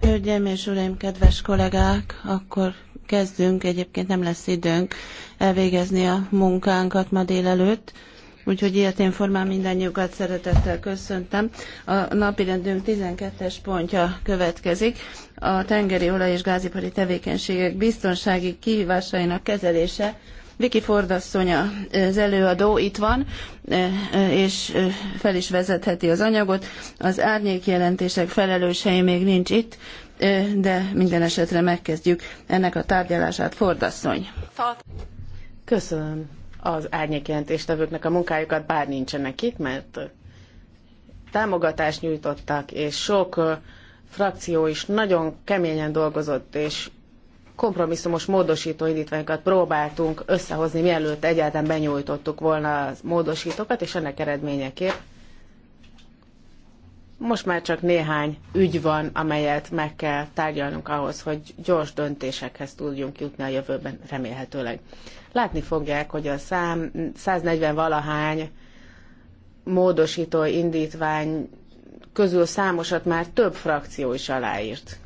Hölgyeim és uraim, kedves kollégák, akkor kezdünk, egyébként nem lesz időnk elvégezni a munkánkat ma délelőtt. Úgyhogy ilyetén formán mindannyiukat szeretettel köszöntem. A napirendünk 12-es pontja következik. A tengeri olaj- és gázipari tevékenységek biztonsági kihívásainak kezelése Viki Ford asszony az előadó itt van, e, e, és fel is vezetheti az anyagot. Az árnyék jelentések felelősei még nincs itt, e, de minden esetre megkezdjük ennek a tárgyalását. Ford asszony. Köszönöm az árnyék jelentéstevőknek a munkájukat, bár nincsenek itt, mert támogatást nyújtottak, és sok frakció is nagyon keményen dolgozott, és kompromisszumos módosító indítványokat próbáltunk összehozni, mielőtt egyáltalán benyújtottuk volna a módosítókat, és ennek eredményeképp most már csak néhány ügy van, amelyet meg kell tárgyalnunk ahhoz, hogy gyors döntésekhez tudjunk jutni a jövőben remélhetőleg. Látni fogják, hogy a szám 140 valahány módosító indítvány közül számosat már több frakció is aláírt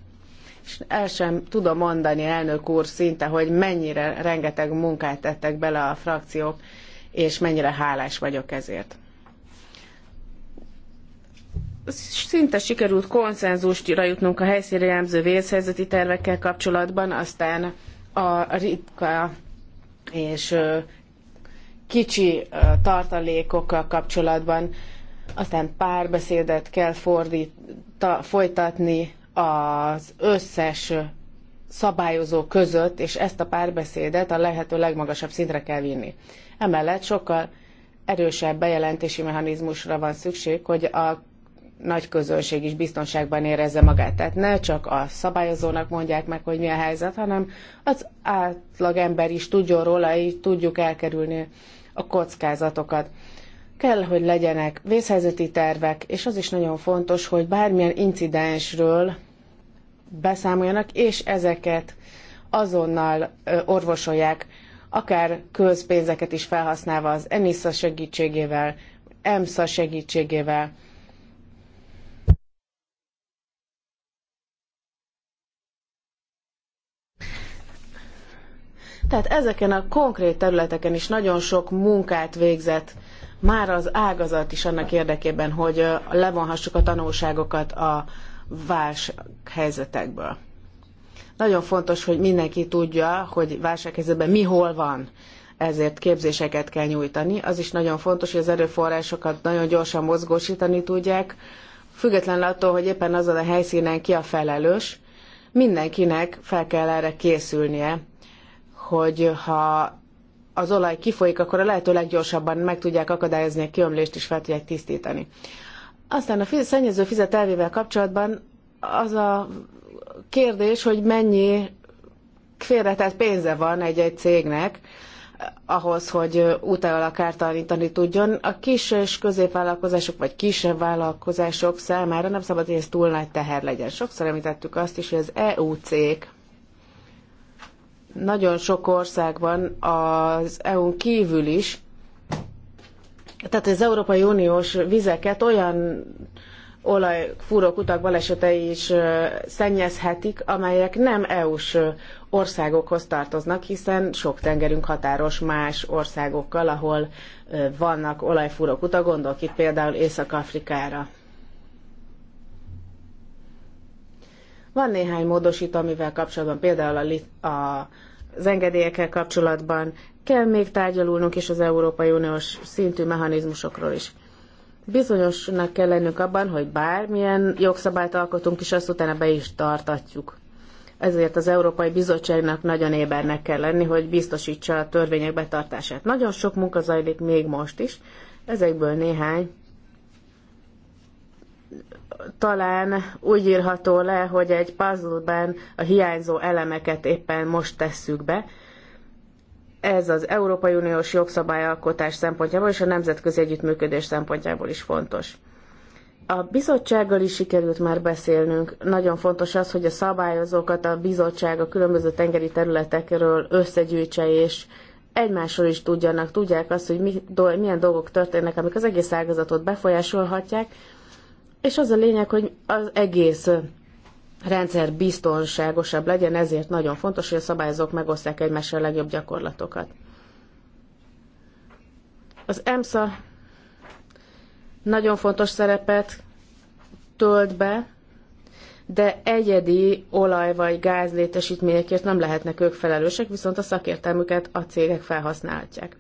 és el sem tudom mondani, elnök úr, szinte, hogy mennyire rengeteg munkát tettek bele a frakciók, és mennyire hálás vagyok ezért. Szinte sikerült konszenzusra jutnunk a helyszínre jellemző vészhelyzeti tervekkel kapcsolatban, aztán a ritka és kicsi tartalékokkal kapcsolatban, aztán párbeszédet kell fordít, ta, folytatni az összes szabályozó között, és ezt a párbeszédet a lehető legmagasabb szintre kell vinni. Emellett sokkal erősebb bejelentési mechanizmusra van szükség, hogy a nagy közönség is biztonságban érezze magát. Tehát ne csak a szabályozónak mondják meg, hogy mi a helyzet, hanem az átlagember is tudjon róla, így tudjuk elkerülni a kockázatokat. Kell, hogy legyenek vészhelyzeti tervek, és az is nagyon fontos, hogy bármilyen incidensről beszámoljanak, és ezeket azonnal orvosolják, akár közpénzeket is felhasználva az ENISZA segítségével, EMSZA segítségével. Tehát ezeken a konkrét területeken is nagyon sok munkát végzett már az ágazat is annak érdekében, hogy levonhassuk a tanulságokat a válsághelyzetekből. Nagyon fontos, hogy mindenki tudja, hogy válsághelyzetben mi hol van ezért képzéseket kell nyújtani. Az is nagyon fontos, hogy az erőforrásokat nagyon gyorsan mozgósítani tudják, függetlenül attól, hogy éppen azon a helyszínen ki a felelős, mindenkinek fel kell erre készülnie, hogy ha az olaj kifolyik, akkor a lehető leggyorsabban meg tudják akadályozni a kiömlést, és fel tudják tisztítani. Aztán a szennyező fizet elvével kapcsolatban az a kérdés, hogy mennyi félretett pénze van egy-egy cégnek, ahhoz, hogy utána akár tanítani tudjon. A kis és középvállalkozások vagy kisebb vállalkozások számára nem szabad, hogy ez túl nagy teher legyen. Sokszor említettük azt is, hogy az EU cég nagyon sok országban az EU-n kívül is tehát az Európai Uniós vizeket olyan olajfúrókutak utak balesetei is szennyezhetik, amelyek nem EU-s országokhoz tartoznak, hiszen sok tengerünk határos más országokkal, ahol vannak olajfúrókutak, gondolk itt például Észak-Afrikára. Van néhány módosító, amivel kapcsolatban például a, a, az engedélyekkel kapcsolatban kell még tárgyalulnunk is az Európai Uniós szintű mechanizmusokról is. Bizonyosnak kell lennünk abban, hogy bármilyen jogszabályt alkotunk is, azt utána be is tartatjuk. Ezért az Európai Bizottságnak nagyon ébernek kell lenni, hogy biztosítsa a törvények betartását. Nagyon sok munka zajlik még most is, ezekből néhány talán úgy írható le, hogy egy puzzle-ben a hiányzó elemeket éppen most tesszük be, ez az Európai Uniós jogszabályalkotás szempontjából és a nemzetközi együttműködés szempontjából is fontos. A bizottsággal is sikerült már beszélnünk. Nagyon fontos az, hogy a szabályozókat a bizottság a különböző tengeri területekről összegyűjtse, és egymásról is tudjanak, tudják azt, hogy mi, do, milyen dolgok történnek, amik az egész ágazatot befolyásolhatják, és az a lényeg, hogy az egész rendszer biztonságosabb legyen, ezért nagyon fontos, hogy a szabályozók megosztják egymással a legjobb gyakorlatokat. Az EMSA nagyon fontos szerepet tölt be, de egyedi olaj vagy gáz létesítményekért nem lehetnek ők felelősek, viszont a szakértelmüket a cégek felhasználhatják.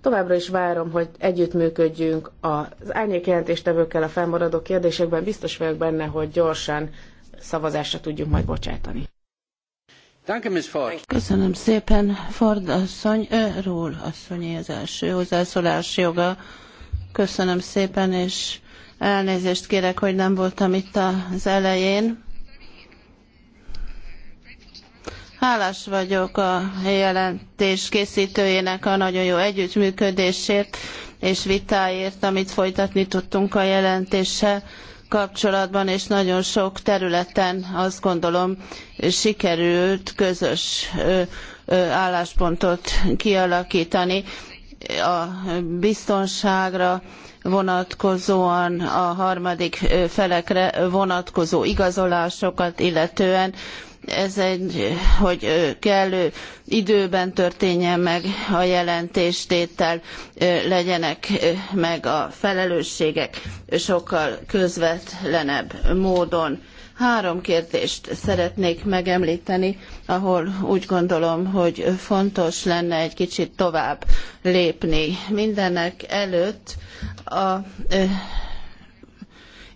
Továbbra is várom, hogy együttműködjünk az árnyékjelentéstevőkkel a felmaradó kérdésekben. Biztos vagyok benne, hogy gyorsan szavazásra tudjuk majd bocsátani. Köszönöm szépen, Ford asszony, Ról asszonyé az első hozzászólás joga. Köszönöm szépen, és elnézést kérek, hogy nem voltam itt az elején. Hálás vagyok a jelentés készítőjének a nagyon jó együttműködésért és vitáért, amit folytatni tudtunk a jelentéssel kapcsolatban, és nagyon sok területen azt gondolom sikerült közös álláspontot kialakítani a biztonságra vonatkozóan, a harmadik felekre vonatkozó igazolásokat illetően, ez egy, hogy kellő időben történjen meg a jelentéstétel, legyenek meg a felelősségek sokkal közvetlenebb módon. Három kérdést szeretnék megemlíteni, ahol úgy gondolom, hogy fontos lenne egy kicsit tovább lépni. Mindenek előtt a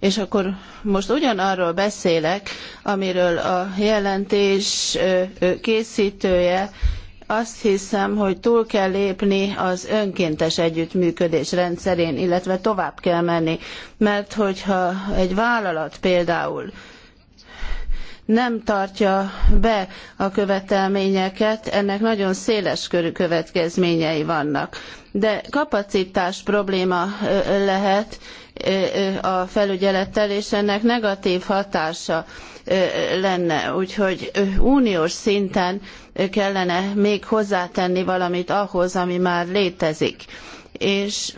és akkor most ugyanarról beszélek, amiről a jelentés készítője azt hiszem, hogy túl kell lépni az önkéntes együttműködés rendszerén, illetve tovább kell menni, mert hogyha egy vállalat például nem tartja be a követelményeket, ennek nagyon széles körű következményei vannak. De kapacitás probléma lehet, a felügyelettel, és ennek negatív hatása lenne. Úgyhogy uniós szinten kellene még hozzátenni valamit ahhoz, ami már létezik. És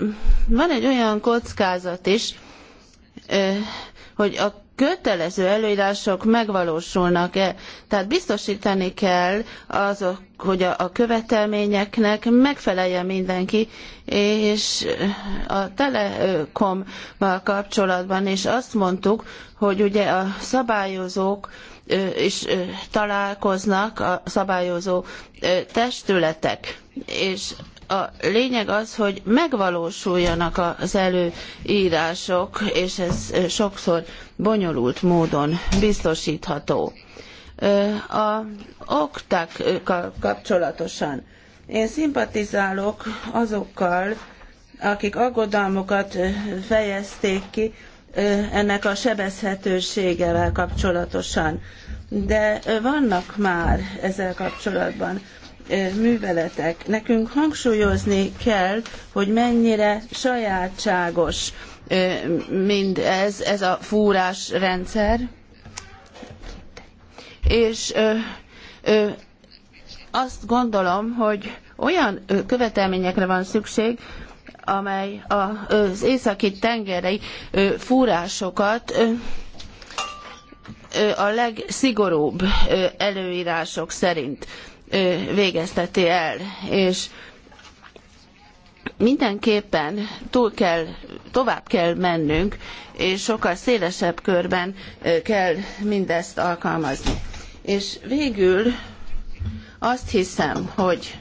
van egy olyan kockázat is, hogy a kötelező előírások megvalósulnak-e. Tehát biztosítani kell azok, hogy a, a követelményeknek megfeleljen mindenki, és a telekommal kapcsolatban is azt mondtuk, hogy ugye a szabályozók is találkoznak a szabályozó testületek, és a lényeg az, hogy megvalósuljanak az előírások, és ez sokszor bonyolult módon biztosítható. A oktákkal kapcsolatosan én szimpatizálok azokkal, akik aggodalmukat fejezték ki ennek a sebezhetőségevel kapcsolatosan. De vannak már ezzel kapcsolatban műveletek. Nekünk hangsúlyozni kell, hogy mennyire sajátságos mind ez ez a fúrás rendszer, és azt gondolom, hogy olyan követelményekre van szükség, amely az északi tengeri fúrásokat a legszigorúbb előírások szerint végezteti el. És mindenképpen túl kell, tovább kell mennünk, és sokkal szélesebb körben kell mindezt alkalmazni. És végül azt hiszem, hogy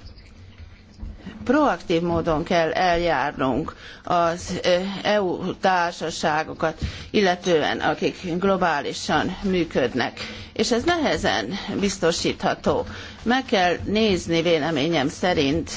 proaktív módon kell eljárnunk az EU társaságokat, illetően akik globálisan működnek. És ez nehezen biztosítható. Meg kell nézni véleményem szerint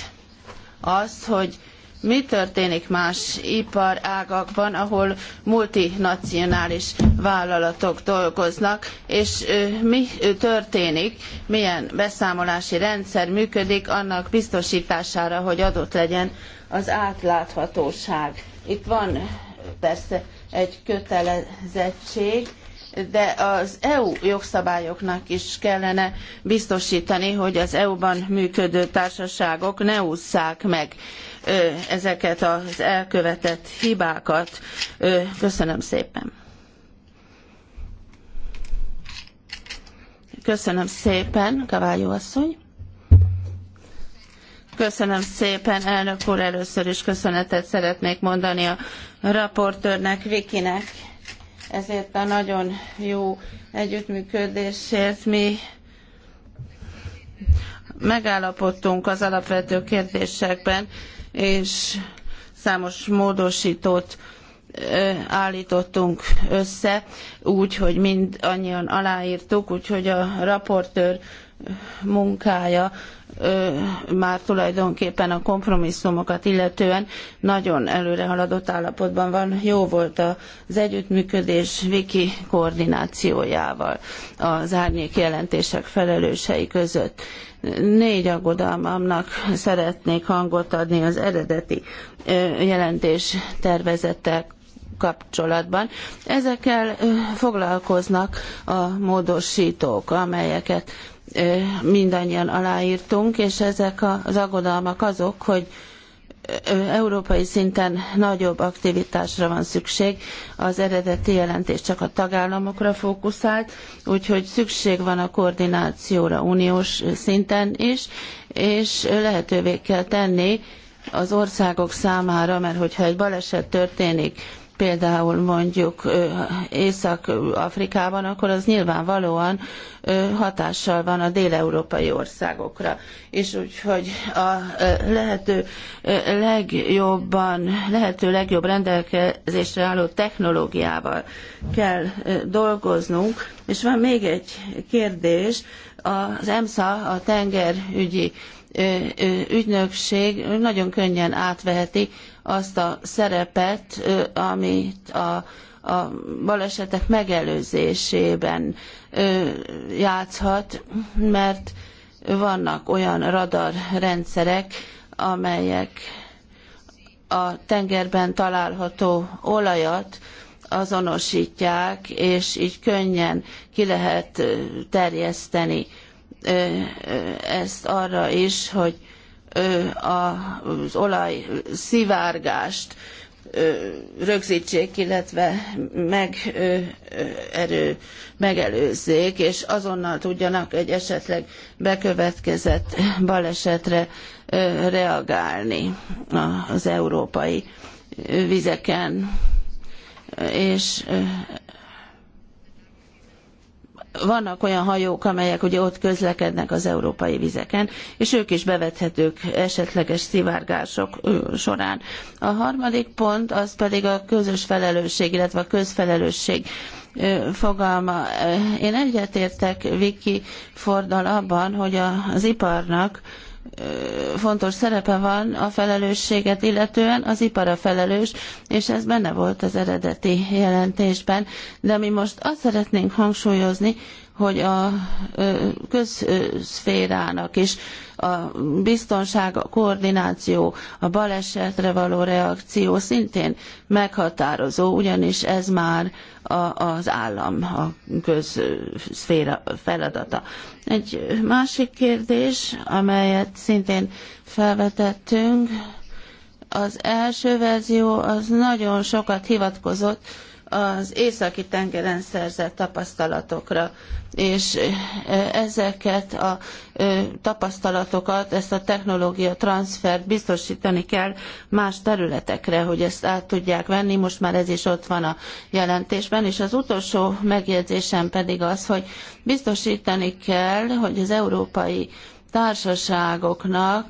azt, hogy mi történik más iparágakban, ahol multinacionális vállalatok dolgoznak, és mi történik, milyen beszámolási rendszer működik annak biztosítására, hogy adott legyen az átláthatóság. Itt van persze egy kötelezettség, de az EU jogszabályoknak is kellene biztosítani, hogy az EU-ban működő társaságok ne ússzák meg ezeket az elkövetett hibákat. köszönöm szépen. Köszönöm szépen, Kavályó asszony. Köszönöm szépen, elnök úr, először is köszönetet szeretnék mondani a raportőrnek, Vikinek ezért a nagyon jó együttműködésért mi megállapodtunk az alapvető kérdésekben, és számos módosítót állítottunk össze, úgy, hogy mindannyian aláírtuk, úgyhogy a raportőr munkája már tulajdonképpen a kompromisszumokat illetően nagyon előre haladott állapotban van. Jó volt az együttműködés Viki koordinációjával az árnyék jelentések felelősei között. Négy aggodalmamnak szeretnék hangot adni az eredeti jelentés tervezettel kapcsolatban. Ezekkel foglalkoznak a módosítók, amelyeket mindannyian aláírtunk, és ezek az aggodalmak azok, hogy európai szinten nagyobb aktivitásra van szükség. Az eredeti jelentés csak a tagállamokra fókuszált, úgyhogy szükség van a koordinációra uniós szinten is, és lehetővé kell tenni az országok számára, mert hogyha egy baleset történik, például mondjuk Észak-Afrikában, akkor az nyilvánvalóan hatással van a déleurópai országokra. És úgyhogy a lehető legjobban, lehető legjobb rendelkezésre álló technológiával kell dolgoznunk. És van még egy kérdés, az EMSA, a tengerügyi ügynökség nagyon könnyen átveheti azt a szerepet, amit a a balesetek megelőzésében játszhat, mert vannak olyan radarrendszerek, amelyek a tengerben található olajat azonosítják, és így könnyen ki lehet terjeszteni ezt arra is, hogy az olaj szivárgást rögzítsék, illetve meg, erő, megelőzzék, és azonnal tudjanak egy esetleg bekövetkezett balesetre reagálni az európai vizeken. És vannak olyan hajók, amelyek ugye ott közlekednek az európai vizeken, és ők is bevethetők esetleges szivárgások során. A harmadik pont az pedig a közös felelősség, illetve a közfelelősség fogalma. Én egyetértek Vicky Fordal abban, hogy az iparnak fontos szerepe van a felelősséget illetően, az ipar a felelős, és ez benne volt az eredeti jelentésben. De mi most azt szeretnénk hangsúlyozni, hogy a közszférának is a biztonság, a koordináció, a balesetre való reakció szintén meghatározó, ugyanis ez már a, az állam, a közszféra feladata. Egy másik kérdés, amelyet szintén felvetettünk, az első verzió az nagyon sokat hivatkozott az északi tengeren szerzett tapasztalatokra, és ezeket a tapasztalatokat, ezt a technológia transfert biztosítani kell más területekre, hogy ezt át tudják venni, most már ez is ott van a jelentésben, és az utolsó megjegyzésem pedig az, hogy biztosítani kell, hogy az európai társaságoknak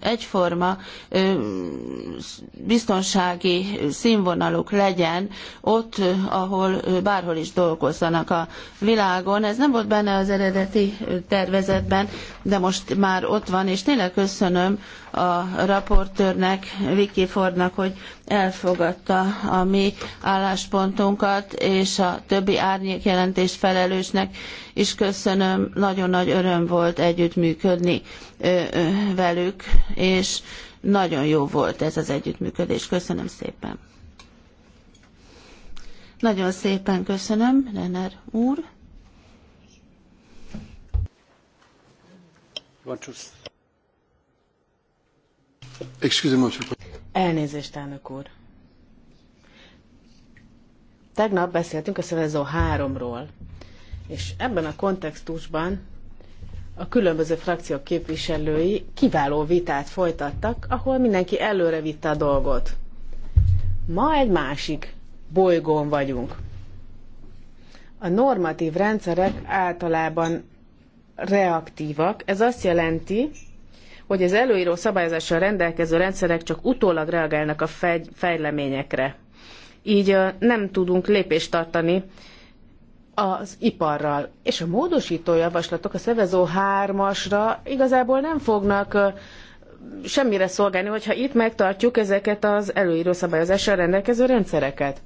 egyforma biztonsági színvonaluk legyen ott, ahol bárhol is dolgozzanak a világon. Ez nem volt benne az eredeti tervezetben, de most már ott van, és tényleg köszönöm a raportőrnek, Vicky Fordnak, hogy elfogadta a mi álláspontunkat, és a többi árnyék jelentés felelősnek is köszönöm. Nagyon nagy öröm volt együttműködni velük, és nagyon jó volt ez az együttműködés. Köszönöm szépen. Nagyon szépen köszönöm, Renner úr. Excusez-moi, monsieur Elnézést, elnök úr. Tegnap beszéltünk a szervező háromról, és ebben a kontextusban a különböző frakciók képviselői kiváló vitát folytattak, ahol mindenki előre vitte a dolgot. Ma egy másik bolygón vagyunk. A normatív rendszerek általában reaktívak. Ez azt jelenti, hogy az előíró szabályozással rendelkező rendszerek csak utólag reagálnak a fejleményekre. Így nem tudunk lépést tartani az iparral. És a módosító javaslatok a szevezó 3-asra igazából nem fognak semmire szolgálni, hogyha itt megtartjuk ezeket az előíró szabályozással rendelkező rendszereket.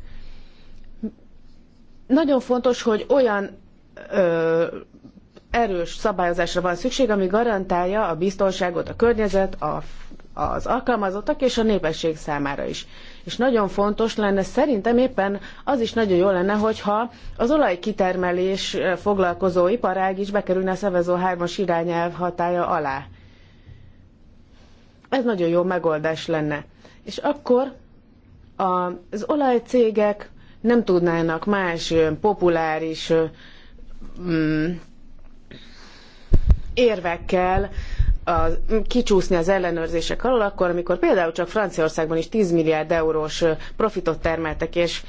Nagyon fontos, hogy olyan erős szabályozásra van szükség, ami garantálja a biztonságot, a környezet, a, az alkalmazottak és a népesség számára is. És nagyon fontos lenne, szerintem éppen az is nagyon jó lenne, hogyha az olajkitermelés foglalkozó iparág is bekerülne a szevezó 3-as irányelv hatája alá. Ez nagyon jó megoldás lenne. És akkor az olajcégek nem tudnának más populáris mm, érvekkel a, kicsúszni az ellenőrzések alól, akkor, amikor például csak Franciaországban is 10 milliárd eurós profitot termeltek, és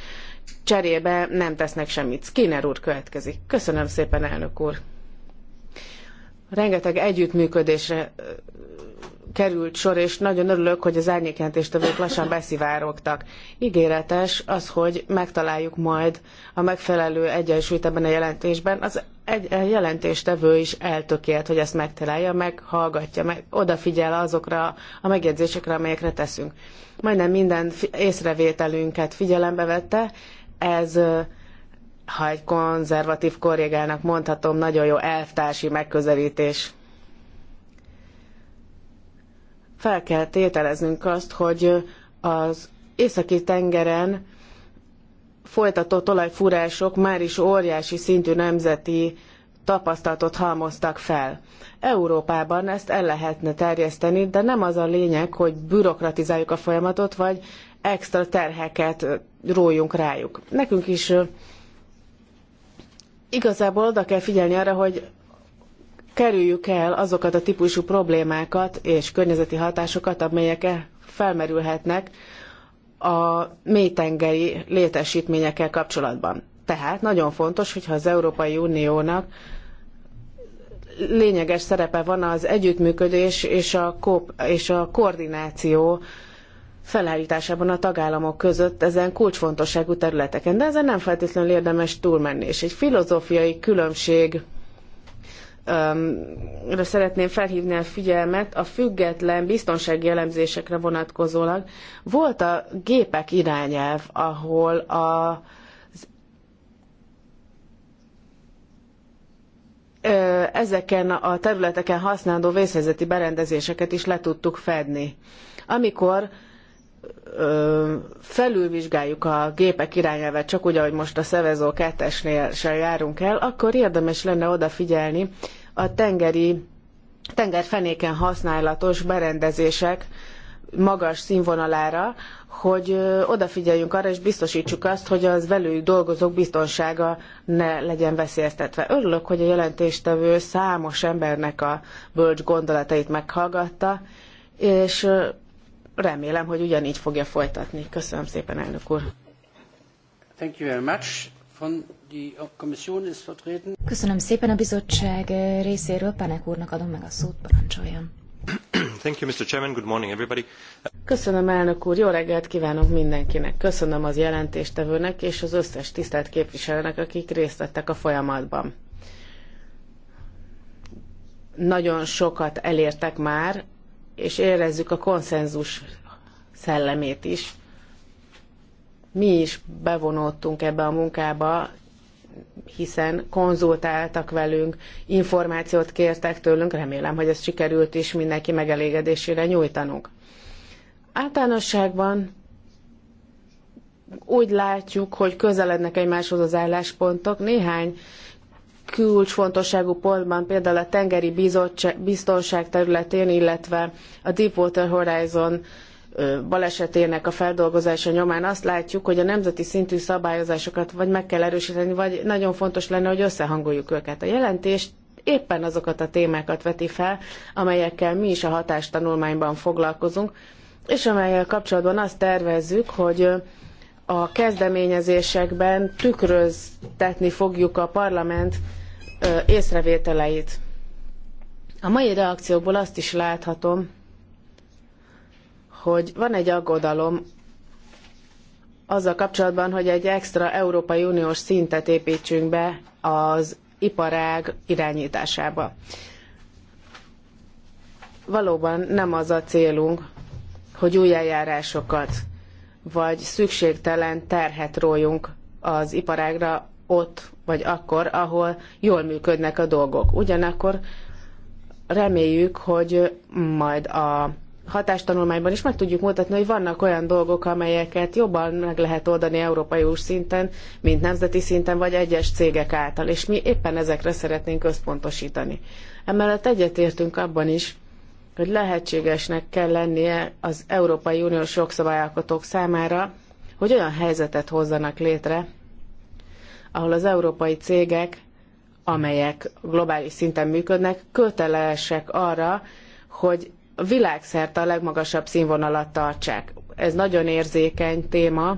cserébe nem tesznek semmit. Skinner úr következik. Köszönöm szépen, elnök úr. Rengeteg együttműködésre került sor, és nagyon örülök, hogy az árnyékjelentéstevők lassan beszivárogtak. Ígéretes az, hogy megtaláljuk majd a megfelelő egyensúlyt ebben a jelentésben. Az egy, a jelentéstevő is eltökélt, hogy ezt megtalálja, meghallgatja, meg odafigyel azokra a megjegyzésekre, amelyekre teszünk. Majdnem minden észrevételünket figyelembe vette, ez ha egy konzervatív korrigának mondhatom, nagyon jó elvtársi megközelítés fel kell tételeznünk azt, hogy az északi tengeren folytatott olajfúrások már is óriási szintű nemzeti tapasztalatot halmoztak fel. Európában ezt el lehetne terjeszteni, de nem az a lényeg, hogy bürokratizáljuk a folyamatot, vagy extra terheket rójunk rájuk. Nekünk is igazából oda kell figyelni arra, hogy kerüljük el azokat a típusú problémákat és környezeti hatásokat, amelyek felmerülhetnek a mélytengeri létesítményekkel kapcsolatban. Tehát nagyon fontos, hogyha az Európai Uniónak lényeges szerepe van az együttműködés és a, kop- és a koordináció felállításában a tagállamok között ezen kulcsfontosságú területeken, de ezen nem feltétlenül érdemes túlmenni. És egy filozófiai különbség öm, szeretném felhívni a figyelmet a független biztonsági elemzésekre vonatkozólag. Volt a gépek irányelv, ahol a ezeken a területeken használandó vészhelyzeti berendezéseket is le tudtuk fedni. Amikor felülvizsgáljuk a gépek irányelvet, csak úgy, ahogy most a szevezó kettesnél se járunk el, akkor érdemes lenne odafigyelni a tengeri, tengerfenéken használatos berendezések magas színvonalára, hogy odafigyeljünk arra, és biztosítsuk azt, hogy az velük dolgozók biztonsága ne legyen veszélyeztetve. Örülök, hogy a jelentéstevő számos embernek a bölcs gondolatait meghallgatta, és remélem, hogy ugyanígy fogja folytatni. Köszönöm szépen, elnök úr. Thank you very much. Köszönöm szépen a bizottság részéről. Pánek úrnak adom meg a szót, parancsoljon. Thank you, Mr. Chairman. Good morning, everybody. Köszönöm, elnök úr. Jó reggelt kívánok mindenkinek. Köszönöm az jelentéstevőnek és az összes tisztelt képviselőnek, akik részt vettek a folyamatban. Nagyon sokat elértek már és érezzük a konszenzus szellemét is. Mi is bevonódtunk ebbe a munkába, hiszen konzultáltak velünk, információt kértek tőlünk, remélem, hogy ez sikerült is mindenki megelégedésére nyújtanunk. Általánosságban úgy látjuk, hogy közelednek egymáshoz az álláspontok. Néhány kulcsfontosságú pontban, például a tengeri biztonság területén, illetve a Deepwater Horizon balesetének a feldolgozása nyomán azt látjuk, hogy a nemzeti szintű szabályozásokat vagy meg kell erősíteni, vagy nagyon fontos lenne, hogy összehangoljuk őket. A jelentés éppen azokat a témákat veti fel, amelyekkel mi is a hatástanulmányban foglalkozunk, és amelyel kapcsolatban azt tervezzük, hogy a kezdeményezésekben tükröztetni fogjuk a parlament észrevételeit. A mai reakciókból azt is láthatom, hogy van egy aggodalom azzal kapcsolatban, hogy egy extra Európai Uniós szintet építsünk be az iparág irányításába. Valóban nem az a célunk, hogy új eljárásokat vagy szükségtelen terhet rójunk az iparágra ott vagy akkor, ahol jól működnek a dolgok. Ugyanakkor reméljük, hogy majd a hatástanulmányban is meg tudjuk mutatni, hogy vannak olyan dolgok, amelyeket jobban meg lehet oldani Európai Uniós szinten, mint nemzeti szinten, vagy egyes cégek által, és mi éppen ezekre szeretnénk összpontosítani. Emellett egyetértünk abban is, hogy lehetségesnek kell lennie az Európai Uniós jogszabályalkotók számára, hogy olyan helyzetet hozzanak létre, ahol az európai cégek, amelyek globális szinten működnek, kötelesek arra, hogy világszerte a legmagasabb színvonalat tartsák. Ez nagyon érzékeny téma,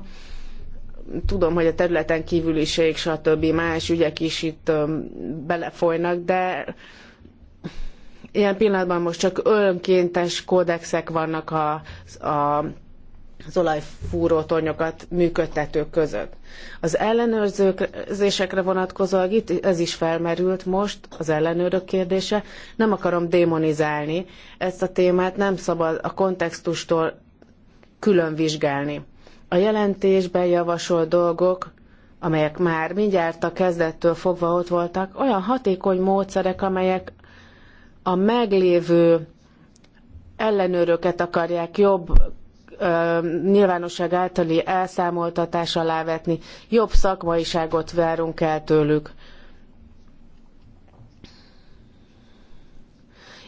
tudom, hogy a területen kívüliség, stb. más ügyek is itt belefolynak, de ilyen pillanatban most csak önkéntes kódexek vannak a, a az olajfúrótonyokat működtetők között. Az ellenőrzésekre vonatkozóan itt ez is felmerült most, az ellenőrök kérdése. Nem akarom démonizálni ezt a témát, nem szabad a kontextustól külön vizsgálni. A jelentésben javasolt dolgok, amelyek már mindjárt a kezdettől fogva ott voltak, olyan hatékony módszerek, amelyek a meglévő ellenőröket akarják jobb ö, nyilvánosság általi elszámoltatás alá vetni, jobb szakmaiságot várunk el tőlük.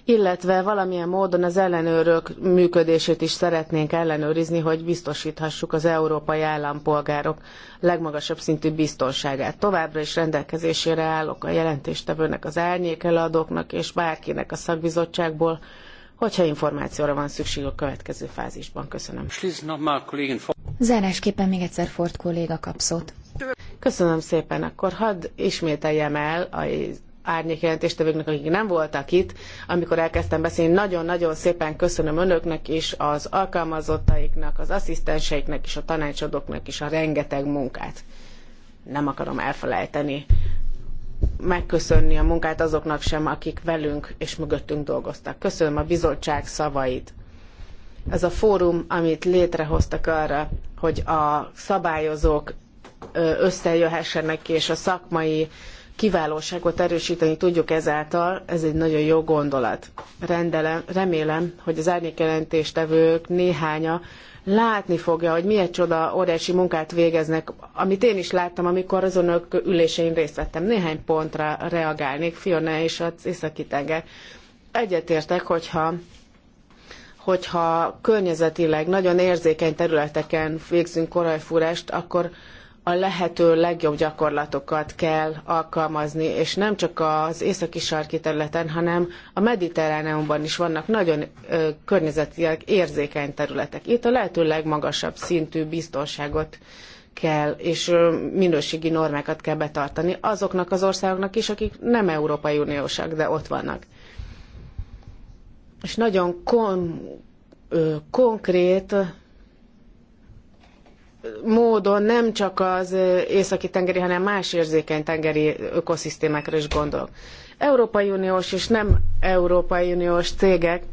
illetve valamilyen módon az ellenőrök működését is szeretnénk ellenőrizni, hogy biztosíthassuk az európai állampolgárok legmagasabb szintű biztonságát. Továbbra is rendelkezésére állok a jelentéstevőnek, az árnyékeladóknak és bárkinek a szakbizottságból, hogyha információra van szükség a következő fázisban. Köszönöm. Zárásképpen még egyszer Ford kolléga kap szót. Köszönöm szépen, akkor hadd ismételjem el árnyékjelentéstevőknek, akik nem voltak itt, amikor elkezdtem beszélni. Nagyon-nagyon szépen köszönöm önöknek is, az alkalmazottaiknak, az asszisztenseiknek és a tanácsadóknak is a rengeteg munkát. Nem akarom elfelejteni megköszönni a munkát azoknak sem, akik velünk és mögöttünk dolgoztak. Köszönöm a bizottság szavait. Ez a fórum, amit létrehoztak arra, hogy a szabályozók összejöhessenek és a szakmai kiválóságot erősíteni tudjuk ezáltal, ez egy nagyon jó gondolat. Rendelem, remélem, hogy az árnyékjelentéstevők néhánya látni fogja, hogy milyen csoda óriási munkát végeznek, amit én is láttam, amikor az önök ülésein részt vettem. Néhány pontra reagálnék, Fiona és az északi tenger. Egyetértek, hogyha hogyha környezetileg nagyon érzékeny területeken végzünk korajfúrást, akkor a lehető legjobb gyakorlatokat kell alkalmazni, és nem csak az északi sarki területen, hanem a mediterráneumban is vannak nagyon ö, környezetileg érzékeny területek. Itt a lehető legmagasabb szintű biztonságot kell, és minőségi normákat kell betartani azoknak az országoknak is, akik nem Európai Uniósak, de ott vannak. És nagyon kon, ö, konkrét módon nem csak az északi tengeri, hanem más érzékeny tengeri ökoszisztémákra is gondolok. Európai Uniós és nem Európai Uniós cégek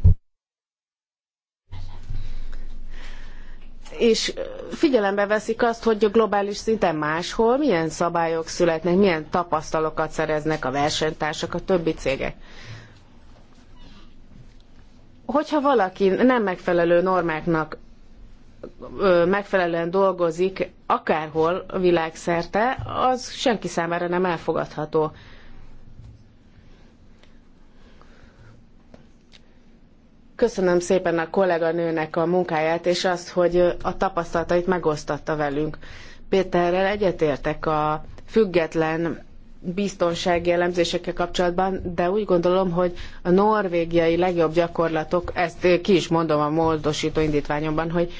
és figyelembe veszik azt, hogy globális szinten máshol milyen szabályok születnek, milyen tapasztalokat szereznek a versenytársak, a többi cégek. Hogyha valaki nem megfelelő normáknak megfelelően dolgozik akárhol világszerte, az senki számára nem elfogadható. Köszönöm szépen a kolléganőnek a munkáját, és azt, hogy a tapasztalatait megosztatta velünk. Péterrel egyetértek a független biztonsági elemzésekkel kapcsolatban, de úgy gondolom, hogy a norvégiai legjobb gyakorlatok, ezt ki is mondom a módosító indítványomban, hogy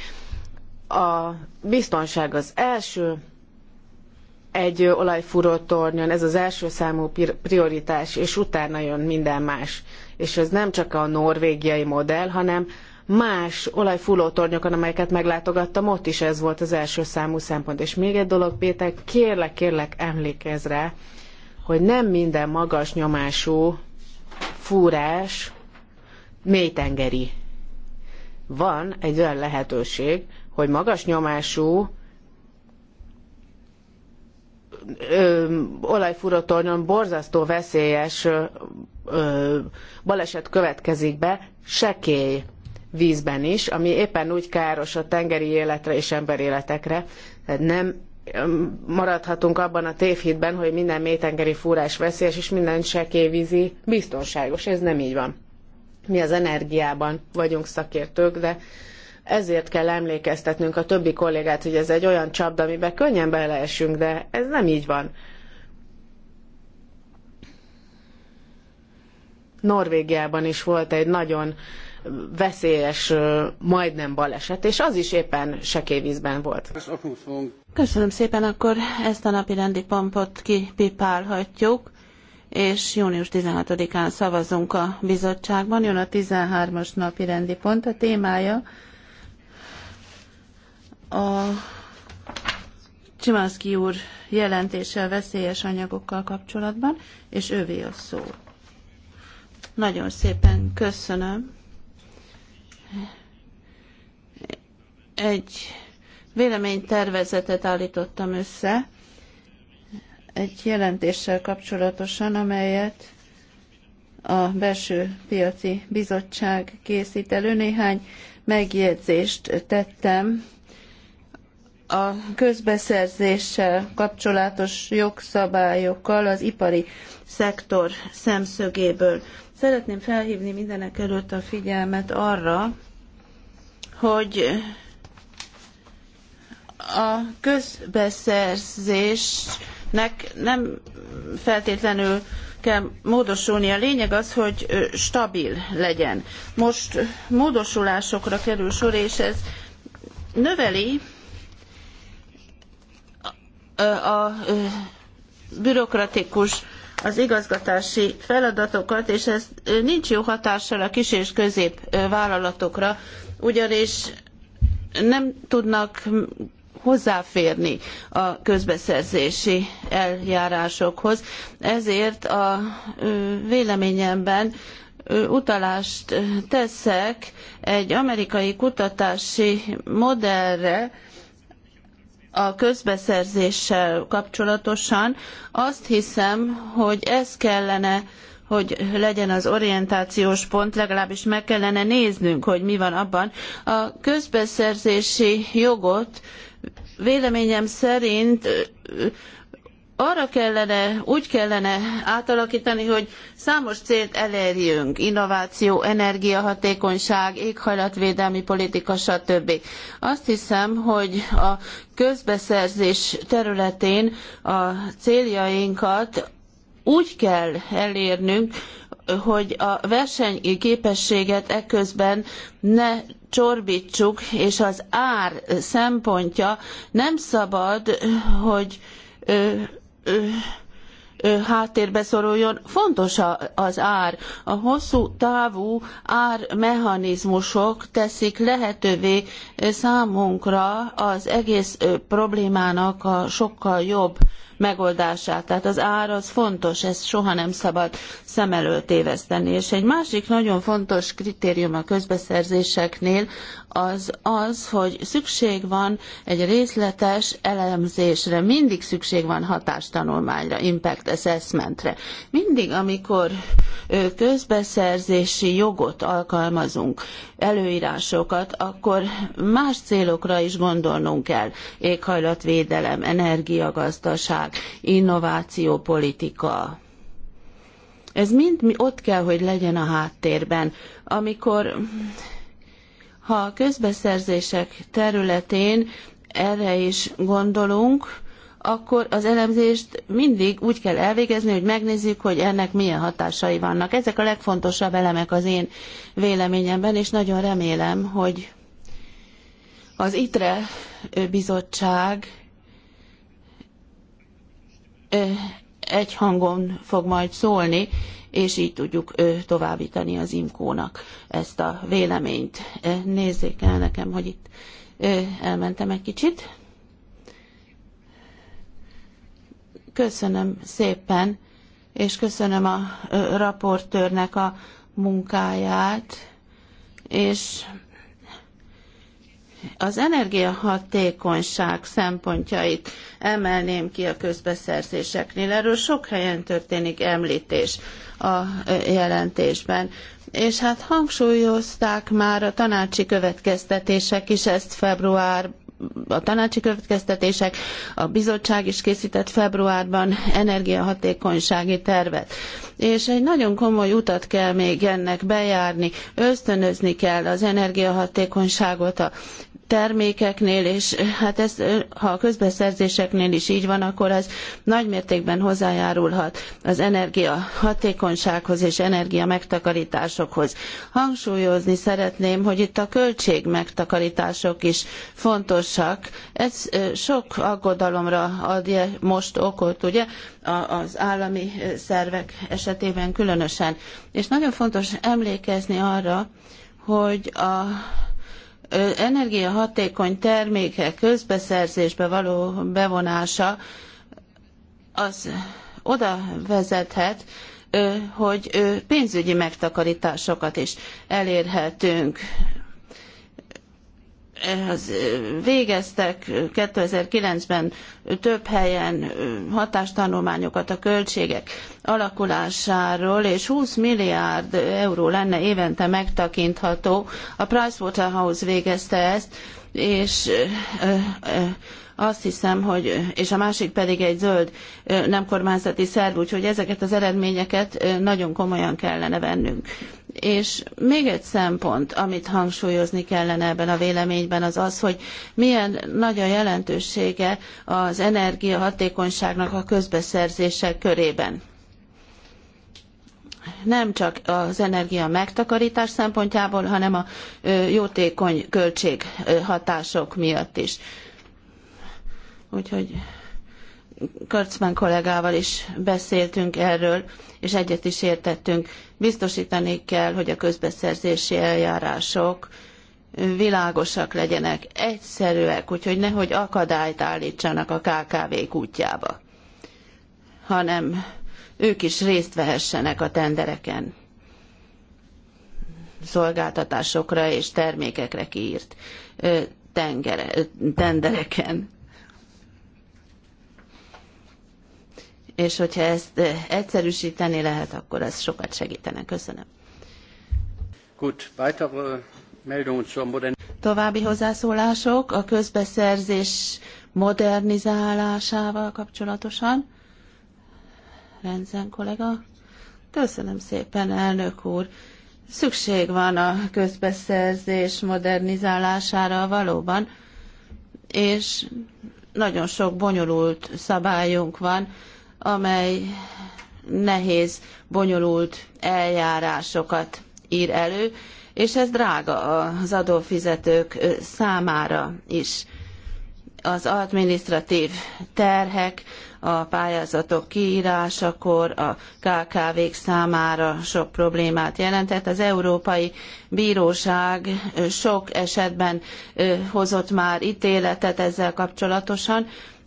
a biztonság az első, egy olajfúró tornyon, ez az első számú prioritás, és utána jön minden más. És ez nem csak a norvégiai modell, hanem más tornyokon, amelyeket meglátogattam, ott is ez volt az első számú szempont. És még egy dolog, Péter, kérlek, kérlek, emlékezz rá, hogy nem minden magas nyomású fúrás mélytengeri. Van egy olyan lehetőség, hogy magas nyomású olajfúrótornyon borzasztó veszélyes ö, ö, baleset következik be, sekély vízben is, ami éppen úgy káros a tengeri életre és emberéletekre. Tehát nem maradhatunk abban a tévhitben, hogy minden mélytengeri fúrás veszélyes, és minden sekélyvízi biztonságos. Ez nem így van. Mi az energiában vagyunk szakértők, de ezért kell emlékeztetnünk a többi kollégát, hogy ez egy olyan csapda, amiben könnyen beleesünk, de ez nem így van. Norvégiában is volt egy nagyon veszélyes, majdnem baleset, és az is éppen sekévízben volt. Köszönöm szépen, akkor ezt a napi rendi pompot kipipálhatjuk, és június 16-án szavazunk a bizottságban. Jön a 13-as napi rendi pont, a témája a Csimánszki úr jelentéssel veszélyes anyagokkal kapcsolatban, és ővé a szó. Nagyon szépen köszönöm. Egy véleménytervezetet állítottam össze, egy jelentéssel kapcsolatosan, amelyet a Belső Piaci Bizottság készít elő. Néhány megjegyzést tettem a közbeszerzéssel kapcsolatos jogszabályokkal az ipari szektor szemszögéből. Szeretném felhívni mindenek előtt a figyelmet arra, hogy a közbeszerzésnek nem feltétlenül kell módosulni. A lényeg az, hogy stabil legyen. Most módosulásokra kerül sor, és ez növeli a bürokratikus az igazgatási feladatokat, és ez nincs jó hatással a kis és középvállalatokra, ugyanis nem tudnak hozzáférni a közbeszerzési eljárásokhoz. Ezért a véleményemben utalást teszek egy amerikai kutatási modellre, a közbeszerzéssel kapcsolatosan. Azt hiszem, hogy ez kellene hogy legyen az orientációs pont, legalábbis meg kellene néznünk, hogy mi van abban. A közbeszerzési jogot véleményem szerint arra kellene, úgy kellene átalakítani, hogy számos célt elérjünk, innováció, energiahatékonyság, éghajlatvédelmi politika, stb. Azt hiszem, hogy a közbeszerzés területén a céljainkat úgy kell elérnünk, hogy a versenyképességet eközben ne csorbítsuk, és az ár szempontja nem szabad, hogy ö, háttérbe szoruljon. Fontos az ár. A hosszú távú ármechanizmusok teszik lehetővé számunkra az egész problémának a sokkal jobb megoldását. Tehát az ár az fontos, ezt soha nem szabad szem elől téveszteni. És egy másik nagyon fontos kritérium a közbeszerzéseknél az az, hogy szükség van egy részletes elemzésre, mindig szükség van hatástanulmányra, impact assessmentre. Mindig, amikor közbeszerzési jogot alkalmazunk, előírásokat, akkor más célokra is gondolnunk kell. Éghajlatvédelem, energiagazdaság, innovációpolitika. Ez mind ott kell, hogy legyen a háttérben. Amikor ha a közbeszerzések területén erre is gondolunk, akkor az elemzést mindig úgy kell elvégezni, hogy megnézzük, hogy ennek milyen hatásai vannak. Ezek a legfontosabb elemek az én véleményemben, és nagyon remélem, hogy az ITRE bizottság egy hangon fog majd szólni, és így tudjuk továbbítani az imkónak ezt a véleményt. Nézzék el nekem, hogy itt elmentem egy kicsit. Köszönöm szépen, és köszönöm a raportőrnek a munkáját, és az energiahatékonyság szempontjait emelném ki a közbeszerzéseknél. Erről sok helyen történik említés a jelentésben. És hát hangsúlyozták már a tanácsi következtetések is ezt február a tanácsi következtetések, a bizottság is készített februárban energiahatékonysági tervet. És egy nagyon komoly utat kell még ennek bejárni, ösztönözni kell az energiahatékonyságot a termékeknél, és eh, hát ez, eh, ha a közbeszerzéseknél is így van, akkor az nagy mértékben hozzájárulhat az energia hatékonysághoz és energia megtakarításokhoz. Hangsúlyozni szeretném, hogy itt a költség megtakarítások is fontosak. Ez eh, sok aggodalomra ad most okot, ugye, az állami szervek esetében különösen. És nagyon fontos emlékezni arra, hogy a energiahatékony termékek közbeszerzésbe való bevonása az oda vezethet, hogy pénzügyi megtakarításokat is elérhetünk az végeztek 2009-ben több helyen hatástanulmányokat a költségek alakulásáról, és 20 milliárd euró lenne évente megtakintható. A Pricewaterhouse végezte ezt, és azt hiszem, hogy, és a másik pedig egy zöld nem kormányzati szerv, úgyhogy ezeket az eredményeket nagyon komolyan kellene vennünk. És még egy szempont, amit hangsúlyozni kellene ebben a véleményben, az az, hogy milyen nagy a jelentősége az energiahatékonyságnak a közbeszerzések körében nem csak az energia megtakarítás szempontjából, hanem a jótékony költség hatások miatt is úgyhogy Körcmen kollégával is beszéltünk erről, és egyet is értettünk. Biztosítani kell, hogy a közbeszerzési eljárások világosak legyenek, egyszerűek, úgyhogy nehogy akadályt állítsanak a KKV-k útjába, hanem ők is részt vehessenek a tendereken szolgáltatásokra és termékekre kiírt tengere, tendereken. és hogyha ezt eh, egyszerűsíteni lehet, akkor ez sokat segítene. Köszönöm. Gut, weitere Meldungen zur modern... További hozzászólások a közbeszerzés modernizálásával kapcsolatosan. Renzen kollega. Köszönöm szépen, elnök úr. Szükség van a közbeszerzés modernizálására valóban, és nagyon sok bonyolult szabályunk van, amely nehéz, bonyolult eljárásokat ír elő, és ez drága az adófizetők számára is. Az adminisztratív terhek a pályázatok kiírásakor a KKV-k számára sok problémát jelentett. Az Európai Bíróság sok esetben hozott már ítéletet ezzel kapcsolatosan,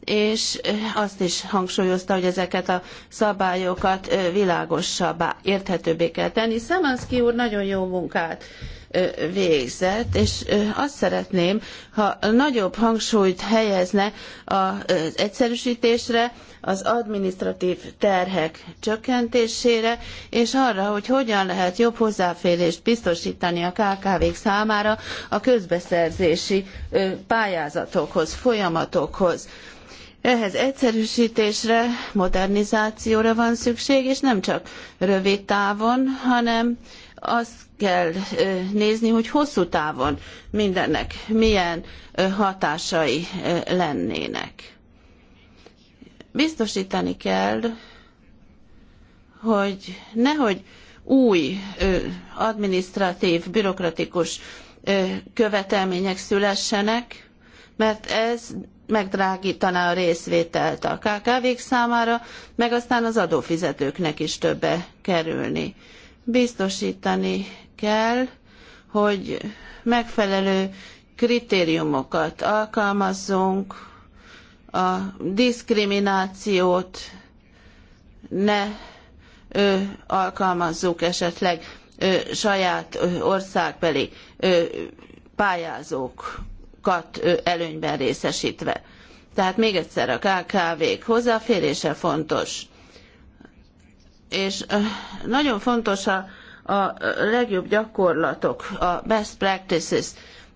és azt is hangsúlyozta, hogy ezeket a szabályokat világosabbá, érthetőbbé kell tenni. Szemanszki úr nagyon jó munkát végzett, és azt szeretném, ha nagyobb hangsúlyt helyezne az egyszerűsítésre, az administratív terhek csökkentésére, és arra, hogy hogyan lehet jobb hozzáférést biztosítani a KKV-k számára a közbeszerzési pályázatokhoz, folyamatokhoz ehhez egyszerűsítésre, modernizációra van szükség, és nem csak rövid távon, hanem azt kell nézni, hogy hosszú távon mindennek milyen hatásai lennének. Biztosítani kell, hogy nehogy új administratív, bürokratikus követelmények szülessenek, mert ez megdrágítaná a részvételt a KKV-k számára, meg aztán az adófizetőknek is többe kerülni. Biztosítani kell, hogy megfelelő kritériumokat alkalmazzunk, a diszkriminációt ne ö, alkalmazzuk esetleg ö, saját országbeli pályázók kat előnyben részesítve. Tehát még egyszer a KKV-k hozzáférése fontos. És nagyon fontos a, a legjobb gyakorlatok, a best practices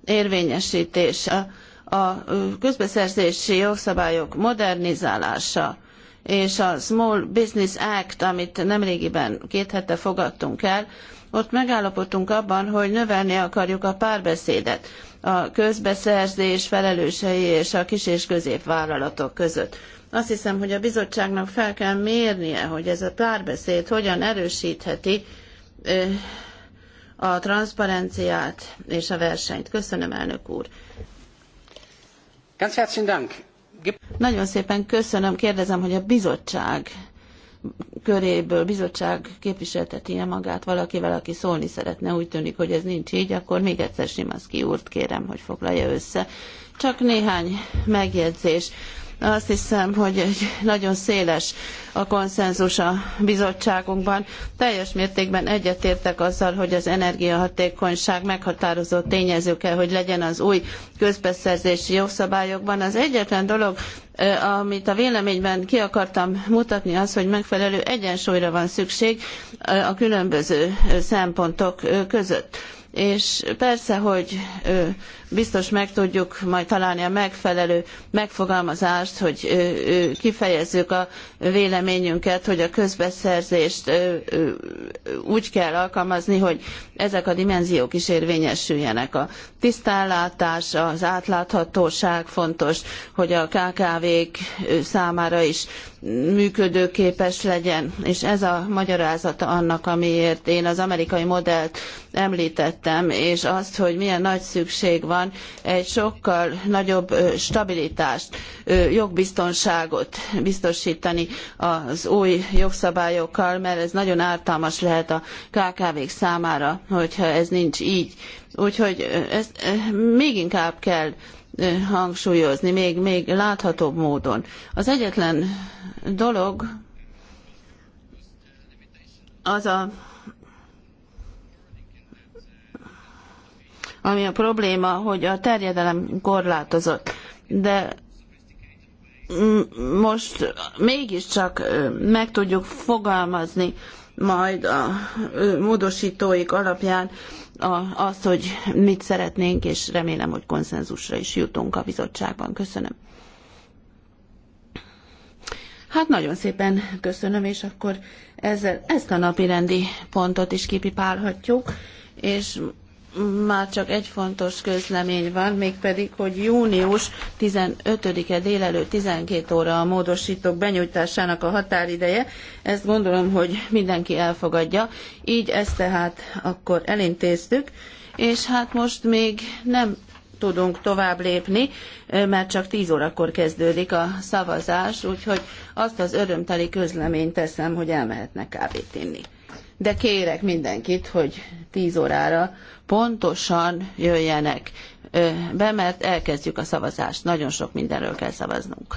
érvényesítése, a közbeszerzési jogszabályok modernizálása és a Small Business Act, amit nemrégiben két hete fogadtunk el, ott megállapodtunk abban, hogy növelni akarjuk a párbeszédet a közbeszerzés felelősei és a kis- és középvállalatok között. Azt hiszem, hogy a bizottságnak fel kell mérnie, hogy ez a párbeszéd hogyan erősítheti a transzparenciát és a versenyt. Köszönöm, elnök úr. Ganz herzlichen Dank. Nagyon szépen köszönöm, kérdezem, hogy a bizottság köréből bizottság -e magát valakivel, aki szólni szeretne, úgy tűnik, hogy ez nincs így, akkor még egyszer Simaszki úrt kérem, hogy foglalja össze. Csak néhány megjegyzés. Azt hiszem, hogy egy nagyon széles a konszenzus a bizottságunkban. Teljes mértékben egyetértek azzal, hogy az energiahatékonyság meghatározó tényező kell, hogy legyen az új közbeszerzési jogszabályokban. Az egyetlen dolog, amit a véleményben ki akartam mutatni, az, hogy megfelelő egyensúlyra van szükség a különböző szempontok között. És persze, hogy biztos meg tudjuk majd találni a megfelelő megfogalmazást, hogy kifejezzük a véleményünket, hogy a közbeszerzést úgy kell alkalmazni, hogy ezek a dimenziók is érvényesüljenek. A tisztánlátás, az átláthatóság fontos, hogy a KKV-k számára is működőképes legyen, és ez a magyarázata annak, amiért én az amerikai modellt említettem, és azt, hogy milyen nagy szükség van valóban egy sokkal nagyobb stabilitást, jogbiztonságot biztosítani az új jogszabályokkal, mert ez nagyon ártalmas lehet a KKV-k számára, hogyha ez nincs így. Úgyhogy ezt még inkább kell hangsúlyozni, még, még láthatóbb módon. Az egyetlen dolog az a ami a probléma, hogy a terjedelem korlátozott. De mm, most mégiscsak meg tudjuk fogalmazni majd a módosítóik alapján azt, hogy mit szeretnénk, és remélem, hogy konszenzusra is jutunk a bizottságban. Köszönöm. Hát nagyon szépen köszönöm, és akkor ezzel ezt a napi rendi pontot is kipipálhatjuk, és már csak egy fontos közlemény van, mégpedig, hogy június 15-e délelőtt 12 óra a módosítók benyújtásának a határideje. Ezt gondolom, hogy mindenki elfogadja. Így ezt tehát akkor elintéztük, és hát most még nem tudunk tovább lépni, mert csak 10 órakor kezdődik a szavazás, úgyhogy azt az örömteli közleményt teszem, hogy elmehetnek kávét inni de kérek mindenkit, hogy 10 órára pontosan jöjjenek be, mert elkezdjük a szavazást. Nagyon sok mindenről kell szavaznunk.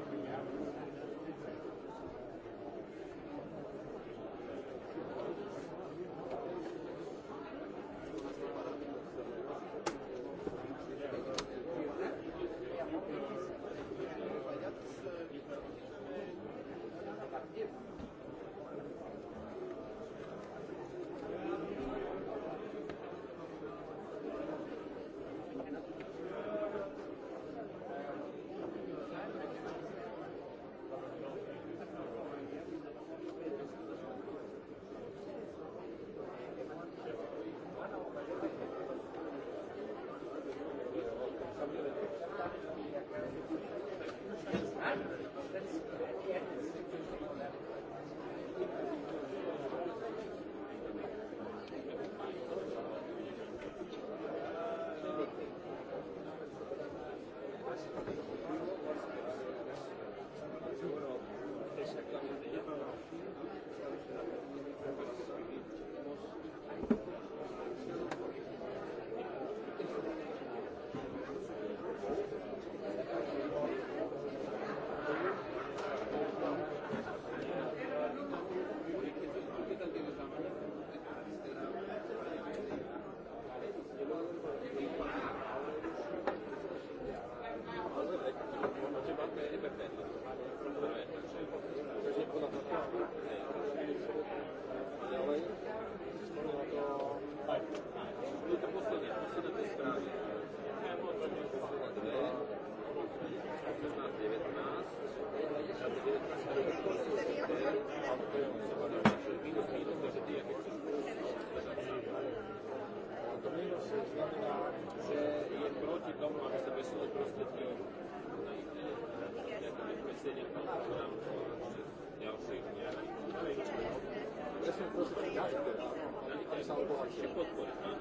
вообще подходит, а?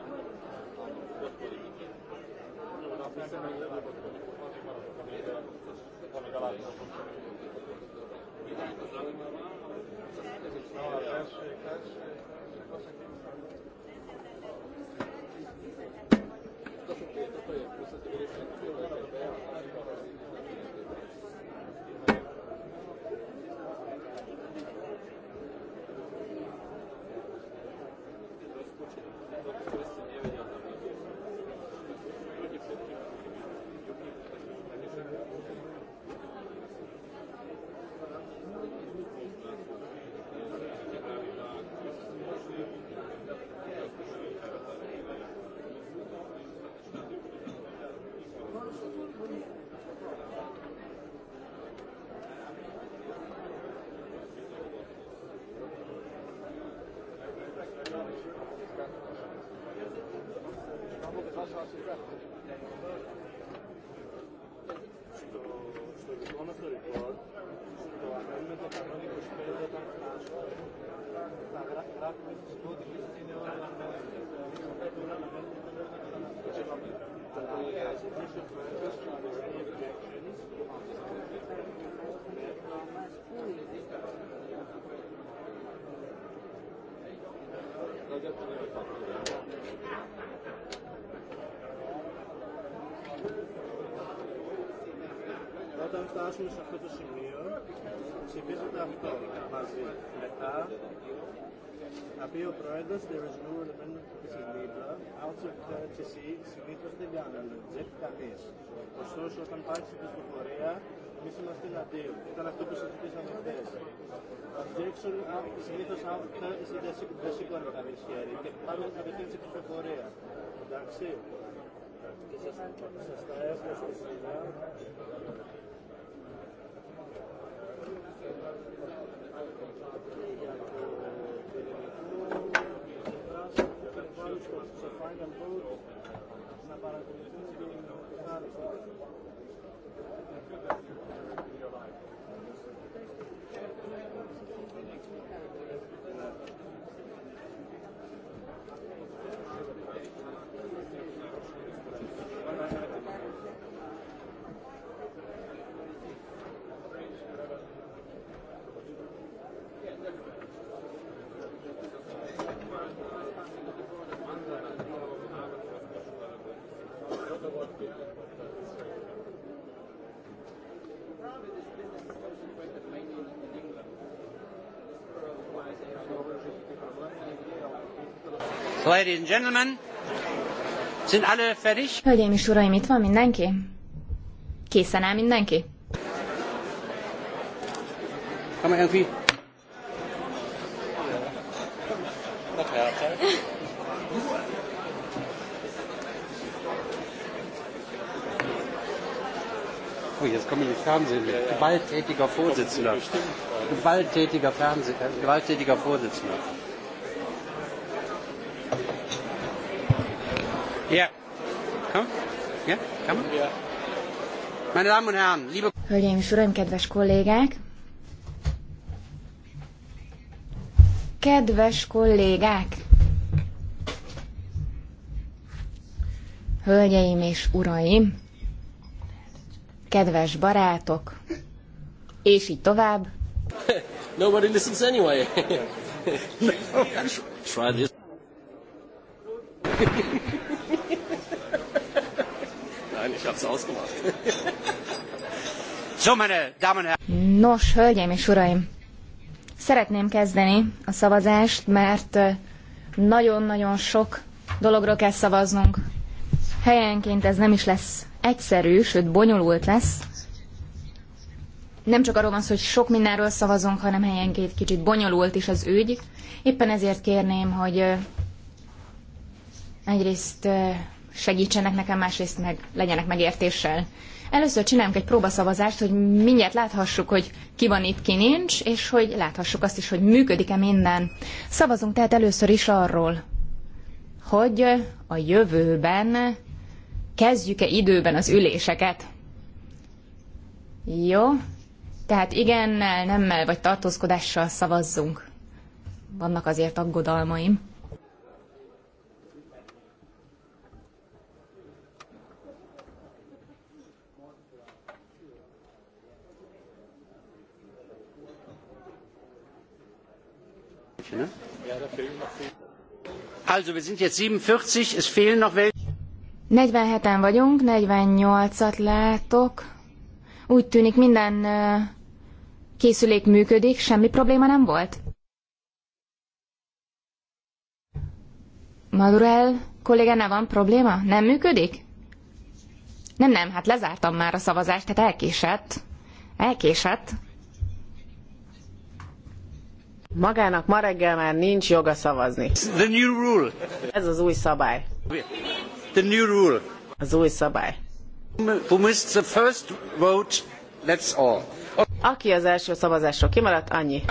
Подходит. Ну, у нас на самом деле подходит. No, a belső, belső, To są te projekty, to są te projekty, które Appeal proedas, there is no amendment συνήθω, out of courtesy, συνήθω δεν κάναμε. Τζεφ κανεί. Ωστόσο, όταν υπάρξει πληροφορία, εμεί είμαστε εναντίον. Ήταν αυτό που συζητήσαμε χθε. Objection, συνήθω out of courtesy δεν σηκώνει κανεί χέρι και πάμε κατευθείαν σε ψηφοφορία. Εντάξει. Και σα τα έχω στη σειρά. Köszönöm. Ladies and gentlemen, sind alle fertig? Hölgyeim és uraim, itt van mindenki? Készen áll mindenki? Kann man irgendwie... Oh, jetzt komme ich ins Fernsehen mit. Gewalttätiger Vorsitzender. Gewalttätiger, Fernseh, äh, gewalttätiger Vorsitzender. Meine Damen und Herren, liebe Hölgyeim és Uraim, kedves kollégák! Kedves kollégák! Hölgyeim és Uraim! Kedves barátok! És így tovább. Nobody listens anyway. Try this. Nos, hölgyeim és uraim, szeretném kezdeni a szavazást, mert nagyon-nagyon sok dologról kell szavaznunk. Helyenként ez nem is lesz egyszerű, sőt bonyolult lesz. Nem csak arról van szó, hogy sok mindenről szavazunk, hanem helyenként kicsit bonyolult is az ügy. Éppen ezért kérném, hogy egyrészt segítsenek nekem, másrészt meg legyenek megértéssel. Először csinálunk egy próbaszavazást, hogy mindjárt láthassuk, hogy ki van itt, ki nincs, és hogy láthassuk azt is, hogy működik-e minden. Szavazunk tehát először is arról, hogy a jövőben kezdjük-e időben az üléseket. Jó, tehát igennel, nemmel vagy tartózkodással szavazzunk. Vannak azért aggodalmaim. Ne? Also, wir sind jetzt 47, es fehlen noch welche. 47-en vagyunk, 48-at látok. Úgy tűnik minden készülék működik, semmi probléma nem volt. Madurell ne van probléma? Nem működik? Nem, nem, hát lezártam már a szavazást, tehát elkésett. Elkésett. Magának ma reggel már nincs joga szavazni. The new rule. Ez az új szabály. The new rule. Az új szabály. Who missed the first vote, that's all. Aki az első szavazásról kimaradt, annyi.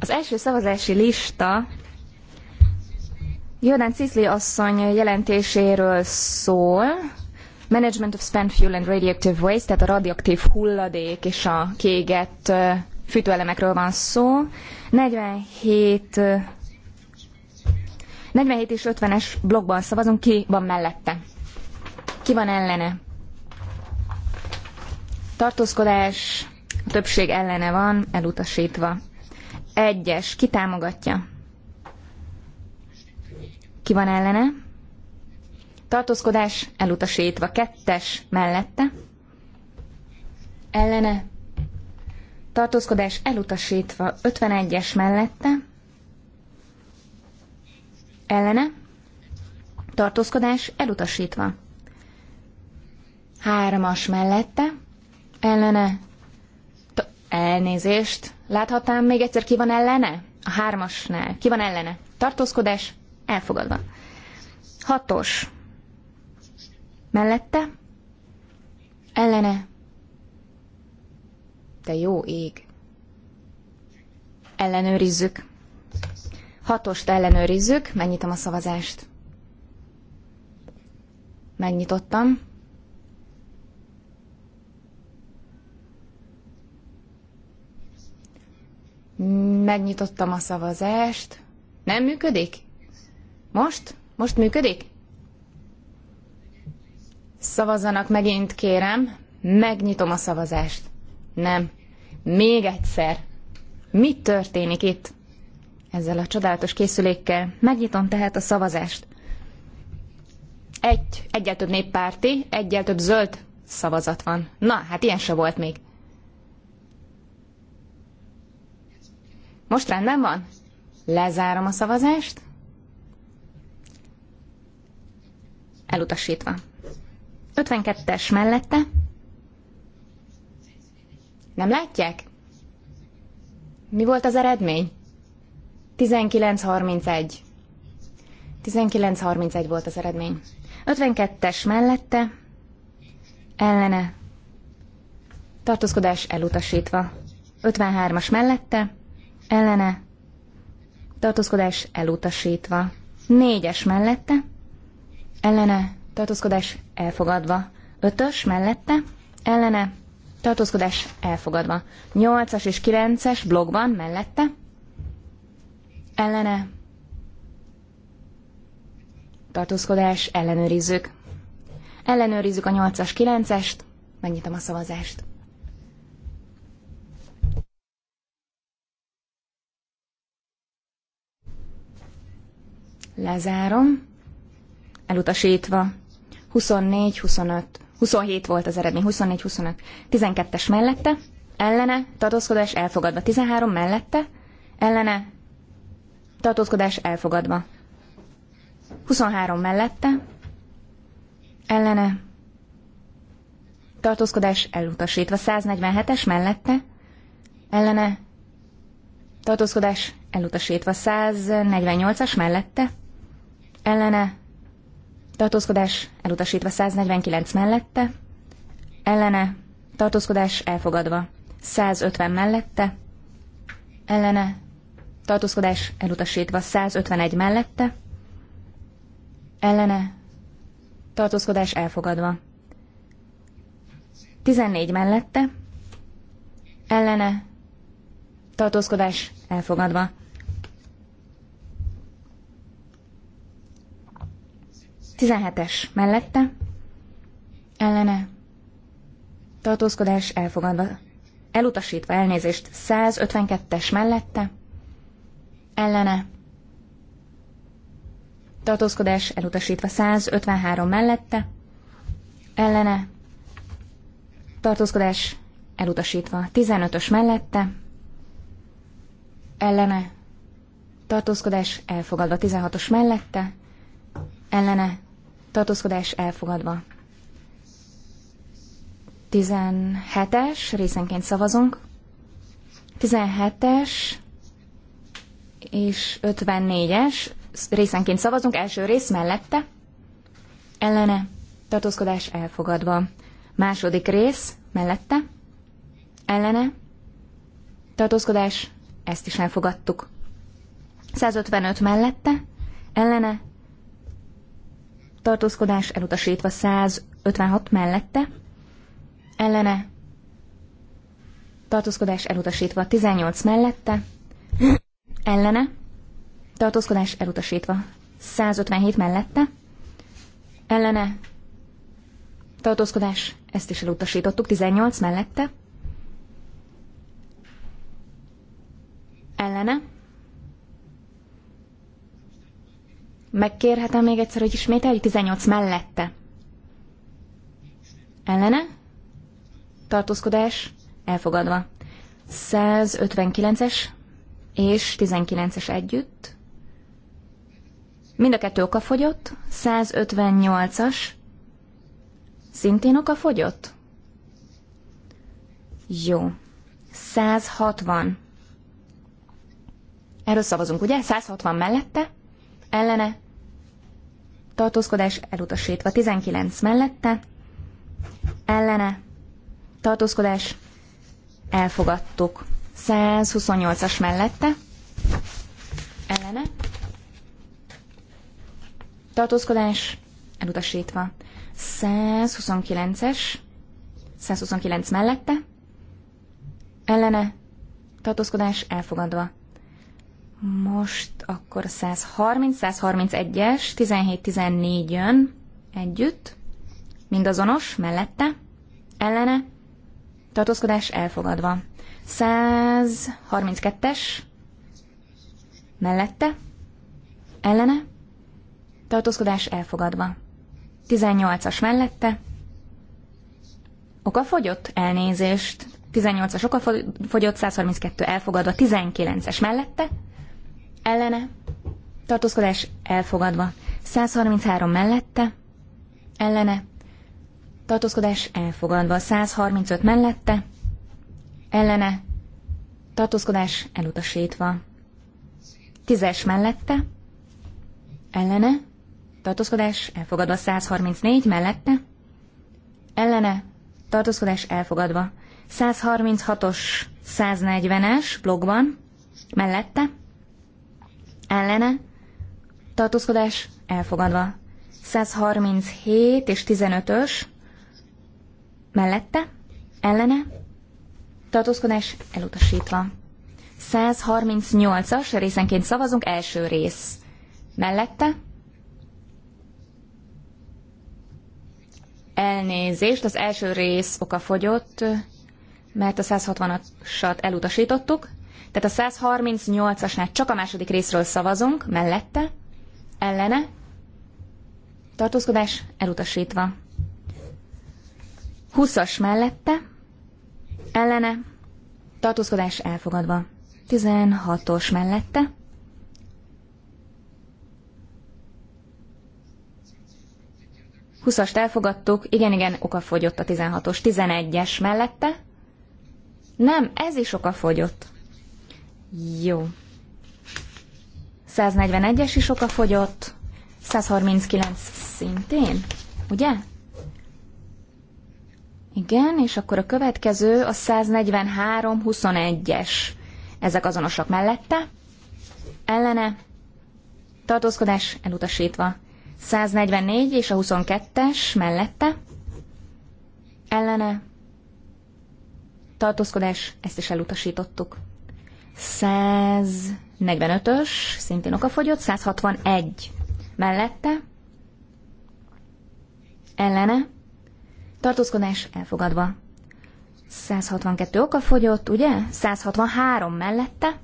Az első szavazási lista Jordan Cisli asszony jelentéséről szól. Management of spent fuel and radioactive waste, tehát a radioaktív hulladék és a kiégett fűtőelemekről van szó. 47 47 és 50-es blokkban szavazunk, ki van mellette? Ki van ellene? Tartózkodás, a többség ellene van, elutasítva. Egyes, ki támogatja? Ki van ellene? Tartózkodás, elutasítva. Kettes, mellette? Ellene? tartózkodás elutasítva 51-es mellette, ellene, tartózkodás elutasítva. Hármas mellette, ellene, elnézést, láthatám még egyszer ki van ellene? A 3-asnál, ki van ellene? Tartózkodás elfogadva. Hatos mellette, ellene, te jó ég. Ellenőrizzük. Hatost ellenőrizzük, megnyitom a szavazást. Megnyitottam. Megnyitottam a szavazást. Nem működik? Most? Most működik? Szavazzanak megint, kérem. Megnyitom a szavazást. Nem. Még egyszer. Mi történik itt? Ezzel a csodálatos készülékkel megnyitom tehát a szavazást. Egy, egyel több néppárti, egyel több zöld szavazat van. Na, hát ilyen se volt még. Most rendben van? Lezárom a szavazást. Elutasítva. 52-es mellette nem látják? Mi volt az eredmény? 19.31. 19.31 volt az eredmény. 52-es mellette, ellene, tartózkodás elutasítva. 53-as mellette, ellene, tartózkodás elutasítva. 4-es mellette, ellene, tartózkodás elfogadva. 5-ös mellette, ellene, tartózkodás elfogadva. 8-as és 9-es blogban mellette, ellene, tartózkodás ellenőrizzük. Ellenőrizzük a 8-as, 9-est, megnyitom a szavazást. Lezárom, elutasítva. 24-25 27 volt az eredmény, 24-25. 12-es mellette, ellene, tartózkodás elfogadva. 13 mellette, ellene, tartózkodás elfogadva. 23 mellette, ellene, tartózkodás elutasítva. 147-es mellette, ellene, tartózkodás elutasítva. 148-as mellette, ellene, tartózkodás elutasítva 149 mellette, ellene tartózkodás elfogadva 150 mellette, ellene tartózkodás elutasítva 151 mellette, ellene tartózkodás elfogadva 14 mellette, ellene tartózkodás elfogadva 17-es mellette, ellene, tartózkodás elfogadva, elutasítva elnézést 152-es mellette, ellene, tartózkodás elutasítva 153 mellette, ellene, tartózkodás elutasítva 15-ös mellette, ellene, tartózkodás elfogadva 16-os mellette, ellene, tartózkodás elfogadva. 17-es, részenként szavazunk. 17-es és 54-es, részenként szavazunk, első rész mellette, ellene, tartózkodás elfogadva. Második rész mellette, ellene, tartózkodás, ezt is elfogadtuk. 155 mellette, ellene, tartózkodás elutasítva 156 mellette, ellene tartózkodás elutasítva 18 mellette, ellene tartózkodás elutasítva 157 mellette, ellene tartózkodás, ezt is elutasítottuk 18 mellette, ellene Megkérhetem még egyszer, hogy ismételjük 18 mellette. Ellene? Tartózkodás? Elfogadva. 159-es és 19-es együtt. Mind a kettő okafogyott. 158-as szintén okafogyott. Jó. 160. Erről szavazunk, ugye? 160 mellette, ellene, tartózkodás elutasítva. 19 mellette, ellene, tartózkodás elfogadtuk. 128-as mellette, ellene, tartózkodás elutasítva. 129-es, 129 mellette, ellene, tartózkodás elfogadva. Most akkor 130-131-es, 17-14 jön együtt, mindazonos, mellette, ellene, tartózkodás elfogadva. 132-es, mellette, ellene, tartózkodás elfogadva. 18-as mellette, okafogyott, elnézést, 18-as okafogyott, 132 elfogadva, 19-es mellette, ellene, tartózkodás elfogadva. 133 mellette, ellene, tartózkodás elfogadva. 135 mellette, ellene, tartózkodás elutasítva. 10-es mellette, ellene, tartózkodás elfogadva. 134 mellette, ellene, tartózkodás elfogadva. 136-os, 140-es blogban, mellette, ellene, tartózkodás elfogadva. 137 és 15-ös mellette, ellene, tartózkodás elutasítva. 138-as részenként szavazunk első rész. Mellette, elnézést, az első rész oka fogyott, mert a 160-asat elutasítottuk. Tehát a 138-asnál csak a második részről szavazunk, mellette, ellene, tartózkodás elutasítva. 20-as mellette, ellene, tartózkodás elfogadva. 16-os mellette, Huszast elfogadtuk, igen, igen, okafogyott a 16-os. 11-es mellette? Nem, ez is okafogyott. Jó. 141-es is oka fogyott, 139 szintén, ugye? Igen, és akkor a következő a 143-21-es. Ezek azonosak mellette. Ellene. Tartózkodás elutasítva. 144 és a 22-es mellette. Ellene. Tartózkodás, ezt is elutasítottuk. 145-ös, szintén okafogyott, 161 mellette, ellene, tartózkodás elfogadva. 162 okafogyott, ugye? 163 mellette,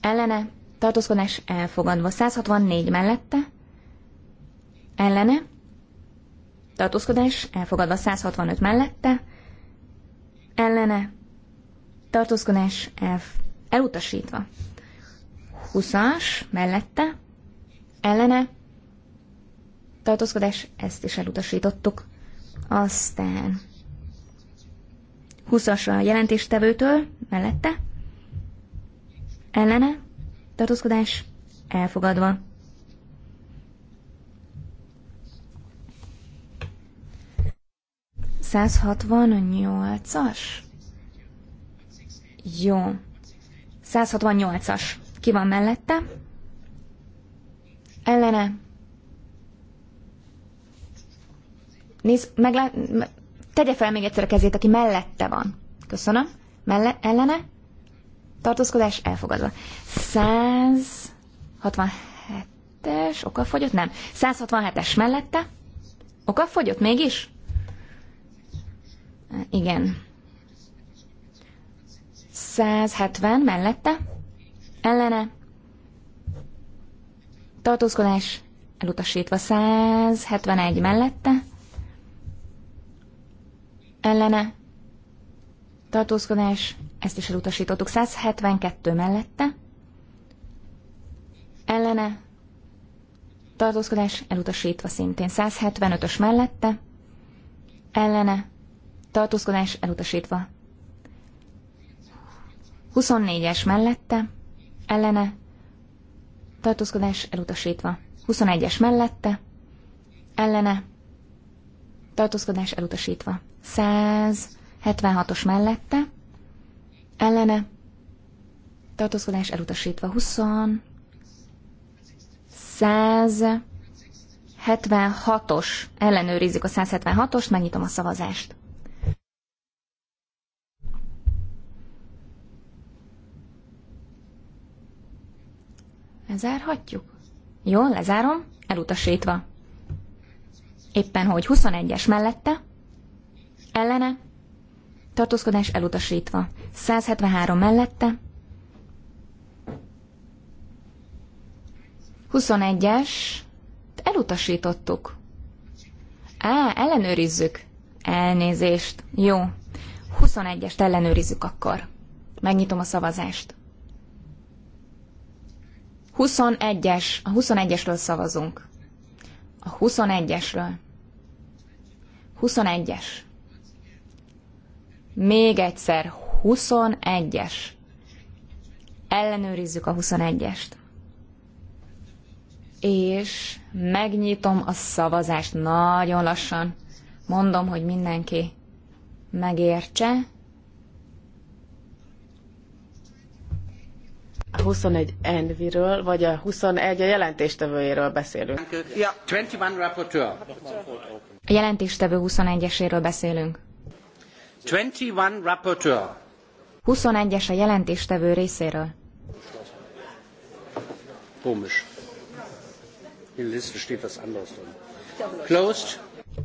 ellene, tartózkodás elfogadva. 164 mellette, ellene, tartózkodás elfogadva. 165 mellette, ellene, tartózkodás elfogadva elutasítva. Huszas mellette, ellene, tartózkodás, ezt is elutasítottuk. Aztán 20-as a jelentéstevőtől, mellette, ellene, tartózkodás, elfogadva. nyolcas. Jó. 168-as. Ki van mellette? Ellene. Nézd, meglát... Tegye fel még egyszer a kezét, aki mellette van. Köszönöm. Melle... Ellene. Tartózkodás elfogadva. 167-es. Okafogyott? Nem. 167-es mellette. Okafogyott mégis? Igen. 170 mellette, ellene, tartózkodás elutasítva 171 mellette, ellene, tartózkodás, ezt is elutasítottuk 172 mellette, ellene, tartózkodás elutasítva szintén 175-ös mellette, ellene, tartózkodás elutasítva 24-es mellette, ellene, tartózkodás elutasítva. 21-es mellette, ellene, tartózkodás elutasítva. 176-os mellette, ellene, tartózkodás elutasítva. 20, 176-os, ellenőrizzük a 176-ost, megnyitom a szavazást. Lezárhatjuk? Jó, lezárom, elutasítva. Éppen hogy 21-es mellette, ellene, tartózkodás elutasítva. 173 mellette, 21-es, elutasítottuk. Á, ellenőrizzük. Elnézést. Jó. 21-est ellenőrizzük akkor. Megnyitom a szavazást. 21-es, a 21-esről szavazunk. A 21-esről. 21-es. Még egyszer, 21-es. Ellenőrizzük a 21-est. És megnyitom a szavazást nagyon lassan. Mondom, hogy mindenki megértse, 21 Enviről, vagy a 21 a jelentéstevőjéről beszélünk. Ja, 21 rapporteur. A jelentéstevő 21-eséről beszélünk. 21 rapporteur. 21-es a jelentéstevő részéről. Komisch. In Liste steht was anderes drin. Closed.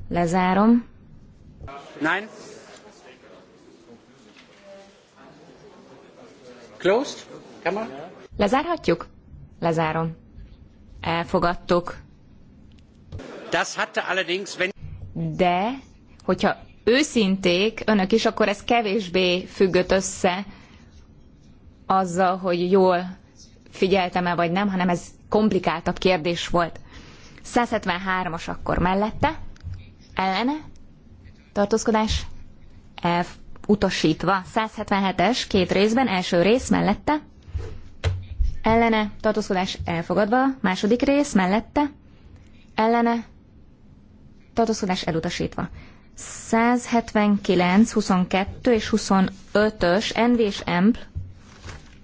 Lezárom. Nein. Closed. Lezárhatjuk? Lezárom. Elfogadtuk. De, hogyha őszinték önök is, akkor ez kevésbé függött össze azzal, hogy jól figyeltem-e vagy nem, hanem ez komplikáltabb kérdés volt. 173-as akkor mellette, ellene, tartózkodás, elf, utasítva. 177-es két részben, első rész mellette, ellene, tartózkodás elfogadva, második rész mellette, ellene, tartózkodás elutasítva. 179, 22 és 25-ös NV és EMP,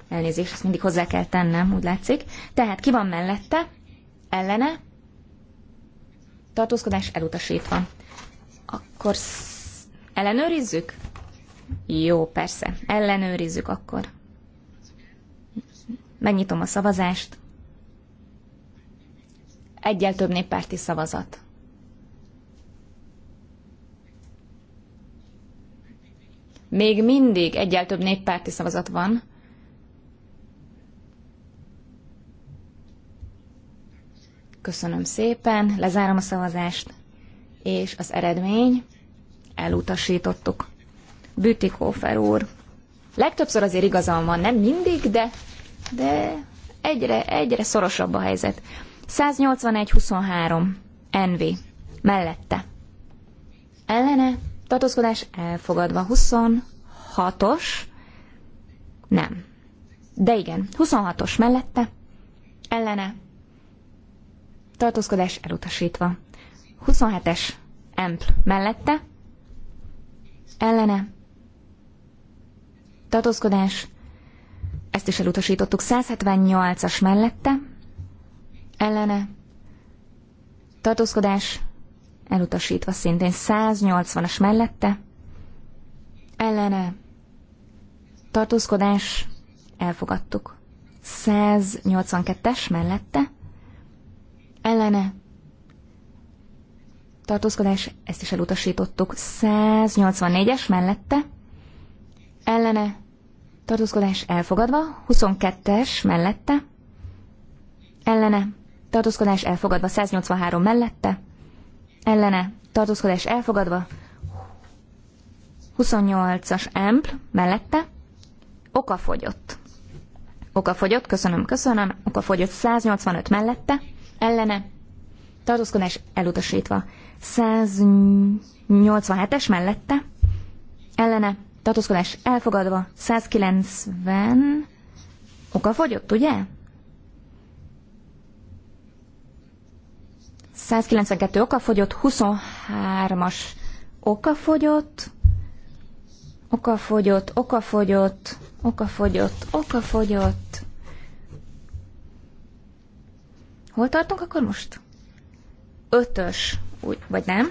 elnézést, ezt mindig hozzá kell tennem, úgy látszik. Tehát ki van mellette, ellene, tartózkodás elutasítva. Akkor ellenőrizzük? Jó, persze, ellenőrizzük akkor. Megnyitom a szavazást. Egyel több néppárti szavazat. Még mindig egyel több néppárti szavazat van. Köszönöm szépen, lezárom a szavazást, és az eredmény elutasítottuk. Bütikófer úr. Legtöbbször azért igazam van, nem mindig, de de egyre, egyre szorosabb a helyzet. 181-23 NV mellette. Ellene tartózkodás elfogadva. 26-os nem. De igen, 26-os mellette. Ellene tartózkodás elutasítva. 27-es empl mellette. Ellene tartózkodás ezt is elutasítottuk. 178-as mellette, ellene, tartózkodás, elutasítva szintén 180-as mellette, ellene, tartózkodás, elfogadtuk. 182-es mellette, ellene, tartózkodás, ezt is elutasítottuk. 184-es mellette, ellene, tartózkodás elfogadva, 22-es mellette, ellene, tartózkodás elfogadva, 183 mellette, ellene, tartózkodás elfogadva, 28-as empl mellette, okafogyott. Okafogyott, köszönöm, köszönöm, okafogyott 185 mellette, ellene, tartózkodás elutasítva, 187-es mellette, ellene, tartózkodás elfogadva, 190 oka fogyott, ugye? 192 oka fogyott, 23-as oka fogyott, oka fogyott, oka fogyott, oka fogyott, oka fogyott. Hol tartunk akkor most? Ötös, úgy, vagy nem?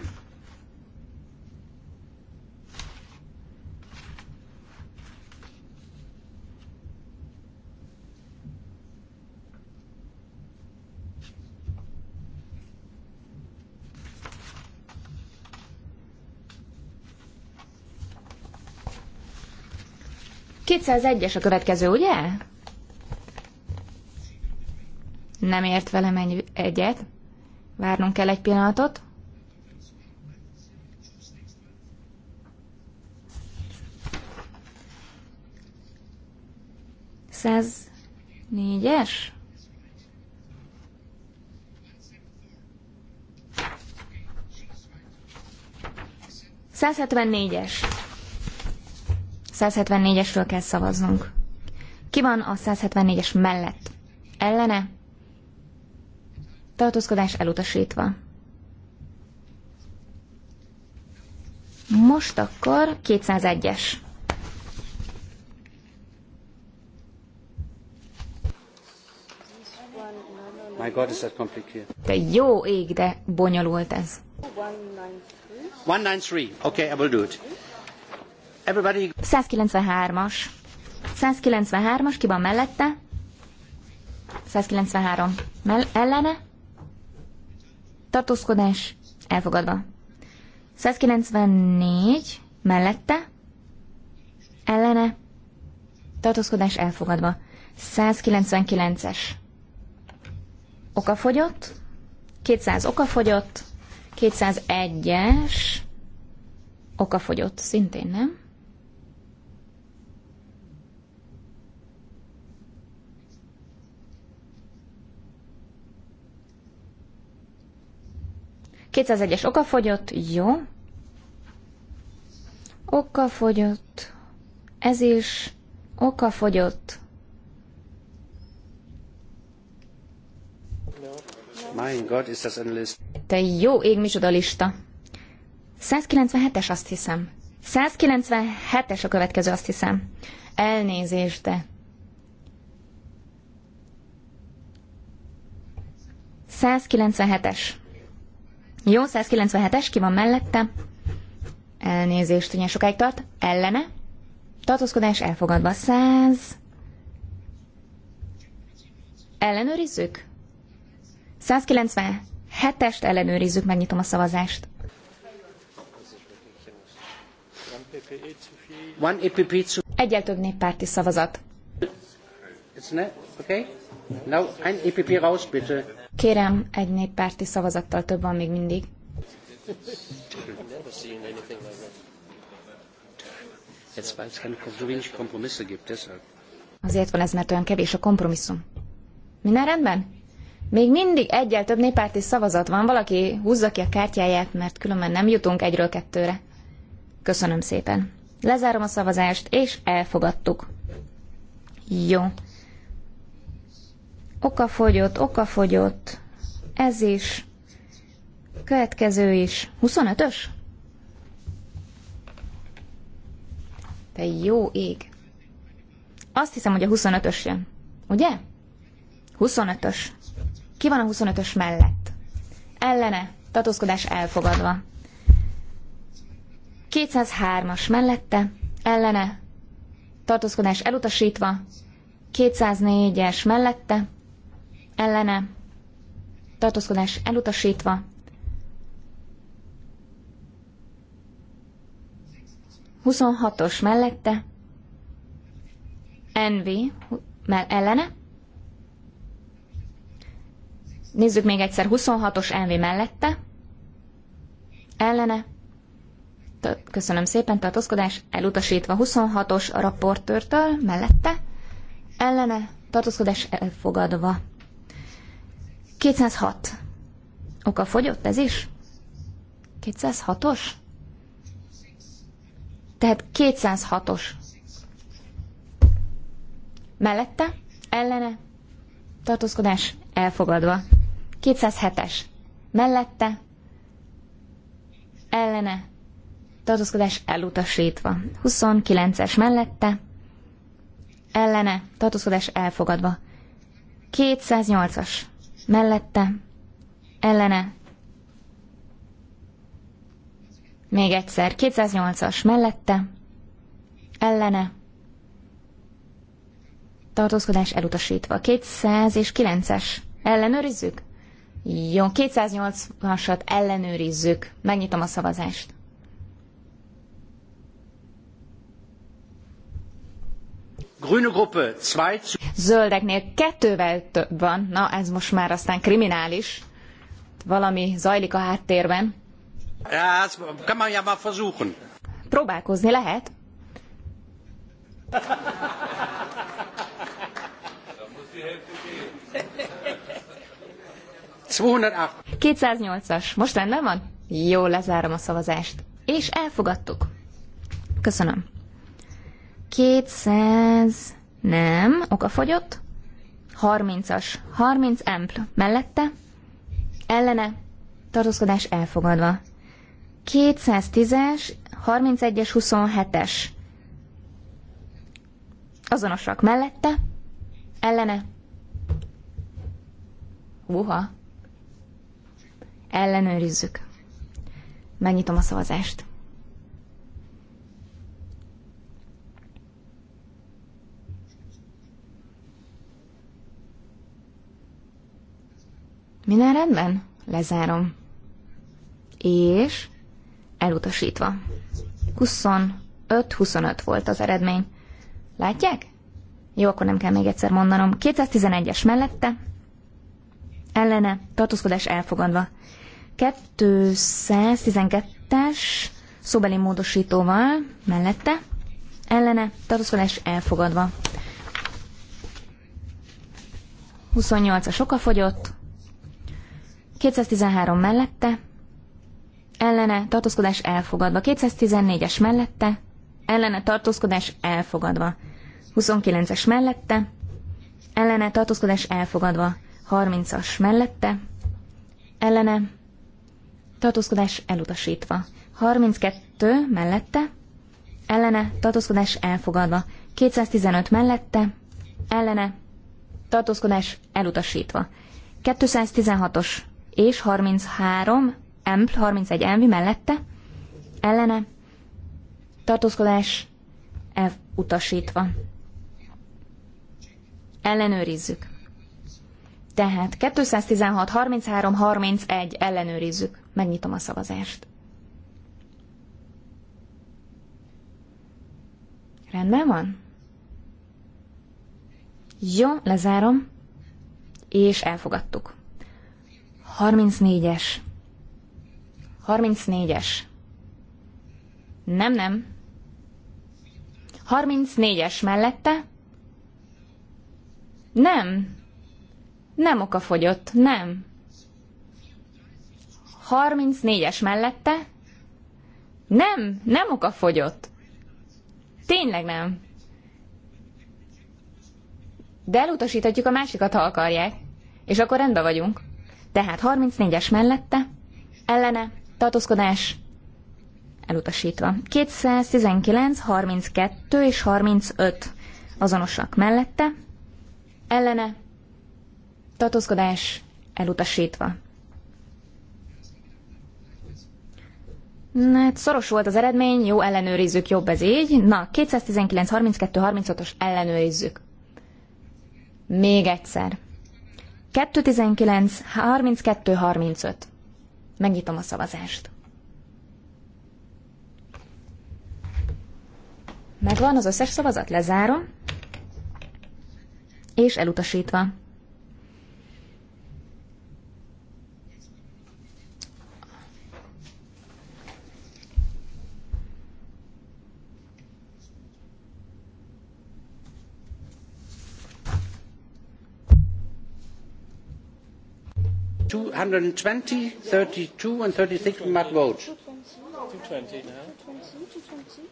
201-es a következő, ugye? Nem ért velem egy egyet. Várnunk kell egy pillanatot. Száz négyes? Száz hetven négyes. 174-esről kell szavaznunk. Ki van a 174-es mellett? Ellene? Tartózkodás elutasítva. Most akkor 201-es. My God, is that complicated? De jó ég, de bonyolult ez. 193. Okay, I will do it. 193-as. 193-as, ki van mellette? 193. Mell- ellene? Tartózkodás. Elfogadva. 194. Mellette? Ellene? Tartózkodás elfogadva. 199-es. Okafogyott. 200 okafogyott. 201-es. Okafogyott szintén, nem? 201-es okafogyott, jó. Okafogyott. Ez is okafogyott. fogyott. Te jó ég, micsoda lista. 197-es azt hiszem. 197-es a következő, azt hiszem. Elnézést, de... 197-es. Jó, 197-es, ki van mellette? Elnézést, ugye sokáig tart. Ellene? Tartózkodás elfogadva. 100. Ellenőrizzük? 197-est ellenőrizzük, megnyitom a szavazást. E Egyel több néppárti szavazat. Okay? Now, ein EPP raus, bitte. Kérem, egy néppárti szavazattal több van még mindig. Azért van ez, mert olyan kevés a kompromisszum. Minden rendben? Még mindig egyel több néppárti szavazat van, valaki húzza ki a kártyáját, mert különben nem jutunk egyről kettőre. Köszönöm szépen. Lezárom a szavazást, és elfogadtuk. Jó okafogyott, okafogyott, ez is, következő is, 25-ös? Te jó ég. Azt hiszem, hogy a 25-ös jön. Ugye? 25-ös. Ki van a 25-ös mellett? Ellene. Tartózkodás elfogadva. 203-as mellette. Ellene. Tartózkodás elutasítva. 204-es mellette ellene, tartózkodás elutasítva. 26-os mellette, NV mell ellene. Nézzük még egyszer, 26-os NV mellette, ellene. Köszönöm szépen, tartózkodás elutasítva 26-os a raportőrtől, mellette, ellene, tartózkodás elfogadva. 206. Oka fogyott ez is? 206-os? Tehát 206-os. Mellette? Ellene? Tartózkodás elfogadva. 207-es. Mellette? Ellene? Tartózkodás elutasítva. 29-es mellette? Ellene? Tartózkodás elfogadva. 208-as mellette, ellene, még egyszer, 208-as mellette, ellene, tartózkodás elutasítva, 200 és 9-es, ellenőrizzük? Jó, 208-asat ellenőrizzük, megnyitom a szavazást. Grüne Gruppe 2 zöldeknél kettővel több van, na ez most már aztán kriminális, valami zajlik a háttérben. Ja, hát Próbálkozni lehet. Szóval 208-as. Most rendben van? Jó, lezárom a szavazást. És elfogadtuk. Köszönöm. 200... Nem, okafogyott. 30-as, 30 empl. Mellette? Ellene? Tartózkodás elfogadva. 210-es, 31-es, 27-es. Azonosak mellette? Ellene? Uha. Ellenőrizzük. Megnyitom a szavazást. Minden rendben? Lezárom. És elutasítva. 25-25 volt az eredmény. Látják? Jó, akkor nem kell még egyszer mondanom. 211-es mellette, ellene, tartózkodás elfogadva. 212-es szóbeli módosítóval mellette, ellene, tartózkodás elfogadva. 28-as okafogyott, 213 mellette, ellene tartózkodás elfogadva. 214-es mellette, ellene tartózkodás elfogadva. 29-es mellette, ellene tartózkodás elfogadva. 30-as mellette, ellene tartózkodás elutasítva. 32 mellette, ellene tartózkodás elfogadva. 215 mellette, ellene tartózkodás elutasítva. 216-os és 33, M 31 envi mellette, ellene, tartózkodás utasítva. Ellenőrizzük. Tehát 216, 33, 31 ellenőrizzük. Megnyitom a szavazást. Rendben van? Jó, lezárom. És elfogadtuk. 34-es. 34-es. Nem, nem. 34-es mellette? Nem. Nem okafogyott, nem. 34-es mellette? Nem, nem okafogyott. Tényleg nem. De elutasíthatjuk a másikat, ha akarják. És akkor rendben vagyunk. Tehát 34-es mellette, ellene, tartózkodás, elutasítva. 219, 32 és 35 azonosak mellette, ellene, tartózkodás, elutasítva. Na, hát szoros volt az eredmény, jó, ellenőrizzük, jobb ez így. Na, 219, 32, 35 os ellenőrizzük. Még egyszer. 219 32 35. Megnyitom a szavazást. Megvan az összes szavazat, lezárom. És elutasítva. 120, 32 and 36 we must vote. 220 220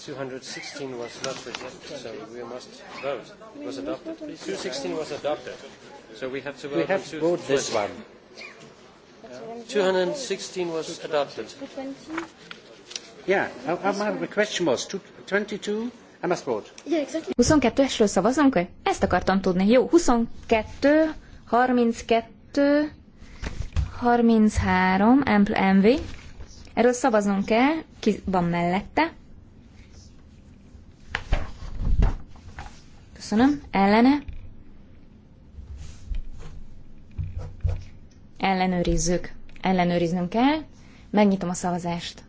216 was not rejected, so we must vote. It was adopted. 216 was adopted, so we have to vote. We have to vote this one. 216 was adopted. Yeah, my question was 22. I must vote. 22-esről szavaznunk? Ezt akartam tudni. Jó, 22 32, 33, Ample Envy. Erről szavazunk kell, ki van mellette. Köszönöm. Ellene. Ellenőrizzük. Ellenőriznünk kell. Megnyitom a szavazást.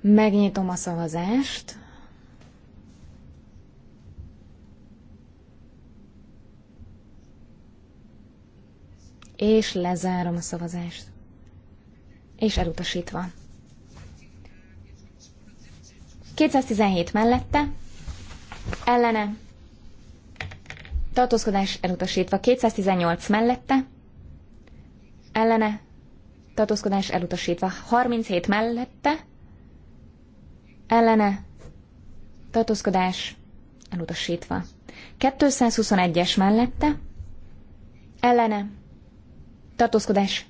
Megnyitom a szavazást. és lezárom a szavazást. És elutasítva. 217 mellette, ellene, tartózkodás elutasítva. 218 mellette, ellene, tartózkodás elutasítva. 37 mellette, ellene, tartózkodás elutasítva. 221-es mellette, ellene, tartózkodás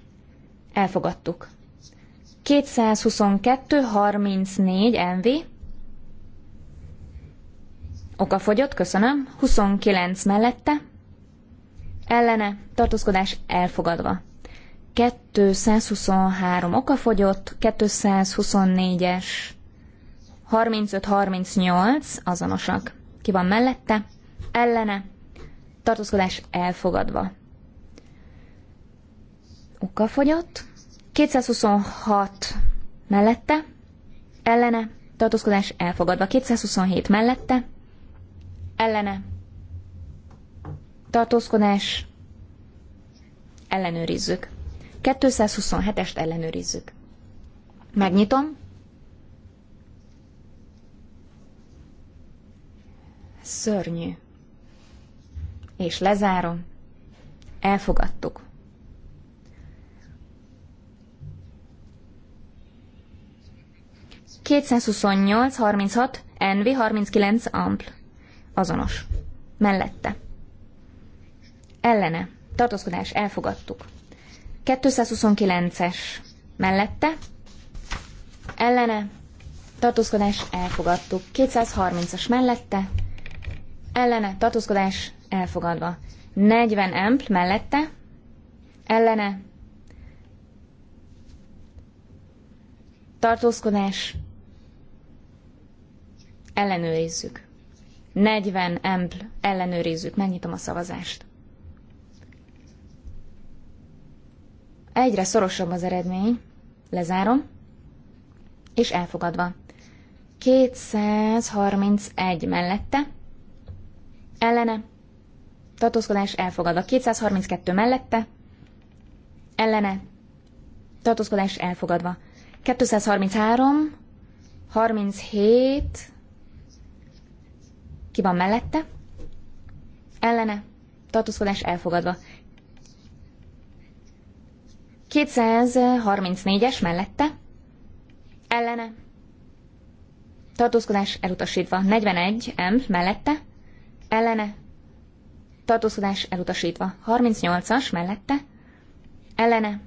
elfogadtuk. 222, 34 NV. Oka fogyott, köszönöm. 29 mellette. Ellene, tartózkodás elfogadva. 223 oka fogyott, 224-es, 35-38 azonosak. Ki van mellette? Ellene, tartózkodás elfogadva okkal fogyott. 226 mellette, ellene, tartózkodás elfogadva. 227 mellette, ellene, tartózkodás ellenőrizzük. 227-est ellenőrizzük. Megnyitom. Szörnyű. És lezárom. Elfogadtuk. 228, 36, NV, 39, ampl. Azonos. Mellette. Ellene. Tartózkodás. Elfogadtuk. 229-es. Mellette. Ellene. Tartózkodás. Elfogadtuk. 230-as. Mellette. Ellene. Tartózkodás. Elfogadva. 40 ampl. Mellette. Ellene. Tartózkodás ellenőrizzük. 40 empl, ellenőrizzük, megnyitom a szavazást. Egyre szorosabb az eredmény, lezárom, és elfogadva. 231 mellette, ellene, tartózkodás elfogadva. 232 mellette, ellene, tartózkodás elfogadva. 233, 37, ki van mellette? Ellene. Tartózkodás elfogadva. 234-es mellette. Ellene. Tartózkodás elutasítva. 41 M mellette. Ellene. Tartózkodás elutasítva. 38-as mellette. Ellene.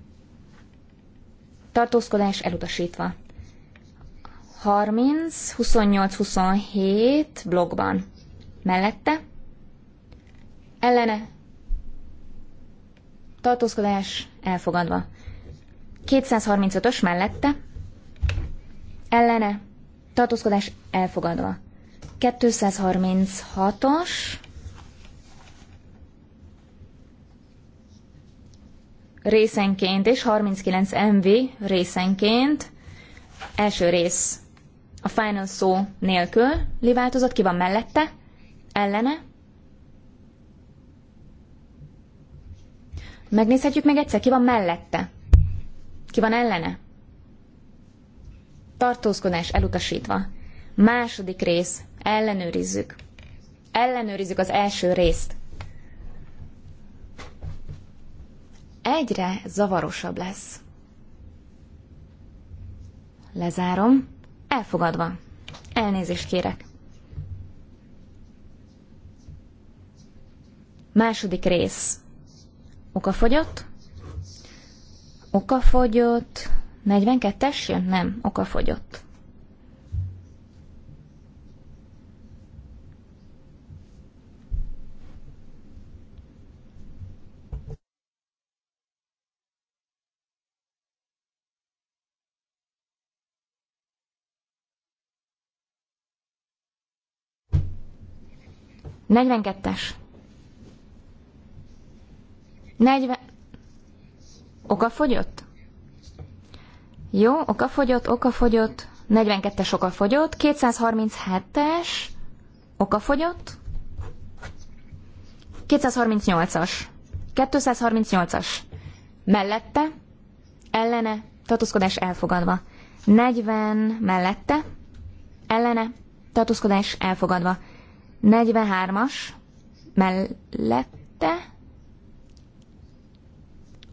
Tartózkodás elutasítva. 30, 28, 27 blogban mellette, ellene, tartózkodás elfogadva. 235-ös mellette, ellene, tartózkodás elfogadva. 236-os, részenként és 39 MV részenként, első rész a final szó nélkül, változott, ki van mellette, Ellene? Megnézhetjük meg egyszer, ki van mellette? Ki van ellene? Tartózkodás elutasítva. Második rész. Ellenőrizzük. Ellenőrizzük az első részt. Egyre zavarosabb lesz. Lezárom. Elfogadva. Elnézést kérek. Második rész. Okafogyott? Okafogyott. 42-es jön? Nem, okafogyott. Negyvenkettes. 40... Oka fogyott? Jó, oka fogyott, oka fogyott. 42-es oka fogyott. 237-es oka fogyott. 238-as. 238-as. Mellette. Ellene. Tartózkodás elfogadva. 40 mellette. Ellene. Tartózkodás elfogadva. 43-as. Mellette.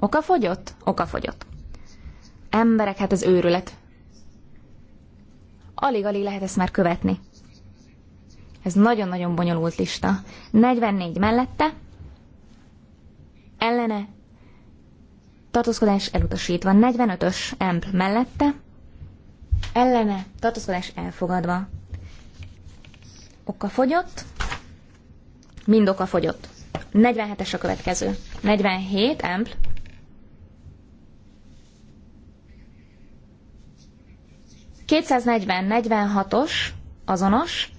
Oka fogyott? Oka fogyott. Emberek, hát az őrület. Alig-alig lehet ezt már követni. Ez nagyon-nagyon bonyolult lista. 44 mellette, ellene, tartózkodás elutasítva. 45-ös emp mellette, ellene, tartózkodás elfogadva. Oka fogyott, mind oka fogyott. 47-es a következő. 47 Empl. 240-46-os azonos,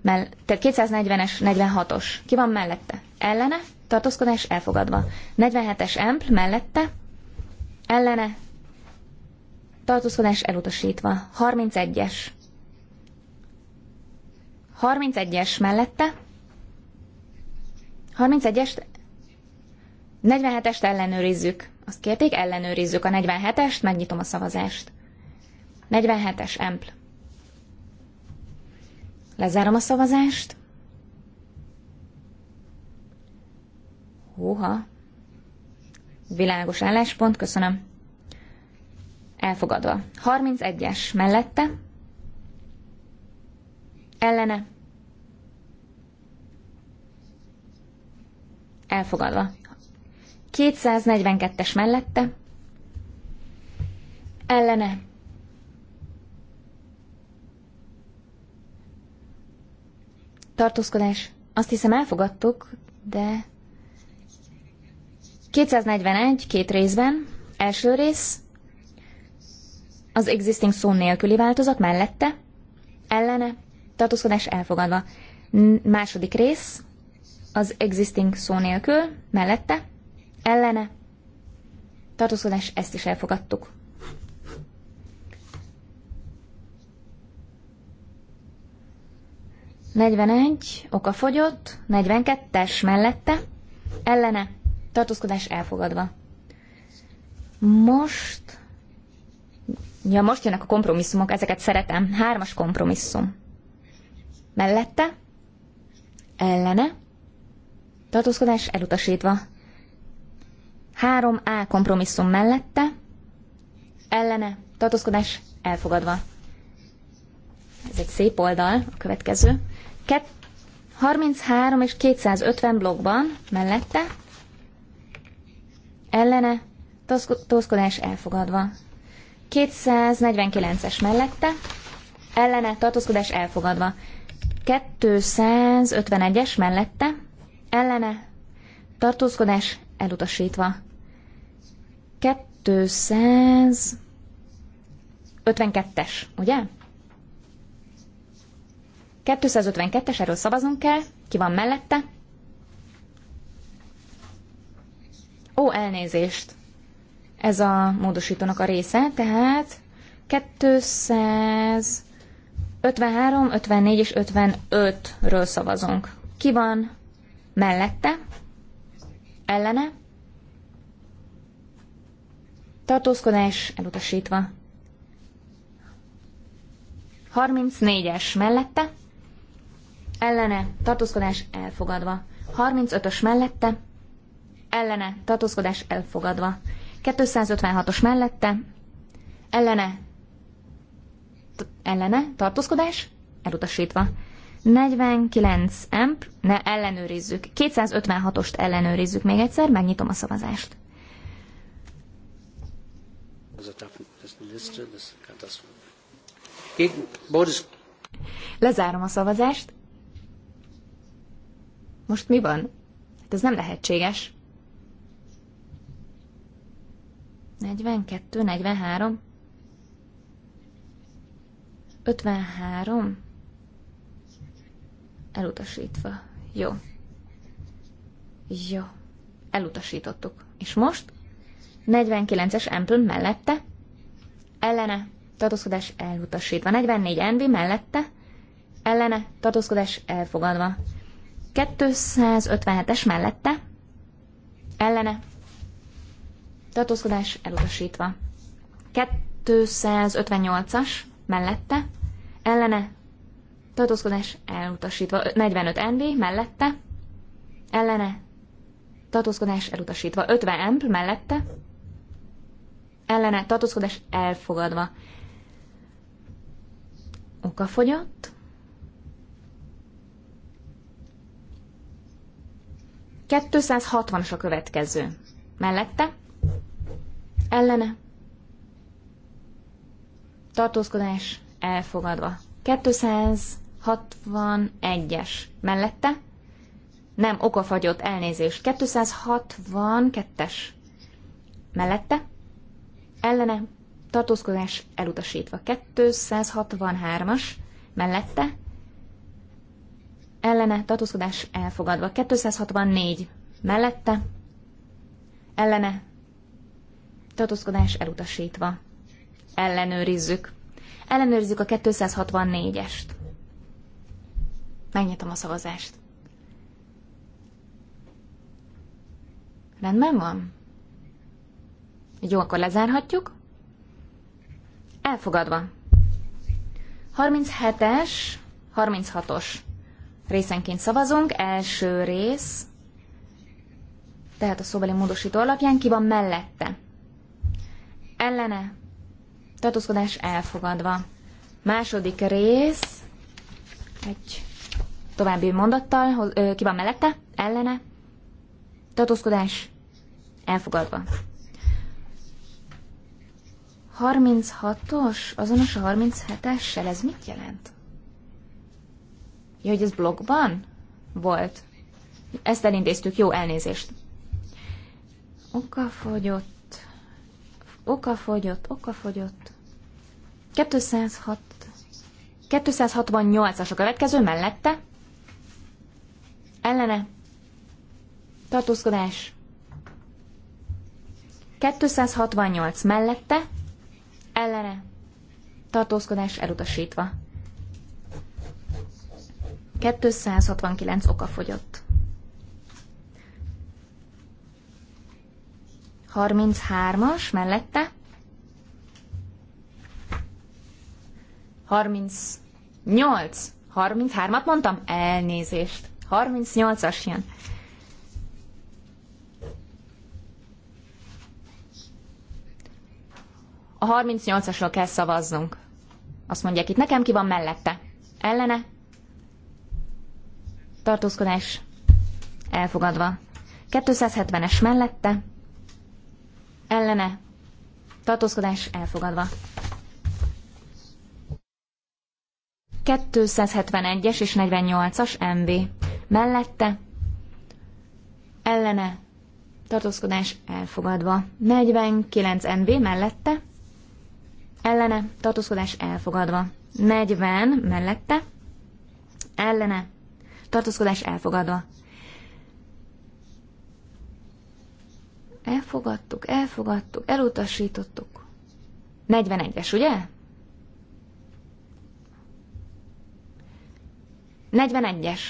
mell- tehát 240-es, 46-os. Ki van mellette? Ellene, tartózkodás elfogadva. 47-es empl mellette, ellene, tartózkodás elutasítva. 31-es. 31-es mellette, 31 es 47-est ellenőrizzük. Azt kérték, ellenőrizzük a 47-est, megnyitom a szavazást. 47-es empl. Lezárom a szavazást. Húha. Világos álláspont, köszönöm. Elfogadva. 31-es mellette. Ellene. Elfogadva. 242-es mellette. Ellene. tartózkodás, azt hiszem elfogadtuk, de 241, két részben, első rész, az existing szó nélküli változat mellette, ellene, tartózkodás elfogadva. N- második rész, az existing szó nélkül, mellette, ellene, tartózkodás, ezt is elfogadtuk. 41, oka fogyott, 42-es mellette, ellene, tartózkodás elfogadva. Most, ja most jönnek a kompromisszumok, ezeket szeretem, hármas kompromisszum. Mellette, ellene, tartózkodás elutasítva. 3A kompromisszum mellette, ellene, tartózkodás elfogadva. Ez egy szép oldal, a következő. 33 és 250 blokkban mellette ellene tartózkodás elfogadva. 249-es mellette ellene tartózkodás elfogadva. 251-es mellette ellene tartózkodás elutasítva. 252-es, ugye? 252-es, erről szavazunk kell. Ki van mellette? Ó, elnézést! Ez a módosítónak a része, tehát 253, 54 és 55-ről szavazunk. Ki van mellette? Ellene? Tartózkodás elutasítva. 34-es mellette? ellene, tartózkodás elfogadva. 35-ös mellette, ellene, tartózkodás elfogadva. 256-os mellette, ellene, ellene, tartózkodás elutasítva. 49 emp, ne ellenőrizzük. 256-ost ellenőrizzük még egyszer, megnyitom a szavazást. Lezárom a szavazást. Most mi van? Hát ez nem lehetséges. 42, 43, 53, elutasítva. Jó. Jó. Elutasítottuk. És most? 49-es Amplon mellette, ellene, tartózkodás elutasítva. 44 Envi mellette, ellene, tartózkodás elfogadva. 257-es mellette, ellene, tartózkodás elutasítva. 258-as mellette, ellene, tartózkodás elutasítva. 45 NB mellette, ellene, tartózkodás elutasítva. 50 MP mellette, ellene, tartózkodás elfogadva. Okafogyott. 260-as a következő. Mellette? Ellene? Tartózkodás elfogadva. 261-es. Mellette? Nem, okafagyott elnézést. 262-es. Mellette? Ellene? Tartózkodás elutasítva. 263-as. Mellette? ellene tartózkodás elfogadva. 264 mellette ellene tartózkodás elutasítva. Ellenőrizzük. Ellenőrizzük a 264-est. Megnyitom a szavazást. Rendben van? Jó, akkor lezárhatjuk. Elfogadva. 37-es, 36-os Részenként szavazunk. Első rész, tehát a szóbeli módosító alapján ki van mellette. Ellene. Tartózkodás elfogadva. Második rész, egy további mondattal, ki van mellette, ellene, tartózkodás elfogadva. 36-os, azonos a 37-essel, ez mit jelent? Ja, hogy ez blogban volt? Ezt elintéztük, jó elnézést. Okafogyott, okafogyott, okafogyott. 206, 268-as a következő mellette. Ellene. Tartózkodás. 268 mellette. Ellene. Tartózkodás elutasítva. 269 oka fogyott. 33-as mellette. 38. 33-at mondtam? Elnézést. 38-as jön. A 38-asról kell szavaznunk. Azt mondják itt nekem, ki van mellette. Ellene? tartózkodás elfogadva. 270-es mellette, ellene, tartózkodás elfogadva. 271-es és 48-as MV mellette, ellene, tartózkodás elfogadva. 49 NV mellette, ellene, tartózkodás elfogadva. 40 mellette, ellene, tartózkodás elfogadva. Elfogadtuk, elfogadtuk, elutasítottuk. 41-es, ugye? 41-es.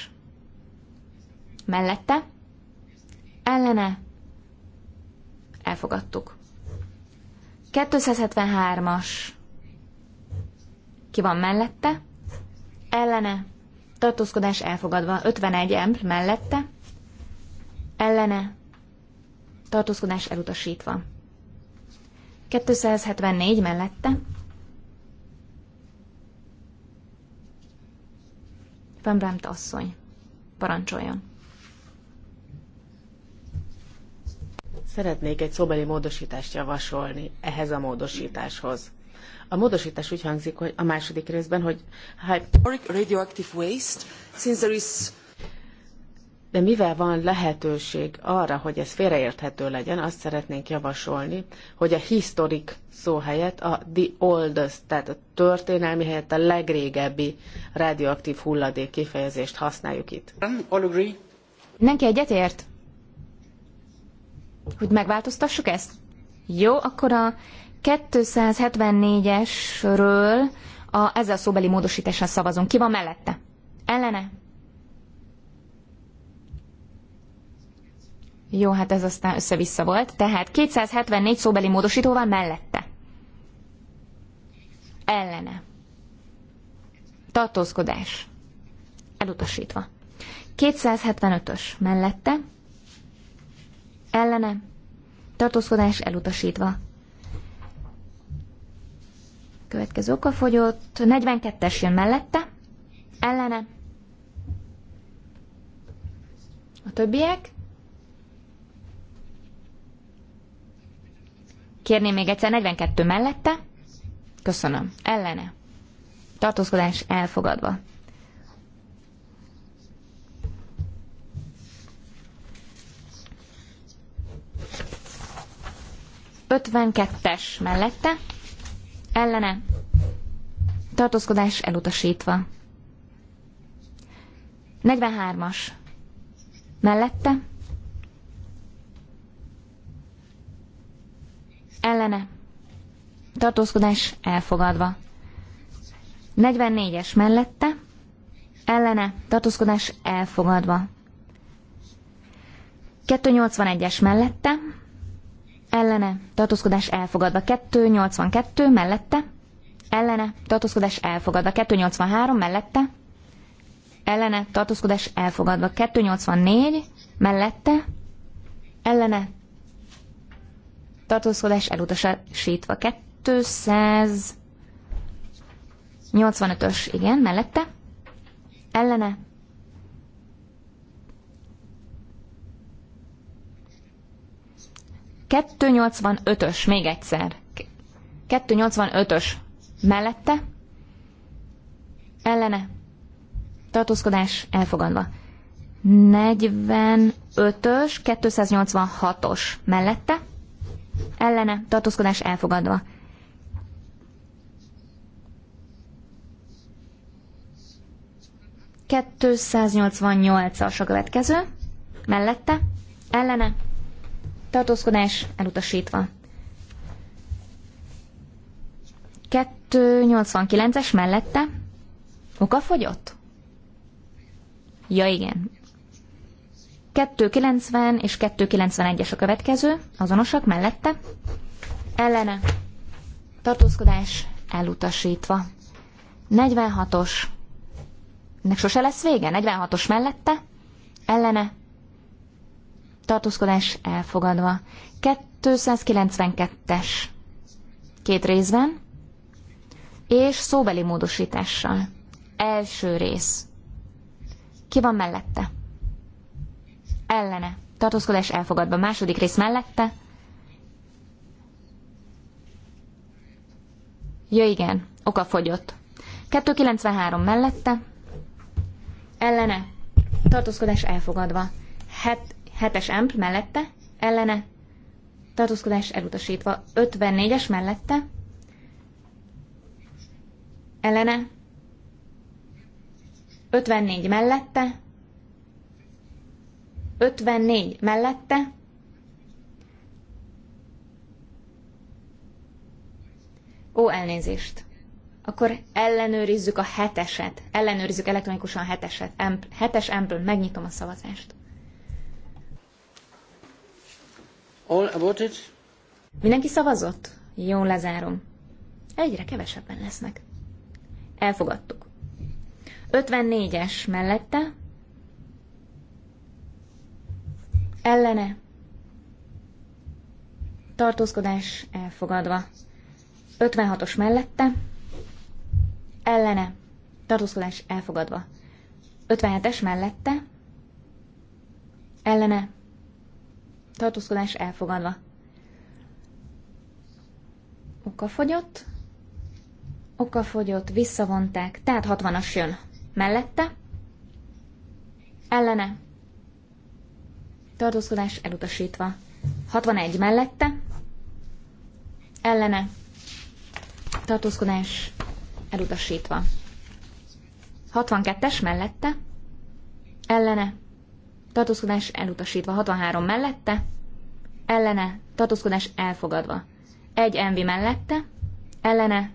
Mellette? Ellene? Elfogadtuk. 273-as. Ki van mellette? Ellene? tartózkodás elfogadva. 51 empl mellette, ellene, tartózkodás elutasítva. 274 mellette, Pembremt asszony, parancsoljon. Szeretnék egy szóbeli módosítást javasolni ehhez a módosításhoz. A módosítás úgy hangzik, hogy a második részben, hogy hát- radioactive waste, since there is de mivel van lehetőség arra, hogy ez félreérthető legyen, azt szeretnénk javasolni, hogy a historic szó helyett a the oldest, tehát a történelmi helyett a legrégebbi radioaktív hulladék kifejezést használjuk itt. All agree? Mindenki egyetért? Hogy megváltoztassuk ezt? Jó, akkor a 274-esről a, ezzel a szóbeli módosítással szavazunk. Ki van mellette? Ellene? Jó, hát ez aztán össze-vissza volt. Tehát 274 szóbeli módosítóval mellette. Ellene. Tartózkodás. Elutasítva. 275-ös mellette. Ellene. Tartózkodás elutasítva. Következő okafogyott. 42-es jön mellette. Ellene. A többiek. Kérném még egyszer 42 mellette. Köszönöm. Ellene. Tartózkodás elfogadva. Ötvenkettes mellette ellene, tartózkodás elutasítva. 43-as, mellette, ellene, tartózkodás elfogadva. 44-es mellette, ellene, tartózkodás elfogadva. 281-es mellette, ellene, tartózkodás elfogadva. 282 mellette, ellene, tartózkodás elfogadva. 283 mellette, ellene, tartózkodás elfogadva. 284 mellette, ellene, tartózkodás elutasítva. 285-ös, igen, mellette, ellene, 285-ös, még egyszer. 285-ös mellette, ellene, tartózkodás elfogadva. 45-ös, 286-os mellette, ellene, tartózkodás elfogadva. 288-as a következő, mellette, ellene, tartózkodás elutasítva. 289-es mellette oka fogyott? Ja igen. 290 és 291-es a következő, azonosak mellette. Ellene. Tartózkodás elutasítva. 46-os. Ennek sose lesz vége? 46-os mellette. Ellene tartózkodás elfogadva. 292-es két részben, és szóbeli módosítással. Első rész. Ki van mellette? Ellene. Tartózkodás elfogadva. Második rész mellette. Ja igen, oka fogyott. 293 mellette. Ellene. Tartózkodás elfogadva. Het, 7-es amp mellette, ellene, tartózkodás elutasítva. 54-es mellette, ellene, 54 mellette, 54 mellette, Ó, elnézést. Akkor ellenőrizzük a heteset. Ellenőrizzük elektronikusan a heteset. Amp, hetes ample, megnyitom a szavazást. All Mindenki szavazott? Jó, lezárom. Egyre kevesebben lesznek. Elfogadtuk. 54-es mellette. Ellene. Tartózkodás elfogadva. 56-os mellette. Ellene. Tartózkodás elfogadva. 57-es mellette. Ellene tartózkodás elfogadva. Oka fogyott. Oka fogyott. visszavonták, tehát 60-as jön. Mellette, ellene, tartózkodás elutasítva. 61 mellette, ellene, tartózkodás elutasítva. 62-es mellette, ellene, tartózkodás elutasítva 63 mellette, ellene tartózkodás elfogadva. 1 MV mellette, ellene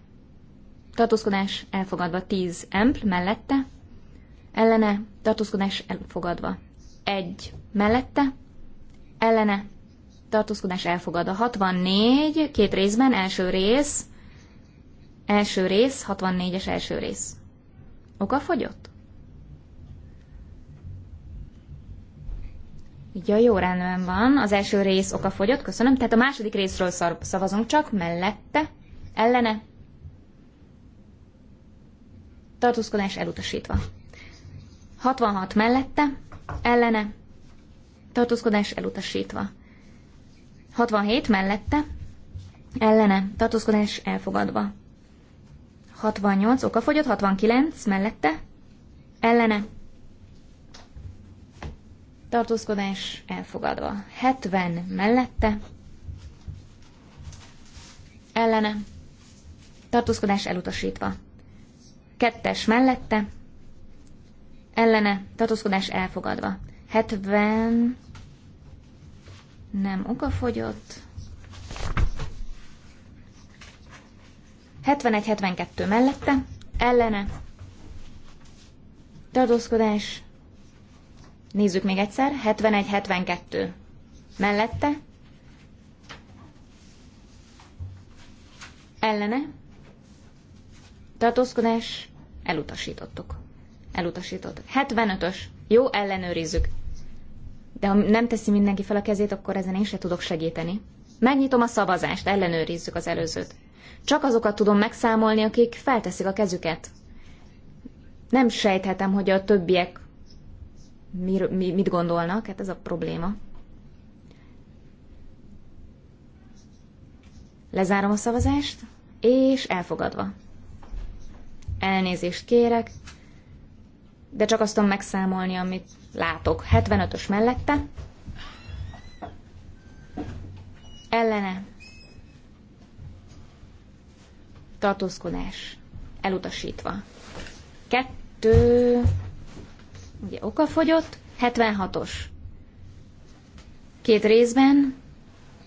tartózkodás elfogadva 10 empl mellette, ellene tartózkodás elfogadva. 1 mellette, ellene tartózkodás elfogadva. 64 két részben, első rész, első rész, 64-es első rész. Oka fogyott? Ja, jó rendben van. Az első rész oka fogyott, köszönöm. Tehát a második részről szavazunk csak, mellette, ellene. Tartózkodás elutasítva. 66 mellette, ellene. Tartózkodás elutasítva. 67 mellette, ellene. Tartózkodás elfogadva. 68 okafogyott, 69 mellette, ellene tartózkodás elfogadva. 70 mellette, ellene, tartózkodás elutasítva. Kettes mellette, ellene, tartózkodás elfogadva. 70 nem okafogyott. 71-72 mellette, ellene, tartózkodás Nézzük még egyszer. 71-72. Mellette. Ellene. Tartózkodás. Elutasítottuk. Elutasítottuk. 75-ös. Jó, ellenőrizzük. De ha nem teszi mindenki fel a kezét, akkor ezen én se tudok segíteni. Megnyitom a szavazást, ellenőrizzük az előzőt. Csak azokat tudom megszámolni, akik felteszik a kezüket. Nem sejthetem, hogy a többiek mi, mi, mit gondolnak, hát ez a probléma. Lezárom a szavazást, és elfogadva. Elnézést kérek, de csak azt tudom megszámolni, amit látok. 75-ös mellette. Ellene. Tartózkodás. Elutasítva. Kettő ugye okafogyott, 76-os. Két részben,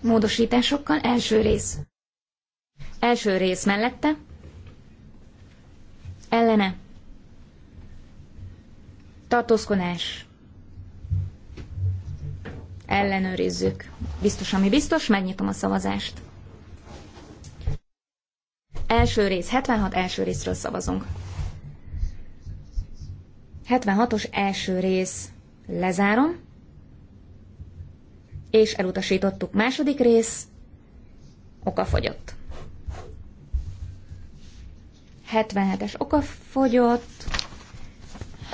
módosításokkal, első rész. Első rész mellette, ellene, tartózkodás, ellenőrizzük. Biztos, ami biztos, megnyitom a szavazást. Első rész, 76 első részről szavazunk. 76-os első rész lezárom, és elutasítottuk második rész, fogyott. 77-es fogyott,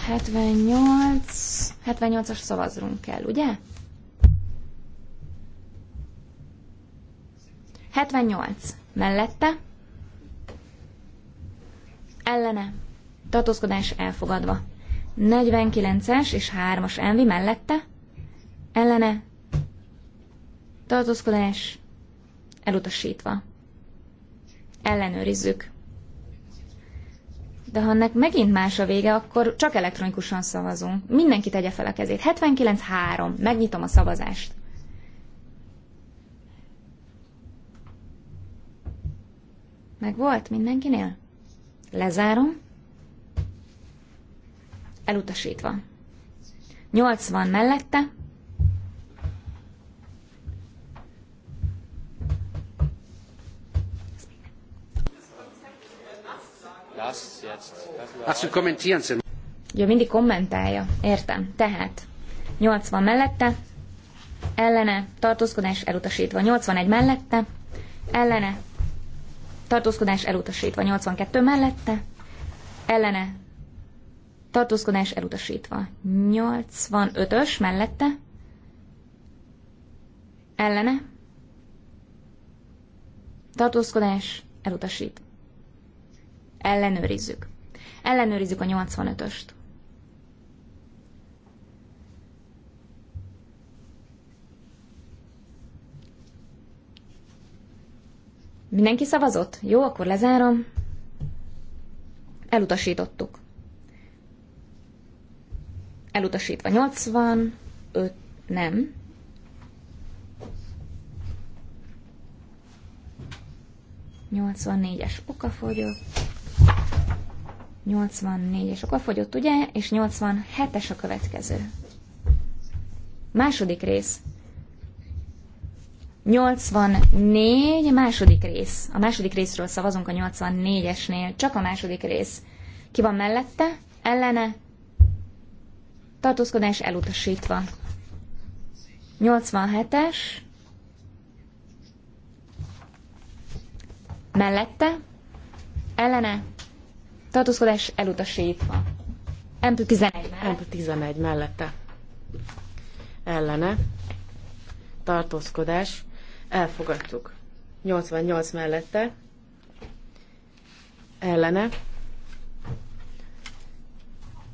78, 78-as szavazrunk kell, ugye? 78 mellette, ellene, tartózkodás elfogadva. 49-es és 3-as envi mellette, ellene, tartózkodás, elutasítva. Ellenőrizzük. De ha ennek megint más a vége, akkor csak elektronikusan szavazunk. Mindenki tegye fel a kezét. 79-3. Megnyitom a szavazást. Meg volt mindenkinél? Lezárom elutasítva. 80 mellette, Ja, mindig kommentálja. Értem. Tehát 80 mellette, ellene, tartózkodás elutasítva. 81 mellette, ellene, tartózkodás elutasítva. 82 mellette, ellene, tartózkodás elutasítva. 85-ös mellette, ellene, tartózkodás elutasít. Ellenőrizzük. Ellenőrizzük a 85-öst. Mindenki szavazott? Jó, akkor lezárom. Elutasítottuk elutasítva 85, nem. Oka fogyott. 84-es okafogyott, ugye? És 87-es a következő. Második rész. 84, második rész. A második részről szavazunk a 84-esnél. Csak a második rész. Ki van mellette? Ellene? tartózkodás elutasítva. 87-es, mellette, ellene, tartózkodás elutasítva. Ample 11 mellette. Ample 11 mellette. Ellene. Tartózkodás. Elfogadtuk. 88 mellette. Ellene.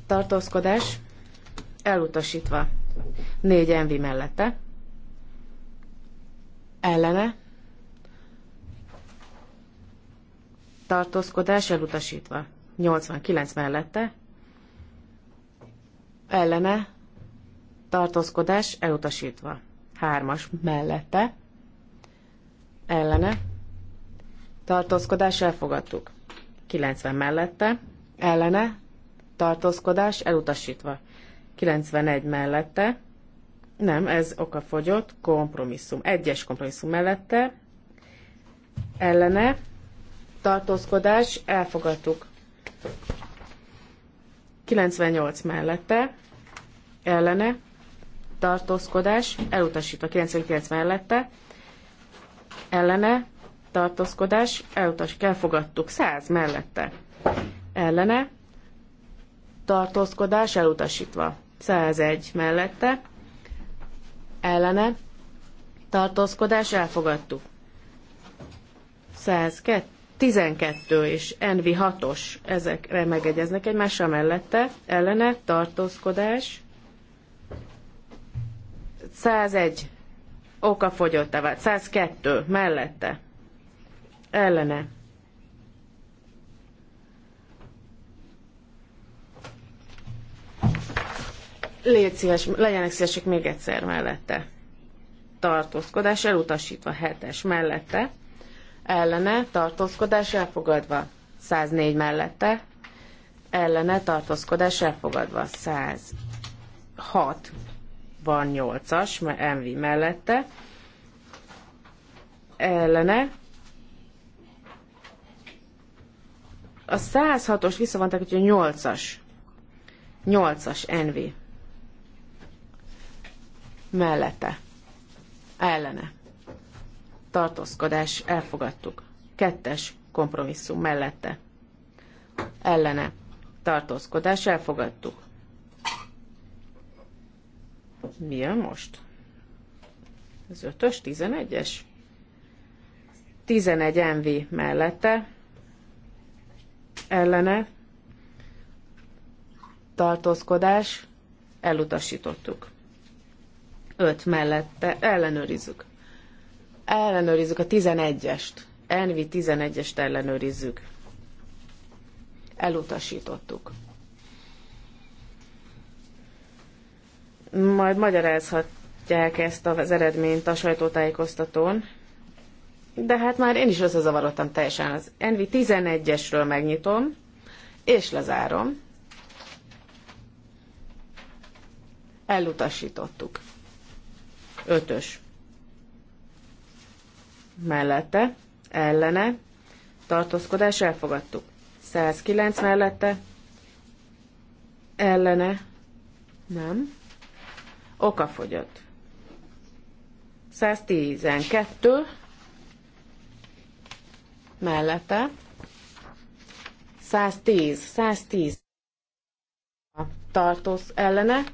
Tartózkodás elutasítva. Négy envi mellette, ellene, tartózkodás elutasítva. 89 mellette, ellene, tartózkodás elutasítva. Hármas mellette, ellene, tartózkodás elfogadtuk. 90 mellette, ellene, tartózkodás elutasítva. 91 mellette, nem, ez okafogyott, kompromisszum, egyes kompromisszum mellette, ellene, tartózkodás, elfogadtuk. 98 mellette, ellene, tartózkodás, elutasítva 99 mellette, ellene, tartózkodás, elutas, elfogadtuk 100 mellette, ellene, tartózkodás, elutasítva 101 mellette, ellene, tartózkodás elfogadtuk. 102, 12 és Envi 6-os, ezekre megegyeznek egymással mellette, ellene, tartózkodás, 101 oka fogyottá vált, 102 mellette, ellene, légy szíves, legyenek szívesek még egyszer mellette. Tartózkodás elutasítva, hetes mellette. Ellene, tartózkodás elfogadva, 104 mellette. Ellene, tartózkodás elfogadva, 106 van 8-as, MV mellette. Ellene, a 106-os visszavonták, hogy 8-as. 8-as NV mellette, ellene, tartózkodás, elfogadtuk. Kettes kompromisszum mellette, ellene, tartózkodás, elfogadtuk. Mi jön most? Az ötös, tizenegyes? Tizenegy envi mellette, ellene, tartózkodás, elutasítottuk. 5 mellette ellenőrizzük. Ellenőrizzük a 11-est. Envi 11-est ellenőrizzük. Elutasítottuk. Majd magyarázhatják ezt az eredményt a sajtótájékoztatón. De hát már én is összezavarodtam teljesen. Az Envi 11-esről megnyitom, és lezárom. Elutasítottuk. Ötös. Mellette, ellene, tartózkodás elfogadtuk. 109 mellette, ellene, nem, okafogyott. 112 mellette, 110, 110 tartóz ellene,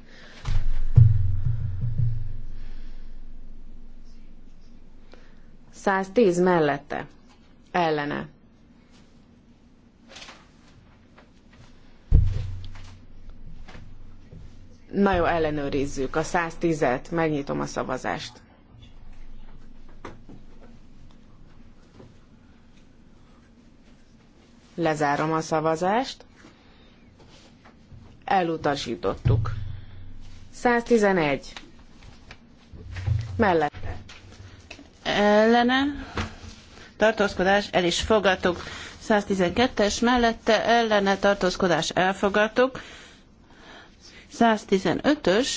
110 mellette. Ellene. Na jó, ellenőrizzük a 110-et, megnyitom a szavazást. Lezárom a szavazást. Elutasítottuk. 111. Mellett ellene tartózkodás el is fogadtuk. 112-es mellette ellene tartózkodás elfogadtuk. 115-ös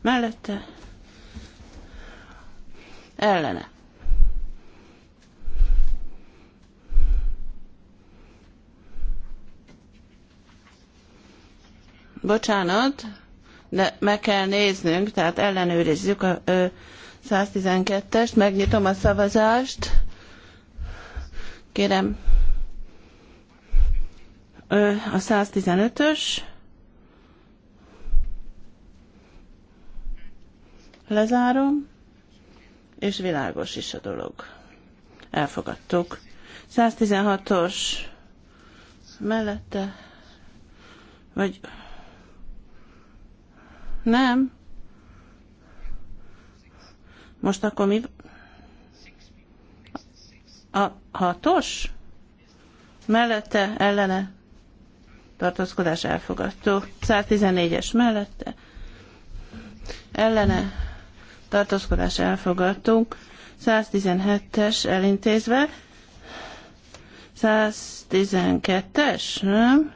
mellette ellene. Bocsánat, de meg kell néznünk, tehát ellenőrizzük a ö, 112-est, megnyitom a szavazást. Kérem, a 115-ös. Lezárom, és világos is a dolog. Elfogadtuk. 116-os mellette, vagy nem, most akkor mi? A hatos? Mellette, ellene, tartózkodás elfogadtó. 114-es mellette, ellene, tartózkodás elfogadtunk. 117-es elintézve, 112-es, nem?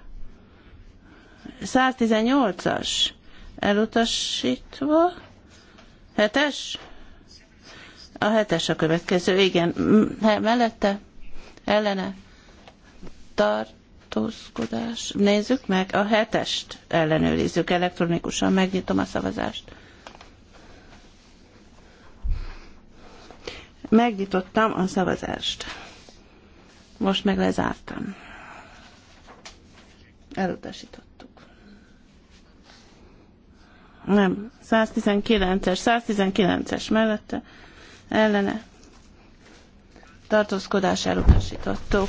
118-as elutasítva, 7-es a hetes a következő, igen. Mellette? Ellene? Tartózkodás. Nézzük meg, a hetest ellenőrizzük elektronikusan, megnyitom a szavazást. Megnyitottam a szavazást. Most meg lezártam. Elutasítottuk. Nem, 119-es, 119-es mellette ellene tartózkodás elutasítottuk.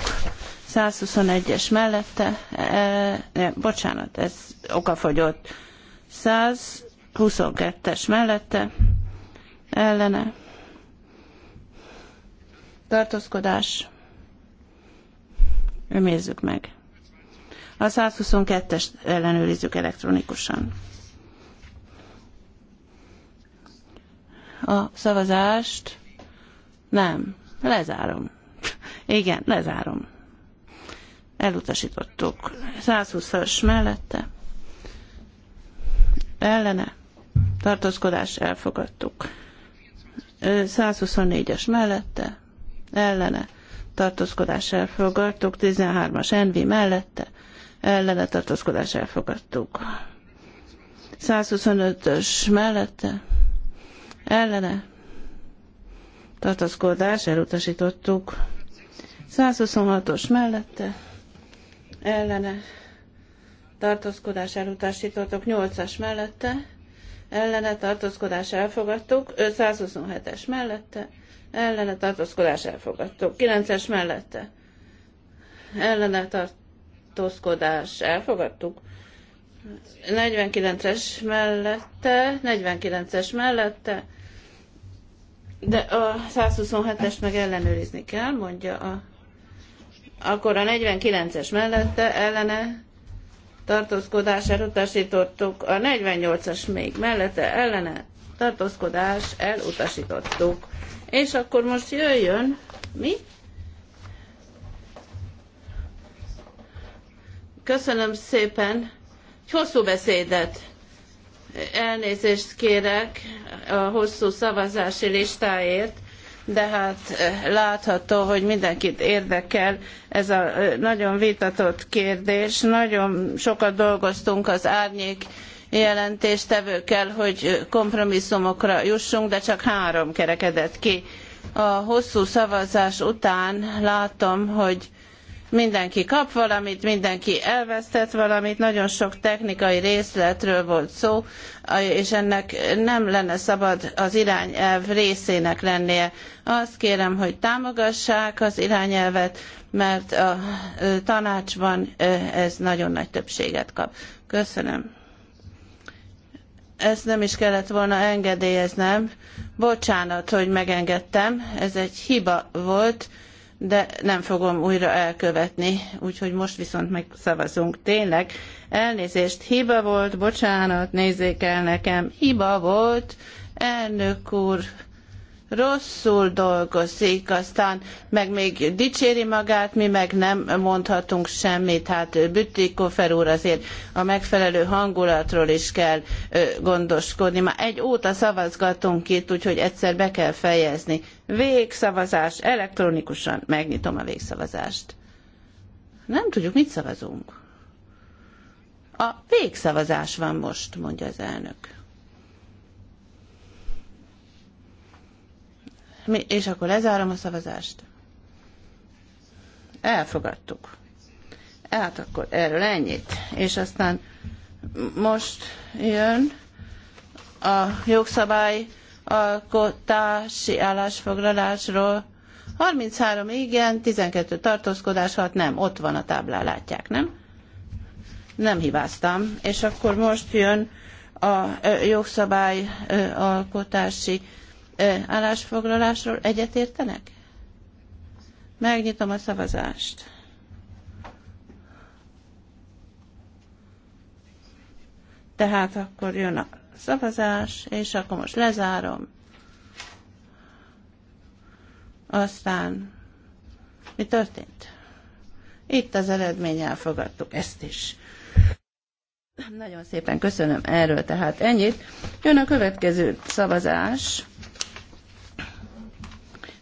121-es mellette, e, ne, bocsánat, ez okafogyott. 122-es mellette, ellene, tartózkodás, ömézzük meg. A 122-est ellenőrizzük elektronikusan. a szavazást. Nem, lezárom. Igen, lezárom. Elutasítottuk. 120-as mellette. Ellene. Tartózkodás elfogadtuk. 124-es mellette. Ellene. Tartózkodás elfogadtuk. 13-as Envi mellette. Ellene tartózkodás elfogadtuk. 125-ös mellette ellene tartaszkodás, elutasítottuk. 126-os mellette ellene tartaszkodás elutasítottuk, 8-as mellette ellene tartózkodás elfogadtuk, 527 es mellette ellene tartózkodás elfogadtuk, 9-es mellette ellene tartózkodás elfogadtuk, 49-es mellette, 49-es mellette, de a 127-est meg ellenőrizni kell, mondja a... Akkor a 49-es mellette ellene tartózkodás elutasítottuk, a 48-as még mellette ellene tartózkodás elutasítottuk. És akkor most jöjjön, mi? Köszönöm szépen, egy hosszú beszédet elnézést kérek a hosszú szavazási listáért, de hát eh, látható, hogy mindenkit érdekel ez a eh, nagyon vitatott kérdés. Nagyon sokat dolgoztunk az árnyék jelentéstevőkkel, hogy kompromisszumokra jussunk, de csak három kerekedett ki. A hosszú szavazás után látom, hogy mindenki kap valamit, mindenki elvesztett valamit, nagyon sok technikai részletről volt szó, és ennek nem lenne szabad az irányelv részének lennie. Azt kérem, hogy támogassák az irányelvet, mert a tanácsban ez nagyon nagy többséget kap. Köszönöm. Ezt nem is kellett volna engedélyeznem. Bocsánat, hogy megengedtem. Ez egy hiba volt de nem fogom újra elkövetni, úgyhogy most viszont megszavazunk. Tényleg, elnézést, hiba volt, bocsánat, nézzék el nekem, hiba volt, elnök úr, rosszul dolgozik, aztán meg még dicséri magát, mi meg nem mondhatunk semmit. Hát Bütikofer úr azért a megfelelő hangulatról is kell gondoskodni. Már egy óta szavazgatunk itt, úgyhogy egyszer be kell fejezni. Végszavazás, elektronikusan megnyitom a végszavazást. Nem tudjuk, mit szavazunk. A végszavazás van most, mondja az elnök. Mi, és akkor lezárom a szavazást. Elfogadtuk. Hát akkor erről ennyit. És aztán most jön a jogszabály alkotási állásfoglalásról. 33 igen, 12 tartózkodás, 6 nem. Ott van a táblá, látják, nem? Nem hibáztam. És akkor most jön a jogszabály alkotási állásfoglalásról egyetértenek? Megnyitom a szavazást. Tehát akkor jön a szavazás, és akkor most lezárom. Aztán mi történt? Itt az eredmény elfogadtuk ezt is. Nagyon szépen köszönöm erről, tehát ennyit. Jön a következő szavazás.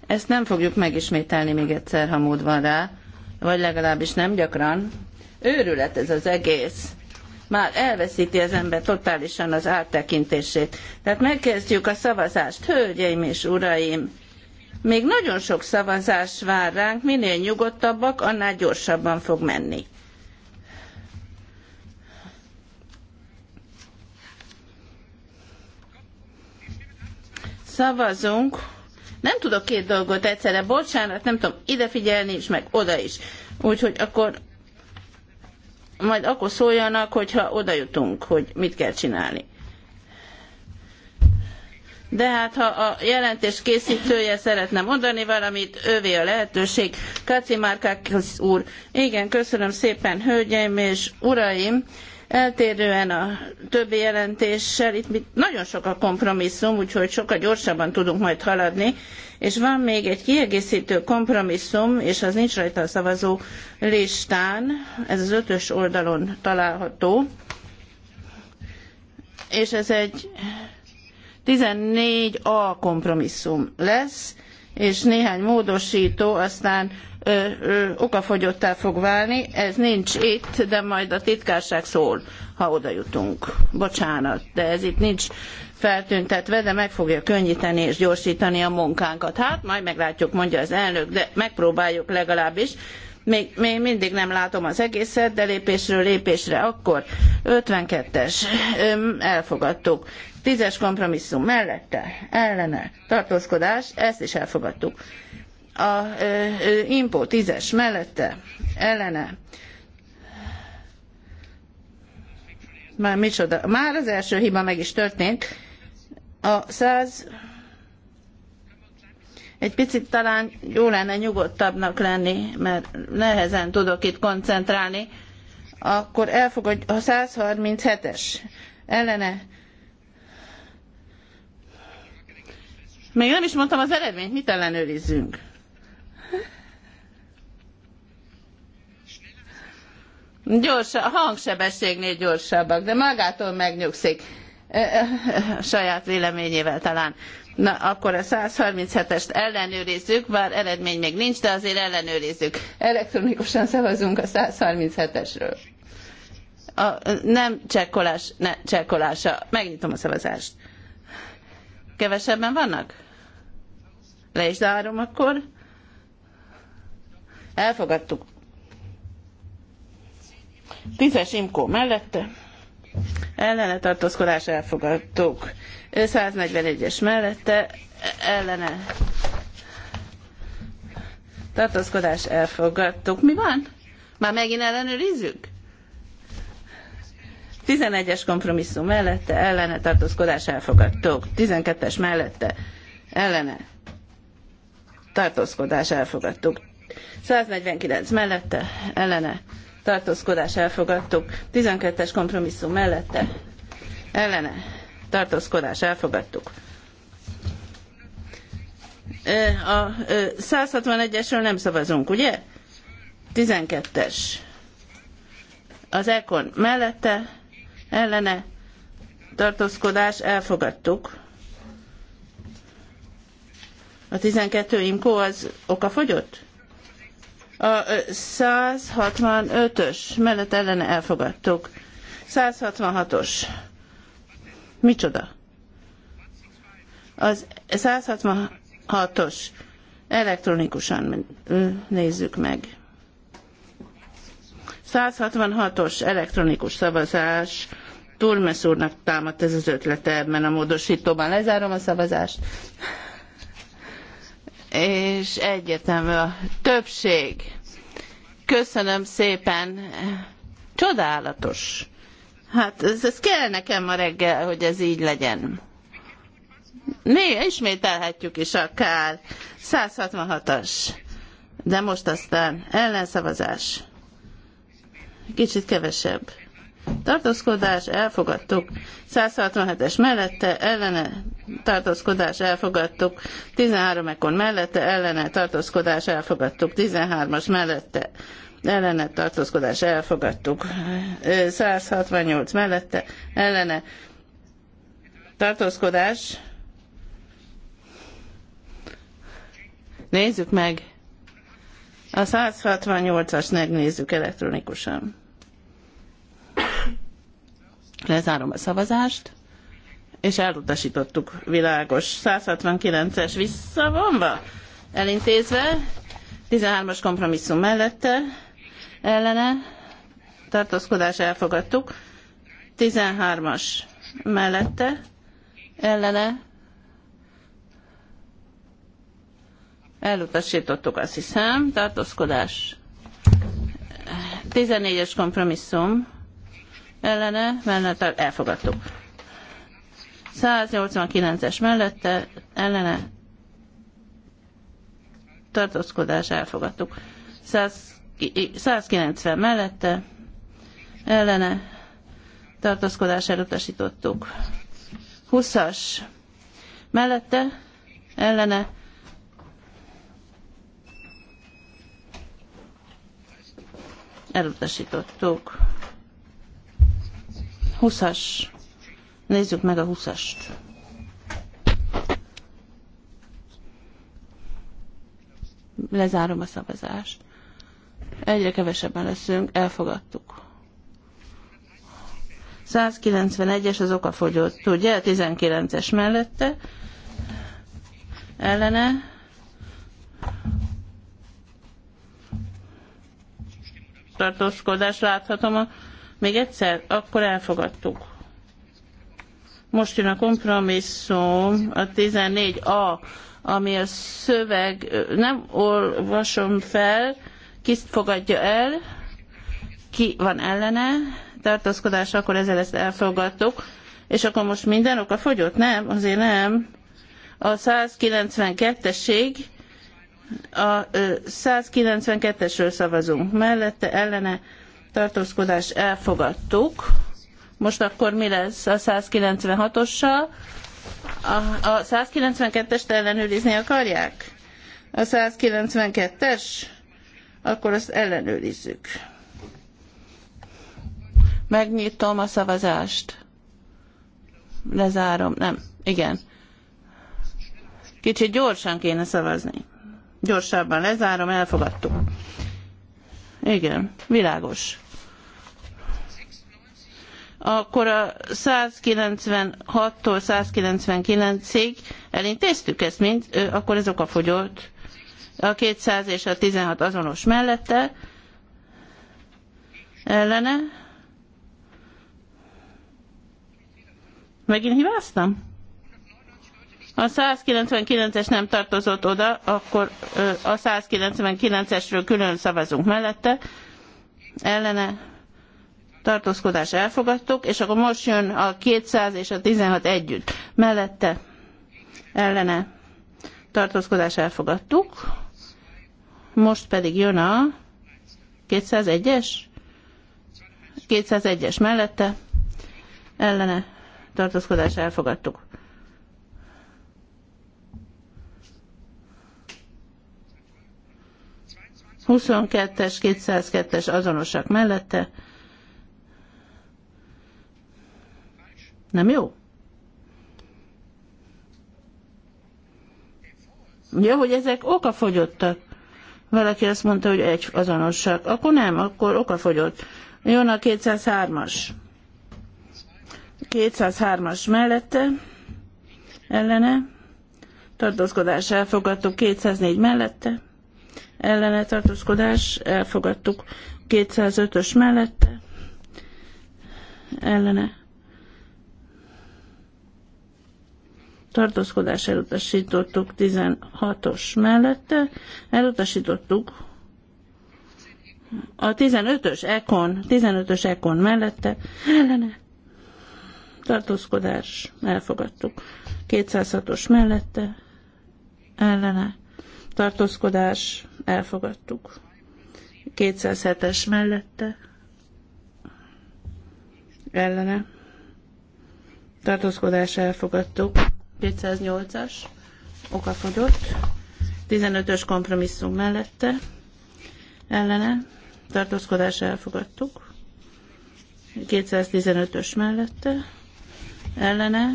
Ezt nem fogjuk megismételni még egyszer, ha mód van rá, vagy legalábbis nem gyakran. Őrület ez az egész. Már elveszíti az ember totálisan az áttekintését. Tehát megkezdjük a szavazást. Hölgyeim és uraim, még nagyon sok szavazás vár ránk, minél nyugodtabbak, annál gyorsabban fog menni. Szavazunk nem tudok két dolgot egyszerre, bocsánat, nem tudom ide figyelni is, meg oda is. Úgyhogy akkor majd akkor szóljanak, hogyha oda jutunk, hogy mit kell csinálni. De hát ha a jelentés készítője szeretne mondani valamit, ővé a lehetőség. Kaci Márkák úr, igen, köszönöm szépen, hölgyeim és uraim. Eltérően a többi jelentéssel, itt nagyon sok a kompromisszum, úgyhogy sokkal gyorsabban tudunk majd haladni, és van még egy kiegészítő kompromisszum, és az nincs rajta a szavazó listán, ez az ötös oldalon található, és ez egy 14A kompromisszum lesz, és néhány módosító aztán okafogyottá fog válni. Ez nincs itt, de majd a titkárság szól, ha oda jutunk. Bocsánat, de ez itt nincs feltüntetve, de meg fogja könnyíteni és gyorsítani a munkánkat. Hát majd meglátjuk, mondja az elnök, de megpróbáljuk legalábbis. Még, még mindig nem látom az egészet, de lépésről lépésre akkor 52-es elfogadtuk. 10-es kompromisszum mellette, ellene, tartózkodás, ezt is elfogadtuk. A ö, ö, impó 10-es mellette, ellene, már micsoda, már az első hiba meg is történt, a 100 egy picit talán jó lenne nyugodtabbnak lenni, mert nehezen tudok itt koncentrálni, akkor elfogadj a 137-es ellene. Még nem is mondtam az eredményt, mit ellenőrizzünk. Gyors, a hangsebességnél gyorsabbak, de magától megnyugszik. saját véleményével talán. Na, akkor a 137-est ellenőrizzük, bár eredmény még nincs, de azért ellenőrizzük. Elektronikusan szavazunk a 137-esről. A nem csekkolás, ne csekkolása. Megnyitom a szavazást. Kevesebben vannak? Le is zárom akkor. Elfogadtuk. Tízes Imkó mellette ellene tartózkodás elfogadtuk. 141-es mellette ellene tartózkodás elfogadtuk. Mi van? Már megint ellenőrizzük? 11-es kompromisszum mellette ellene tartózkodás elfogadtuk. 12-es mellette ellene tartózkodás elfogadtuk. 149 mellette ellene tartózkodás elfogadtuk. 12-es kompromisszum mellette ellene tartózkodás elfogadtuk. A 161-esről nem szavazunk, ugye? 12-es. Az Ekon mellette ellene tartózkodás elfogadtuk. A 12 imkó az okafogyott? A 165-ös mellett ellene elfogadtuk. 166-os. Micsoda? Az 166-os. Elektronikusan nézzük meg. 166-os elektronikus szavazás. Turmes úrnak támadt ez az ötlete ebben a módosítóban. Lezárom a szavazást és egyetemű a többség. Köszönöm szépen. Csodálatos. Hát ez, ez kell nekem ma reggel, hogy ez így legyen. Né, ismételhetjük is akár. 166-as. De most aztán ellenszavazás. Kicsit kevesebb tartózkodás, elfogadtuk. 167-es mellette, ellene, tartózkodás, elfogadtuk. 13 ekon mellette, ellene, tartózkodás, elfogadtuk. 13-as mellette, ellene, tartózkodás, elfogadtuk. 168 mellette, ellene, tartózkodás. Nézzük meg. A 168-as megnézzük elektronikusan. Lezárom a szavazást, és elutasítottuk világos. 169-es visszavonva, elintézve, 13-as kompromisszum mellette, ellene, tartózkodás elfogadtuk, 13-as mellette, ellene, elutasítottuk azt hiszem, tartózkodás. 14-es kompromisszum ellene mellette elfogadtuk. 189-es mellette ellene tartózkodás elfogadtuk. 190 mellette ellene tartózkodás elutasítottuk. 20-as mellette ellene elutasítottuk. 20-as. Nézzük meg a 20-ast. Lezárom a szavazást. Egyre kevesebben leszünk, elfogadtuk. 191-es az okafogyott, ugye? 19-es mellette. Ellene. Tartózkodás láthatom a még egyszer, akkor elfogadtuk. Most jön a kompromisszum, a 14a, ami a szöveg, nem olvasom fel, ki fogadja el, ki van ellene, tartózkodás, akkor ezzel ezt elfogadtuk. És akkor most minden oka fogyott? Nem, azért nem. A 192-esség, a 192-esről szavazunk. Mellette, ellene, tartózkodás elfogadtuk. Most akkor mi lesz a 196-ossal? A, a 192-est ellenőrizni akarják? A 192-es? Akkor azt ellenőrizzük. Megnyitom a szavazást. Lezárom. Nem. Igen. Kicsit gyorsan kéne szavazni. Gyorsabban lezárom, elfogadtuk. Igen, világos akkor a 196-tól 199-ig elintéztük ezt mind, akkor ez okafogyott. A 200 és a 16 azonos mellette ellene. Megint hibáztam? A 199-es nem tartozott oda, akkor a 199-esről külön szavazunk mellette. Ellene tartózkodás elfogadtuk, és akkor most jön a 200 és a 16 együtt. Mellette ellene tartózkodás elfogadtuk, most pedig jön a 201-es, 201-es mellette ellene tartózkodás elfogadtuk. Huszonkettes, 202-es azonosak mellette Nem jó? Ja, hogy ezek okafogyottak. Valaki azt mondta, hogy egy azonosak. Akkor nem, akkor okafogyott. Jön a 203-as. 203-as mellette, ellene, tartózkodás elfogadtuk, 204 mellette, ellene tartózkodás elfogadtuk, 205-ös mellette, ellene tartózkodás elutasítottuk 16-os mellette, elutasítottuk a 15-ös ekon, 15-ös ekon mellette ellene tartózkodás elfogadtuk. 206-os mellette ellene tartózkodás elfogadtuk. 207-es mellette ellene tartózkodás elfogadtuk. 208-as okafogyott, 15-ös kompromisszum mellette, ellene, tartózkodás elfogadtuk, 215-ös mellette, ellene,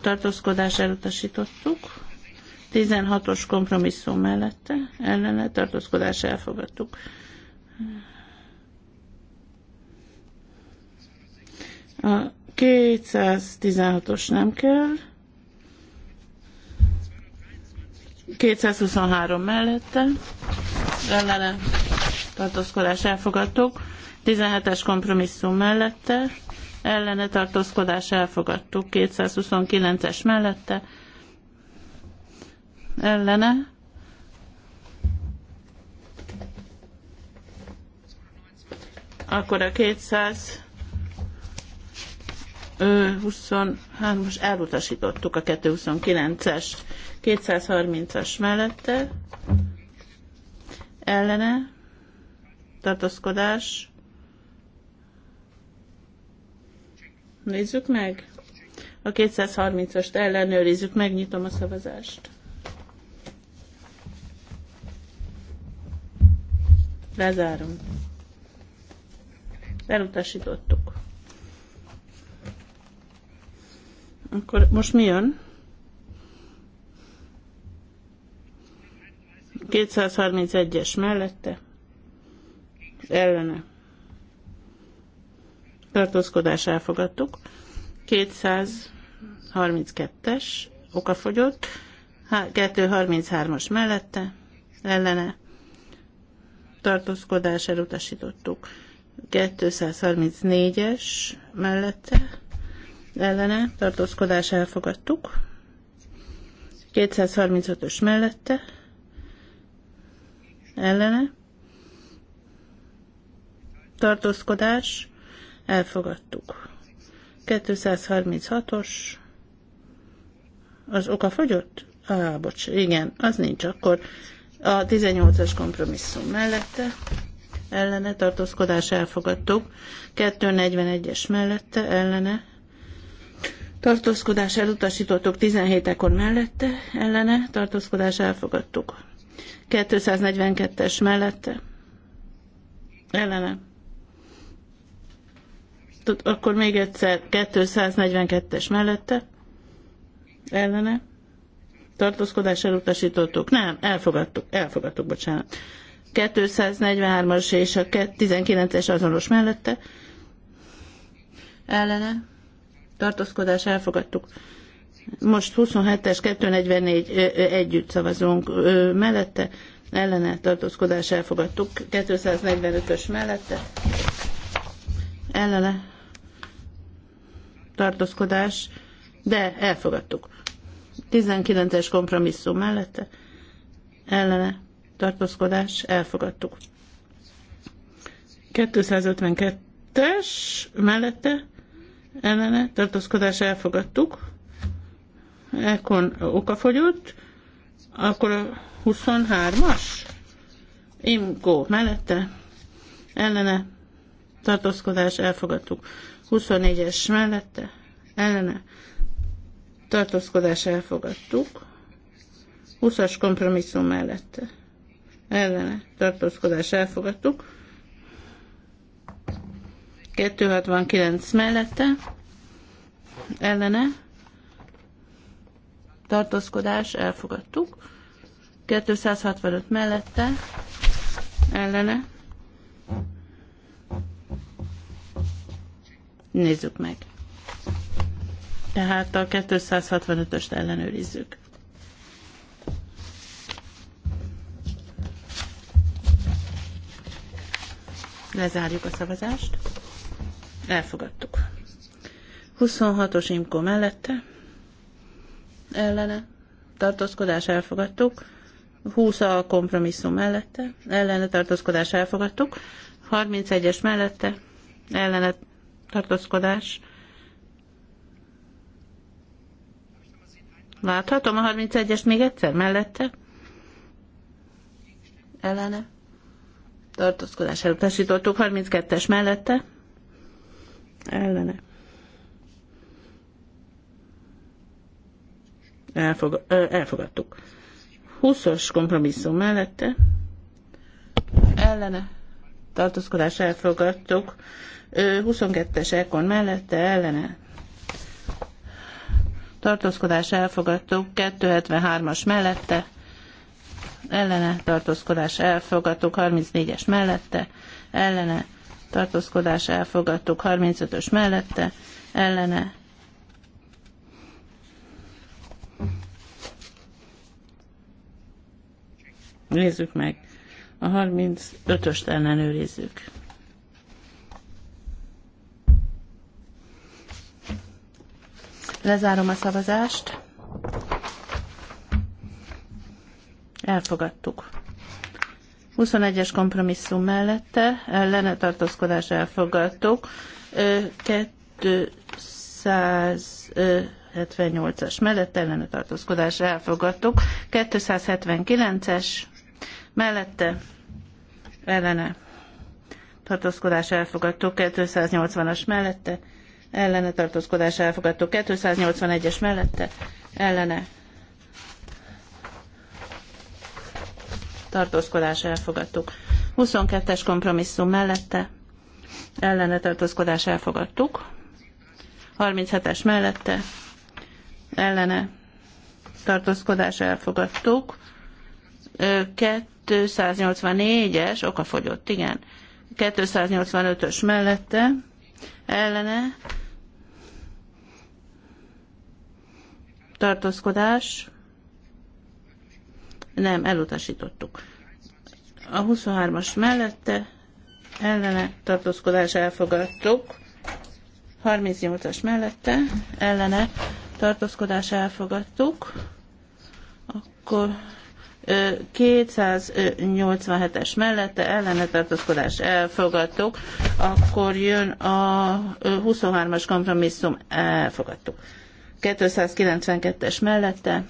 tartózkodás elutasítottuk, 16-os kompromisszum mellette, ellene, tartózkodás elfogadtuk. A 216-os nem kell. 223 mellette. Ellene tartózkodás elfogadtuk. 17-es kompromisszum mellette. Ellene tartózkodás elfogadtuk. 229-es mellette. Ellene. akkor a 200 23-as elutasítottuk a 229-es, 230-as mellette, ellene, tartózkodás, nézzük meg, a 230-ast ellenőrizzük, megnyitom a szavazást. Lezárom. Elutasítottuk. Akkor most mi jön? 231-es mellette, ellene. Tartózkodás elfogadtuk. 232-es, okafogyott. 233-as mellette, ellene. Tartózkodás elutasítottuk. 234-es mellette, ellene tartózkodás elfogadtuk. 235-ös mellette ellene tartózkodás elfogadtuk. 236-os az oka fogyott? Á, ah, bocs, igen, az nincs akkor. A 18-as kompromisszum mellette ellene tartózkodás elfogadtuk, 241-es mellette ellene tartózkodás elutasítottuk 17 ekkor mellette, ellene, tartózkodás elfogadtuk. 242-es mellette, ellene. Tud, akkor még egyszer 242-es mellette, ellene. Tartózkodás elutasítottuk. Nem, elfogadtuk, elfogadtuk, bocsánat. 243-as és a 19-es azonos mellette, ellene tartózkodás elfogadtuk. Most 27-es, 244 együtt szavazunk mellette, ellene tartózkodás elfogadtuk. 245-ös mellette, ellene tartózkodás, de elfogadtuk. 19-es kompromisszum mellette, ellene tartózkodás, elfogadtuk. 252-es mellette ellene tartózkodás elfogadtuk. Ekkor okafogyott. Akkor a 23-as Imgó mellette ellene tartózkodás elfogadtuk. 24-es mellette ellene tartózkodás elfogadtuk. 20-as kompromisszum mellette ellene tartózkodás elfogadtuk. 269 mellette, ellene, tartózkodás, elfogadtuk. 265 mellette, ellene. Nézzük meg. Tehát a 265-öst ellenőrizzük. Lezárjuk a szavazást. Elfogadtuk. 26-os imkó mellette. Ellene. Tartózkodás elfogadtuk. 20 a kompromisszum mellette. Ellene tartózkodás elfogadtuk. 31-es mellette. Ellene tartózkodás. Láthatom a 31-est még egyszer mellette. Ellene. Tartózkodás elutasítottuk. 32-es mellette ellene. Elfog, ö, elfogadtuk. 20-as kompromisszum mellette ellene tartózkodás elfogadtuk. 22-es ekon mellette ellene tartózkodás elfogadtuk. 273-as mellette ellene tartózkodás elfogadtuk. 34-es mellette ellene tartózkodás elfogadtuk 35-ös mellette, ellene Nézzük meg. A 35-öst ellenőrizzük. Lezárom a szavazást. Elfogadtuk. 21-es kompromisszum mellette ellene tartózkodás elfogadtuk. 278-as mellett ellene tartózkodás elfogadtuk. 279-es mellette ellene tartózkodás elfogadtuk. 280-as mellette ellene tartózkodás elfogadtuk. 281-es mellette ellene tartózkodás elfogadtuk. 22-es kompromisszum mellette ellene tartózkodás elfogadtuk. 37-es mellette ellene tartózkodás elfogadtuk. 284-es, okafogyott, igen. 285-ös mellette ellene tartózkodás nem, elutasítottuk. A 23-as mellette ellene tartózkodás elfogadtuk. 38-as mellette ellene tartózkodás elfogadtuk. Akkor 287-es mellette ellene tartózkodás elfogadtuk, akkor jön a 23-as kompromisszum, elfogadtuk. 292-es mellette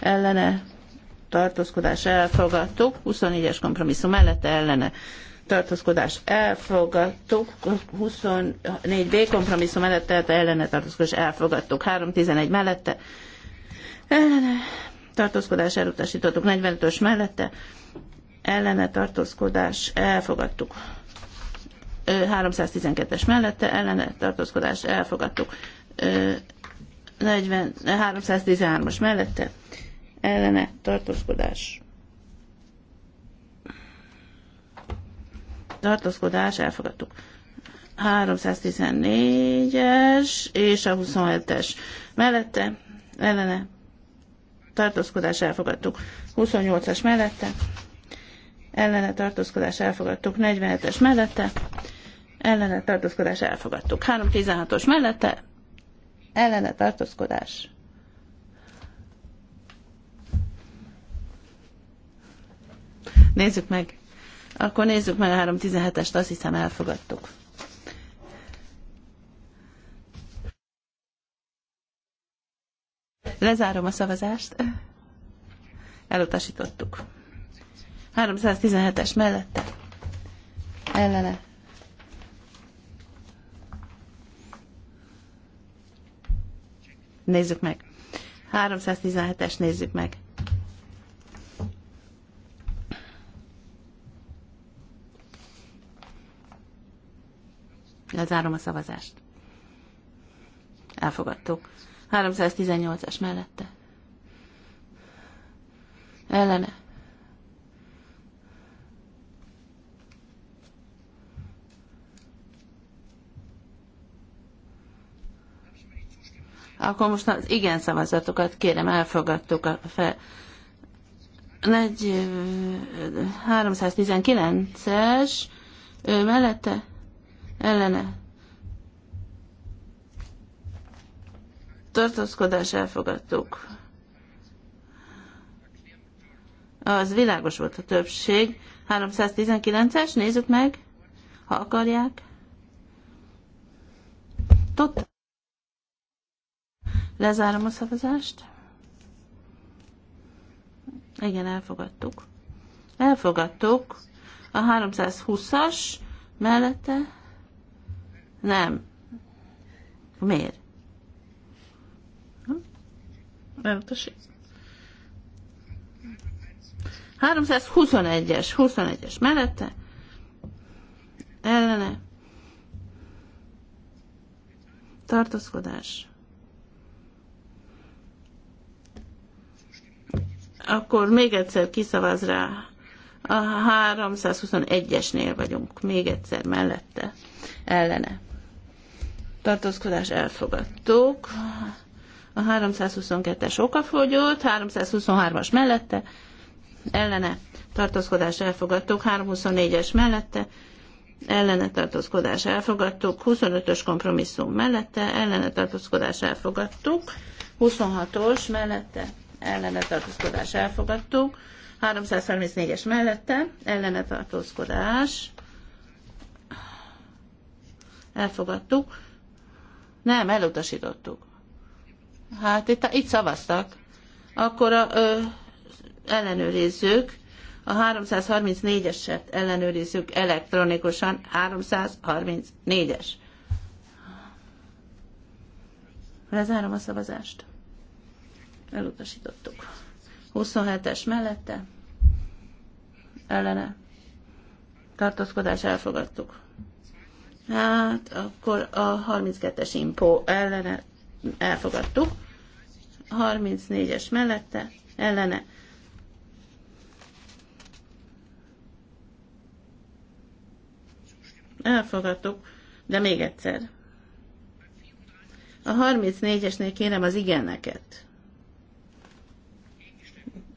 ellene tartózkodás elfogadtuk, 24-es kompromisszum mellette ellene tartózkodás elfogadtuk, 24B kompromisszum mellette ellene tartózkodás elfogadtuk, 311 mellette ellene tartózkodás elutasítottuk, 45-ös mellette ellene tartózkodás elfogadtuk. 312-es mellette ellene tartózkodás elfogadtuk. 40, 313-as mellette ellene tartózkodás. Tartózkodás, elfogadtuk. 314-es és a 27-es. Mellette, ellene, tartózkodás elfogadtuk. 28-as mellette, ellene tartózkodás elfogadtuk. 47-es mellette, ellene tartózkodás elfogadtuk. 316-os mellette, ellene tartózkodás Nézzük meg. Akkor nézzük meg a 317-est, azt hiszem elfogadtuk. Lezárom a szavazást. Elutasítottuk. 317-es mellette. Ellene. Nézzük meg. 317-es nézzük meg. Lezárom a szavazást. Elfogadtuk. 318-as mellette. Ellene. Akkor most az igen szavazatokat kérem, elfogadtuk a fel. 319-es mellette ellene tartózkodás elfogadtuk. Az világos volt a többség. 319-es, nézzük meg, ha akarják. Tudta. Lezárom a szavazást. Igen, elfogadtuk. Elfogadtuk a 320-as mellette nem. Miért? Nem tessék. 321-es, 21-es mellette, ellene, tartózkodás. Akkor még egyszer kiszavaz rá, a 321-esnél vagyunk, még egyszer mellette, ellene tartózkodás elfogadtuk. A 322-es okafogyott, 323-as mellette, ellene tartózkodás elfogadtuk, 324-es mellette, ellene tartózkodás elfogadtuk, 25-ös kompromisszum mellette, ellene tartózkodás elfogadtuk, 26-os mellette, ellene tartózkodás elfogadtuk, 334-es mellette, ellene tartózkodás elfogadtuk, nem, elutasítottuk. Hát itt, itt szavaztak. Akkor a, ö, ellenőrizzük. A 334-eset ellenőrizzük elektronikusan. 334-es. Lezárom a szavazást. Elutasítottuk. 27-es mellette. Ellene. Tartózkodás elfogadtuk. Hát akkor a 32-es impó ellene elfogadtuk. 34-es mellette ellene elfogadtuk, de még egyszer. A 34-esnél kérem az igeneket.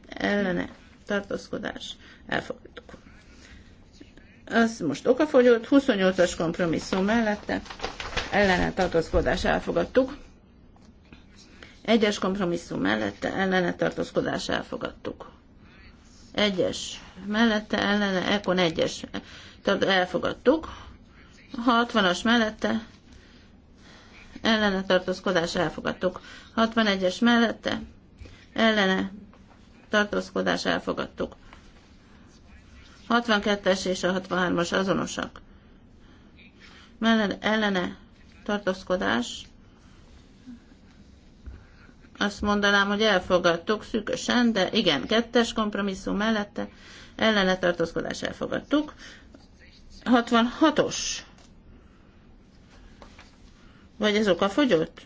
Ellene tartózkodás elfogadtuk az most okafogyott, 28-as kompromisszum mellette ellene tartózkodás elfogadtuk. Egyes kompromisszum mellette ellene tartózkodás elfogadtuk. Egyes mellette ellene, ekkor egyes tehát elfogadtuk. 60-as mellette ellene tartózkodás elfogadtuk. 61-es mellette ellene tartózkodás elfogadtuk. 62-es és a 63-as azonosak. Mellen, ellene tartózkodás. Azt mondanám, hogy elfogadtuk szűkösen, de igen, kettes kompromisszum mellette ellene tartózkodás elfogadtuk. 66-os. Vagy ez okafogyott?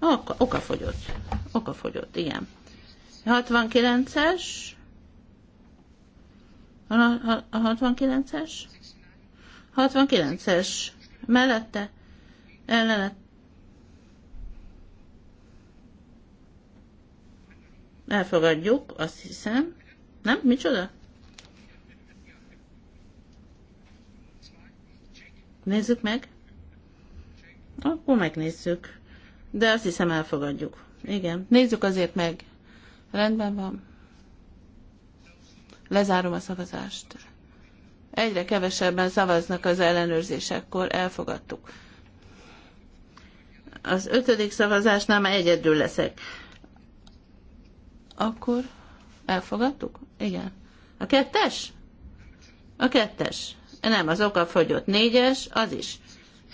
Oka, okafogyott. Okafogyott, igen. 69-es. A, a, a 69-es? 69-es. Mellette ellenet. Elfogadjuk, azt hiszem. Nem? Micsoda? Nézzük meg. Akkor megnézzük. De azt hiszem elfogadjuk. Igen. Nézzük azért meg. Rendben van. Lezárom a szavazást. Egyre kevesebben szavaznak az ellenőrzésekkor, elfogadtuk. Az ötödik szavazásnál már egyedül leszek. Akkor elfogadtuk? Igen. A kettes? A kettes. Nem, az oka fogyott. Négyes, az is.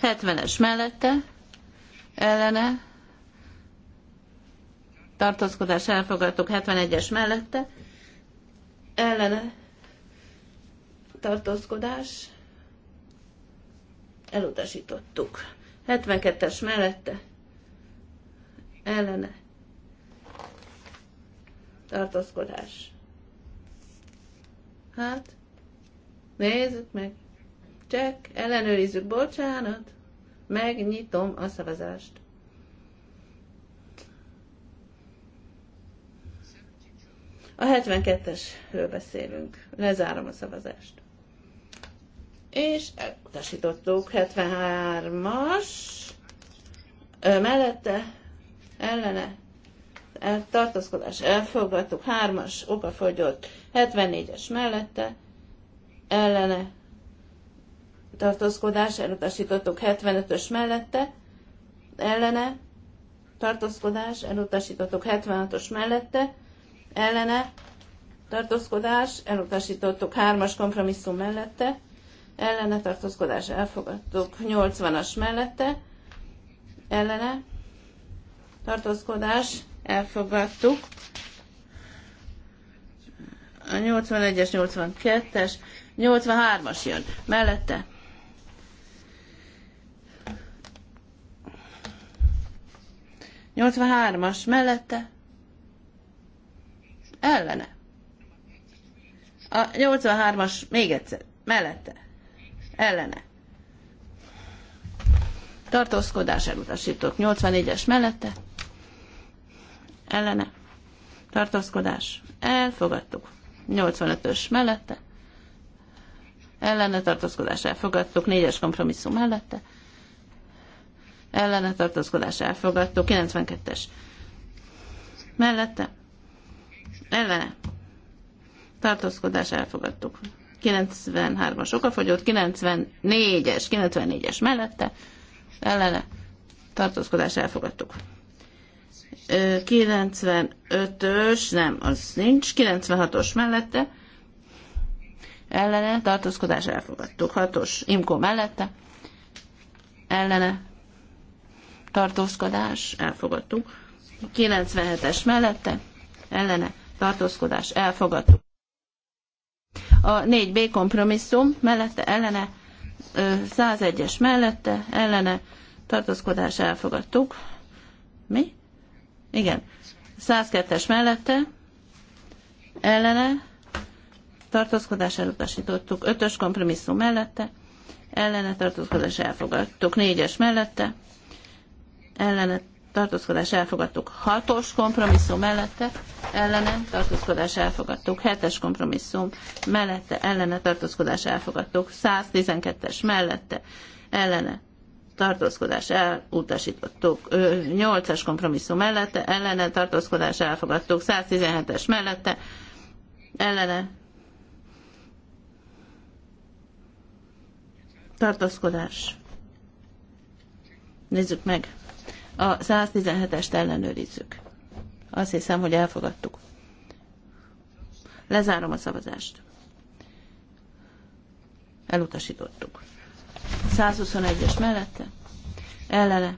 Hetvenes mellette, ellene, tartózkodás elfogadtuk 71-es mellette, ellene tartózkodás elutasítottuk. 72-es mellette ellene tartózkodás. Hát, nézzük meg. Csak ellenőrizzük, bocsánat, megnyitom a szavazást. A 72-esről beszélünk. Lezárom a szavazást. És elutasítottuk 73-as mellette ellene tartózkodás elfogadtuk, 3-as okafogyott, 74-es mellette ellene tartózkodás elutasítottuk, 75-ös mellette ellene tartózkodás elutasítottuk, 76-os mellette ellene tartózkodás, elutasítottuk hármas kompromisszum mellette, ellene tartózkodás elfogadtuk 80-as mellette, ellene tartózkodás elfogadtuk a 81-es, 82-es, 83-as jön mellette. Nyolcvanhármas mellette ellene. A 83-as még egyszer, mellette, ellene. Tartózkodás elutasított. 84-es mellette, ellene. Tartózkodás. Elfogadtuk. 85-ös mellette. Ellene tartózkodás elfogadtuk. 4-es kompromisszum mellette. Ellene tartózkodás elfogadtuk. 92-es mellette ellene tartózkodás elfogadtuk. 93-as fogyott. 94-es, 94-es mellette ellene tartózkodás elfogadtuk. 95-ös, nem, az nincs, 96-os mellette ellene tartózkodás elfogadtuk. 6-os Imkó mellette ellene tartózkodás elfogadtuk. 97-es mellette ellene tartózkodás elfogadtuk. A 4B kompromisszum mellette ellene 101-es mellette ellene tartózkodás elfogadtuk. Mi? Igen. 102-es mellette ellene tartózkodás elutasítottuk. 5-ös kompromisszum mellette ellene tartózkodás elfogadtuk. 4-es mellette ellene tartózkodás elfogadtuk. Hatos kompromisszum mellette ellene tartózkodás elfogadtuk. Hetes kompromisszum mellette ellene tartózkodás elfogadtuk. 112-es mellette ellene tartózkodás elutasítottuk. 8 es kompromisszum mellette ellene tartózkodás elfogadtuk. 117-es mellette ellene tartózkodás. Nézzük meg. A 117-est ellenőrizzük. Azt hiszem, hogy elfogadtuk. Lezárom a szavazást. Elutasítottuk. 121-es mellette. Ellene.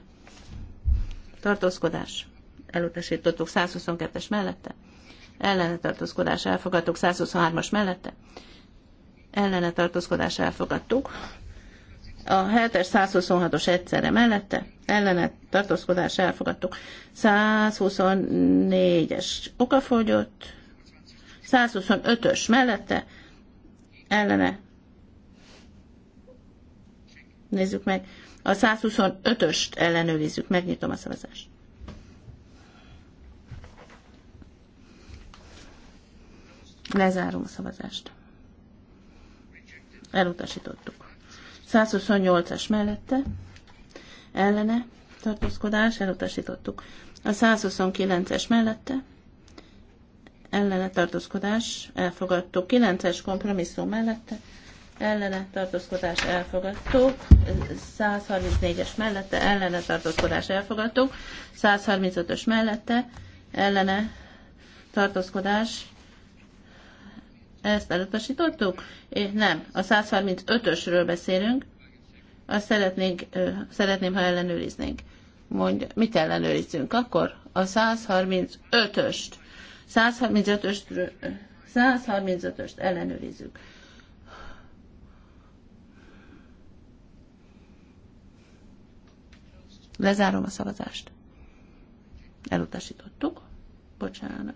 Tartózkodás. Elutasítottuk. 122-es mellette. Ellene tartózkodás elfogadtuk. 123-as mellette. Ellene tartózkodás elfogadtuk. A 7-es 126-os egyszerre mellette, ellene tartózkodás elfogadtuk. 124-es okafogyott, 125-ös mellette, ellene. Nézzük meg. A 125-öst ellenőrizzük, megnyitom a szavazást. Lezárom a szavazást. Elutasítottuk. 128-as mellette ellene tartózkodás elutasítottuk. A 129-es mellette ellene tartózkodás elfogadtuk. 9-es kompromisszum mellette ellene tartózkodás elfogadtuk, 134-es mellette ellene tartózkodás elfogadtuk, 135-ös mellette ellene tartózkodás ezt elutasítottuk? Nem, a 135-ösről beszélünk. Azt szeretnénk, szeretném, ha ellenőriznénk. Mondja, mit ellenőrizzünk akkor? A 135-öst. 135-öst 135-öst ellenőrizzük. Lezárom a szavazást. Elutasítottuk. Bocsánat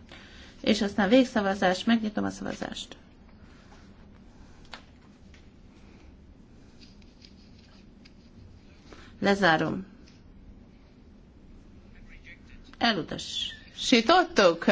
és aztán végszavazás, megnyitom a szavazást. Lezárom. Elutasítottuk?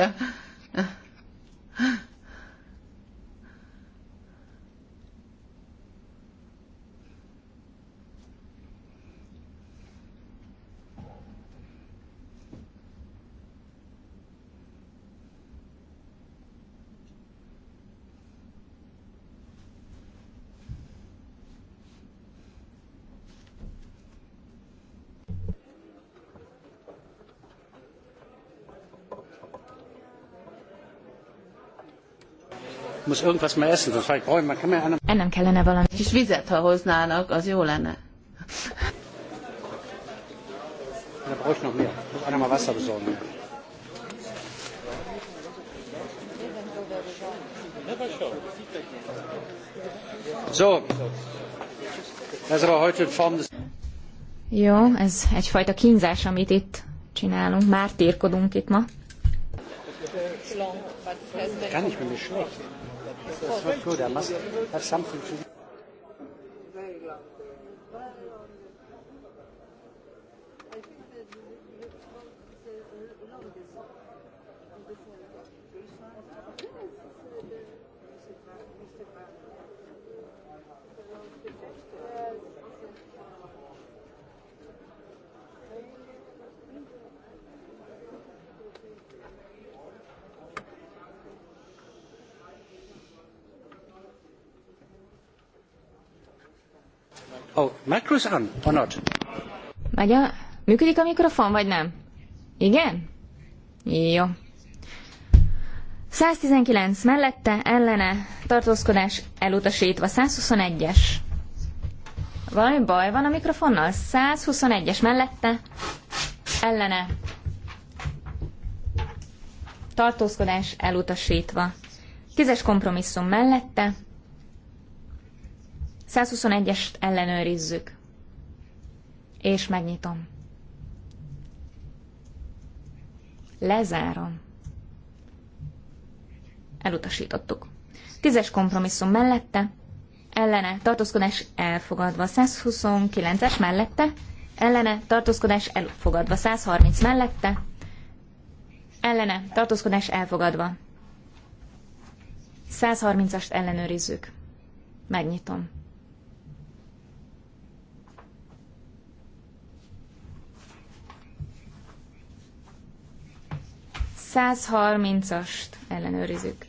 muss irgendwas mehr essen. Das heißt, man kann Ennem kellene valami kis vizet, ha hoznának, az jó lenne. Da brauche ich noch mehr. Ich muss einer mal Wasser besorgen. So, ez a heute form des... Jó, ez egyfajta kínzás, amit itt csinálunk. Már térkodunk itt ma. Gar nicht, mir schlecht. That's not good. I must have something to do. micros Megy a... Működik a mikrofon, vagy nem? Igen? Jó. 119 mellette, ellene, tartózkodás elutasítva. 121-es. Valami baj van a mikrofonnal? 121-es mellette, ellene, tartózkodás elutasítva. Tízes kompromisszum mellette, 121-est ellenőrizzük és megnyitom. Lezárom. Elutasítottuk. Tízes kompromisszum mellette, ellene tartózkodás elfogadva. 129-es mellette, ellene tartózkodás elfogadva. 130 mellette, ellene tartózkodás elfogadva. 130-ast ellenőrizzük. Megnyitom. 130-ast ellenőrizzük.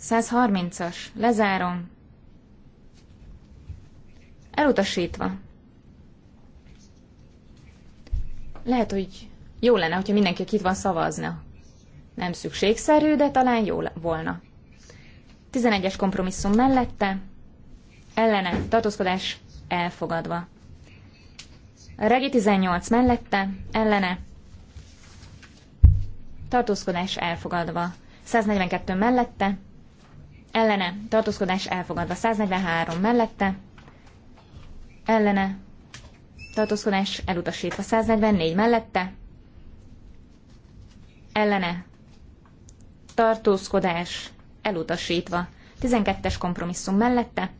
130-as. Lezárom. Elutasítva. Lehet, hogy jó lenne, hogyha mindenki itt van szavazna. Nem szükségszerű, de talán jó volna. 11-es kompromisszum mellette, ellene, tartózkodás elfogadva. regi 18 mellette, ellene, tartózkodás elfogadva. 142 mellette, ellene, tartózkodás elfogadva. 143 mellette, ellene, tartózkodás elutasítva. 144 mellette, ellene, tartózkodás elutasítva. 12-es kompromisszum mellette,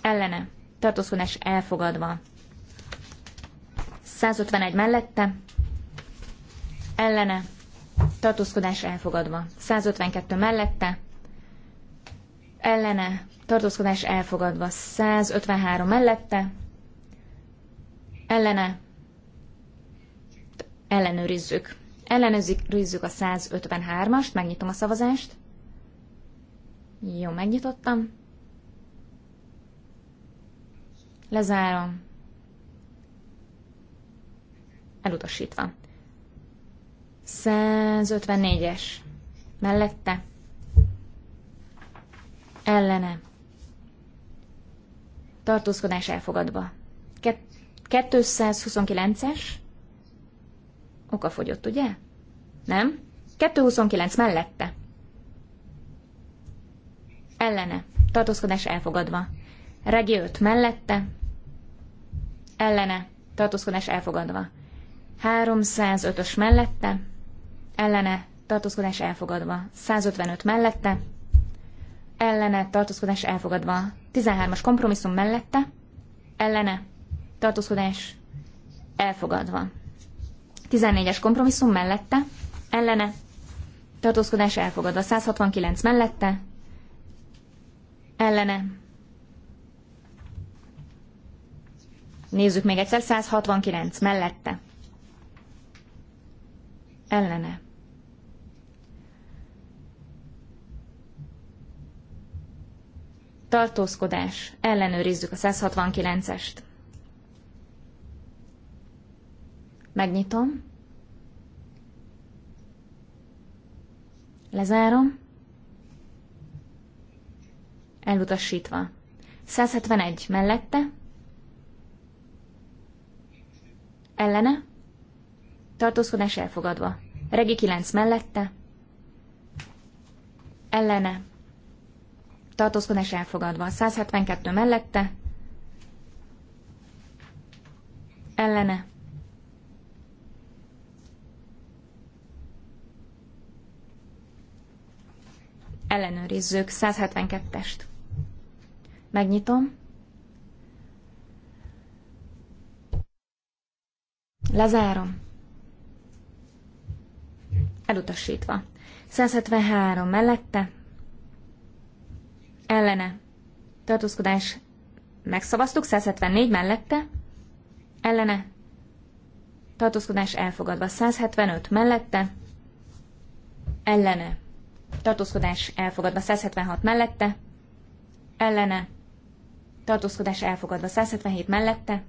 ellene, tartózkodás elfogadva. 151 mellette, ellene, tartózkodás elfogadva. 152 mellette, ellene, tartózkodás elfogadva. 153 mellette, ellene, ellenőrizzük. Ellenőrizzük a 153-ast, megnyitom a szavazást. Jó, megnyitottam. Lezárom. Elutasítva. 154-es. Mellette. Ellene. Tartózkodás elfogadva. 229-es. Oka fogyott, ugye? Nem? 229 mellette. Ellene. Tartózkodás elfogadva. Regi 5 mellette. Ellene. Tartózkodás elfogadva. 305-ös mellette ellene tartózkodás elfogadva. 155 mellette, ellene tartózkodás elfogadva. 13-as kompromisszum mellette, ellene tartózkodás elfogadva. 14-es kompromisszum mellette, ellene tartózkodás elfogadva. 169 mellette, ellene Nézzük még egyszer, 169 mellette. Ellene. tartózkodás, ellenőrizzük a 169-est. Megnyitom. Lezárom. Elutasítva. 171 mellette. Ellene. Tartózkodás elfogadva. Regi 9 mellette. Ellene tartózkodás elfogadva. 172 mellette, ellene. Ellenőrizzük 172-est. Megnyitom. Lezárom. Elutasítva. 173 mellette, ellene tartózkodás megszavaztuk, 174 mellette, ellene tartózkodás elfogadva, 175 mellette, ellene tartózkodás elfogadva, 176 mellette, ellene tartózkodás elfogadva, 177 mellette,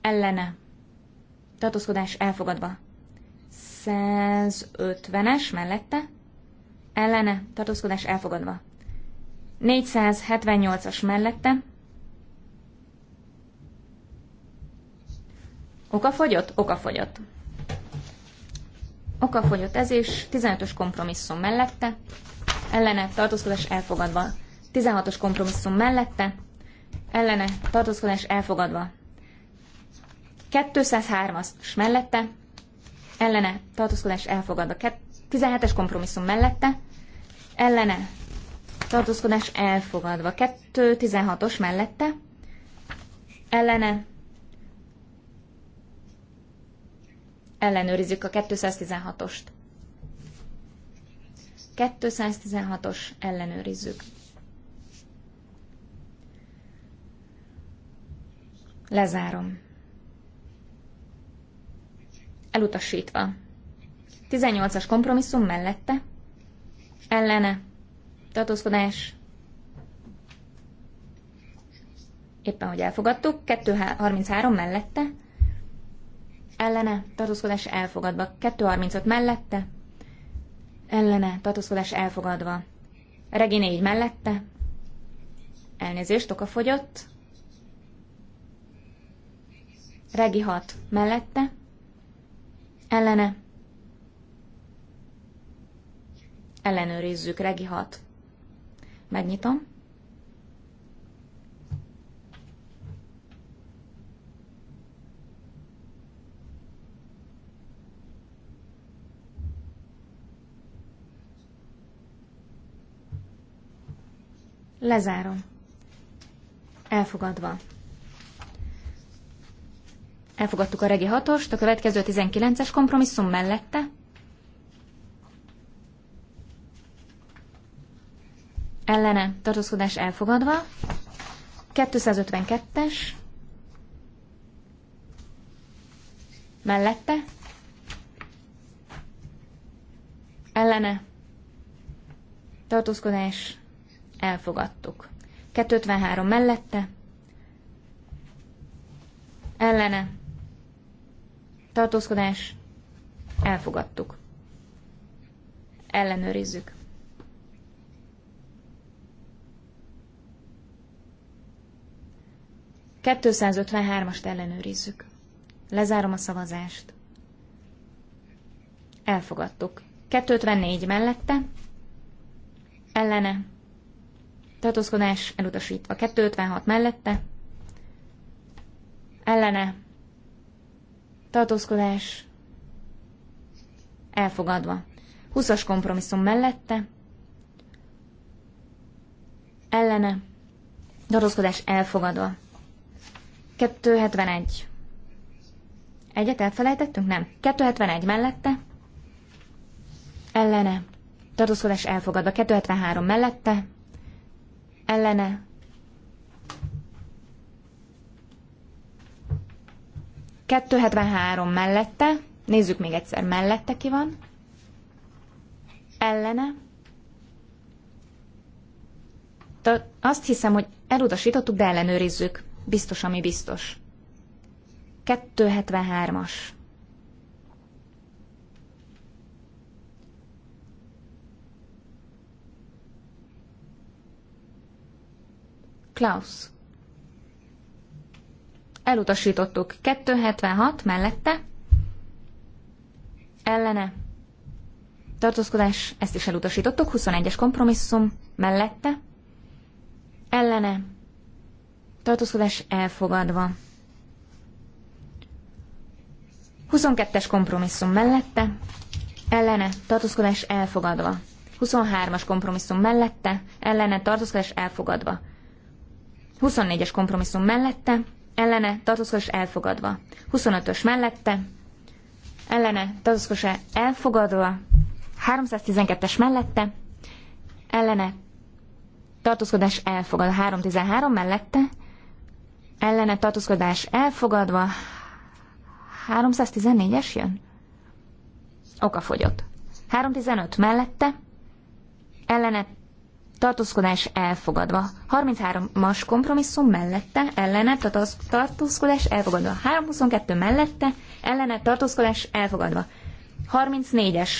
ellene tartózkodás elfogadva, 150-es mellette, ellene tartózkodás elfogadva, 478-as mellette. Okafogyott? Okafogyott. Okafogyott ez is, 15-ös kompromisszum mellette, ellene tartózkodás elfogadva. 16-os kompromisszum mellette, ellene tartózkodás elfogadva. 203-as mellette, ellene tartózkodás elfogadva. 17-es kompromisszum mellette, ellene tartózkodás elfogadva. 2.16-os mellette, ellene, ellenőrizzük a 216-ost. 216-os ellenőrizzük. Lezárom. Elutasítva. 18-as kompromisszum mellette. Ellene tartózkodás. Éppen, hogy elfogadtuk. 233 mellette. Ellene tartózkodás elfogadva. 235 mellette. Ellene tartózkodás elfogadva. Regi 4 mellette. Elnézést, oka fogyott. Regi 6 mellette. Ellene. Ellenőrizzük, Regi 6. Megnyitom. Lezárom. Elfogadva. Elfogadtuk a regi hatost, a következő 19-es kompromisszum mellette, ellene tartózkodás elfogadva, 252-es, mellette, ellene tartózkodás elfogadtuk. 253 mellette, ellene tartózkodás elfogadtuk. Ellenőrizzük. 253-ast ellenőrizzük. Lezárom a szavazást. Elfogadtuk. 254 mellette. Ellene. Tartózkodás elutasítva. 256 mellette. Ellene. Tartózkodás elfogadva. 20-as kompromisszum mellette. Ellene. Tartózkodás elfogadva. 271. Egyet elfelejtettünk? Nem. 271 mellette. Ellene. Tartózkodás elfogadva. 273 mellette. Ellene. ...273 mellette, nézzük még egyszer, mellette ki van, ellene, azt hiszem, hogy elutasítottuk, de ellenőrizzük. Biztos, ami biztos. 273-as. Klaus. Elutasítottuk. 276 mellette. Ellene. Tartózkodás, ezt is elutasítottuk. 21-es kompromisszum mellette. Ellene tartózkodás elfogadva. 22-es kompromisszum mellette, ellene tartózkodás elfogadva. 23-as kompromisszum mellette, ellene tartózkodás elfogadva. 24-es kompromisszum mellette, ellene tartózkodás elfogadva. 25-ös mellette, ellene tartózkodás elfogadva. 312-es mellette, ellene tartózkodás elfogadva. 313 mellette, ellene tartózkodás elfogadva. 314-es jön? Okafogyott. 315 mellette, ellene tartózkodás elfogadva. 33-as kompromisszum mellette, ellene tartózkodás elfogadva. 322 mellette, ellene tartózkodás elfogadva. 34-es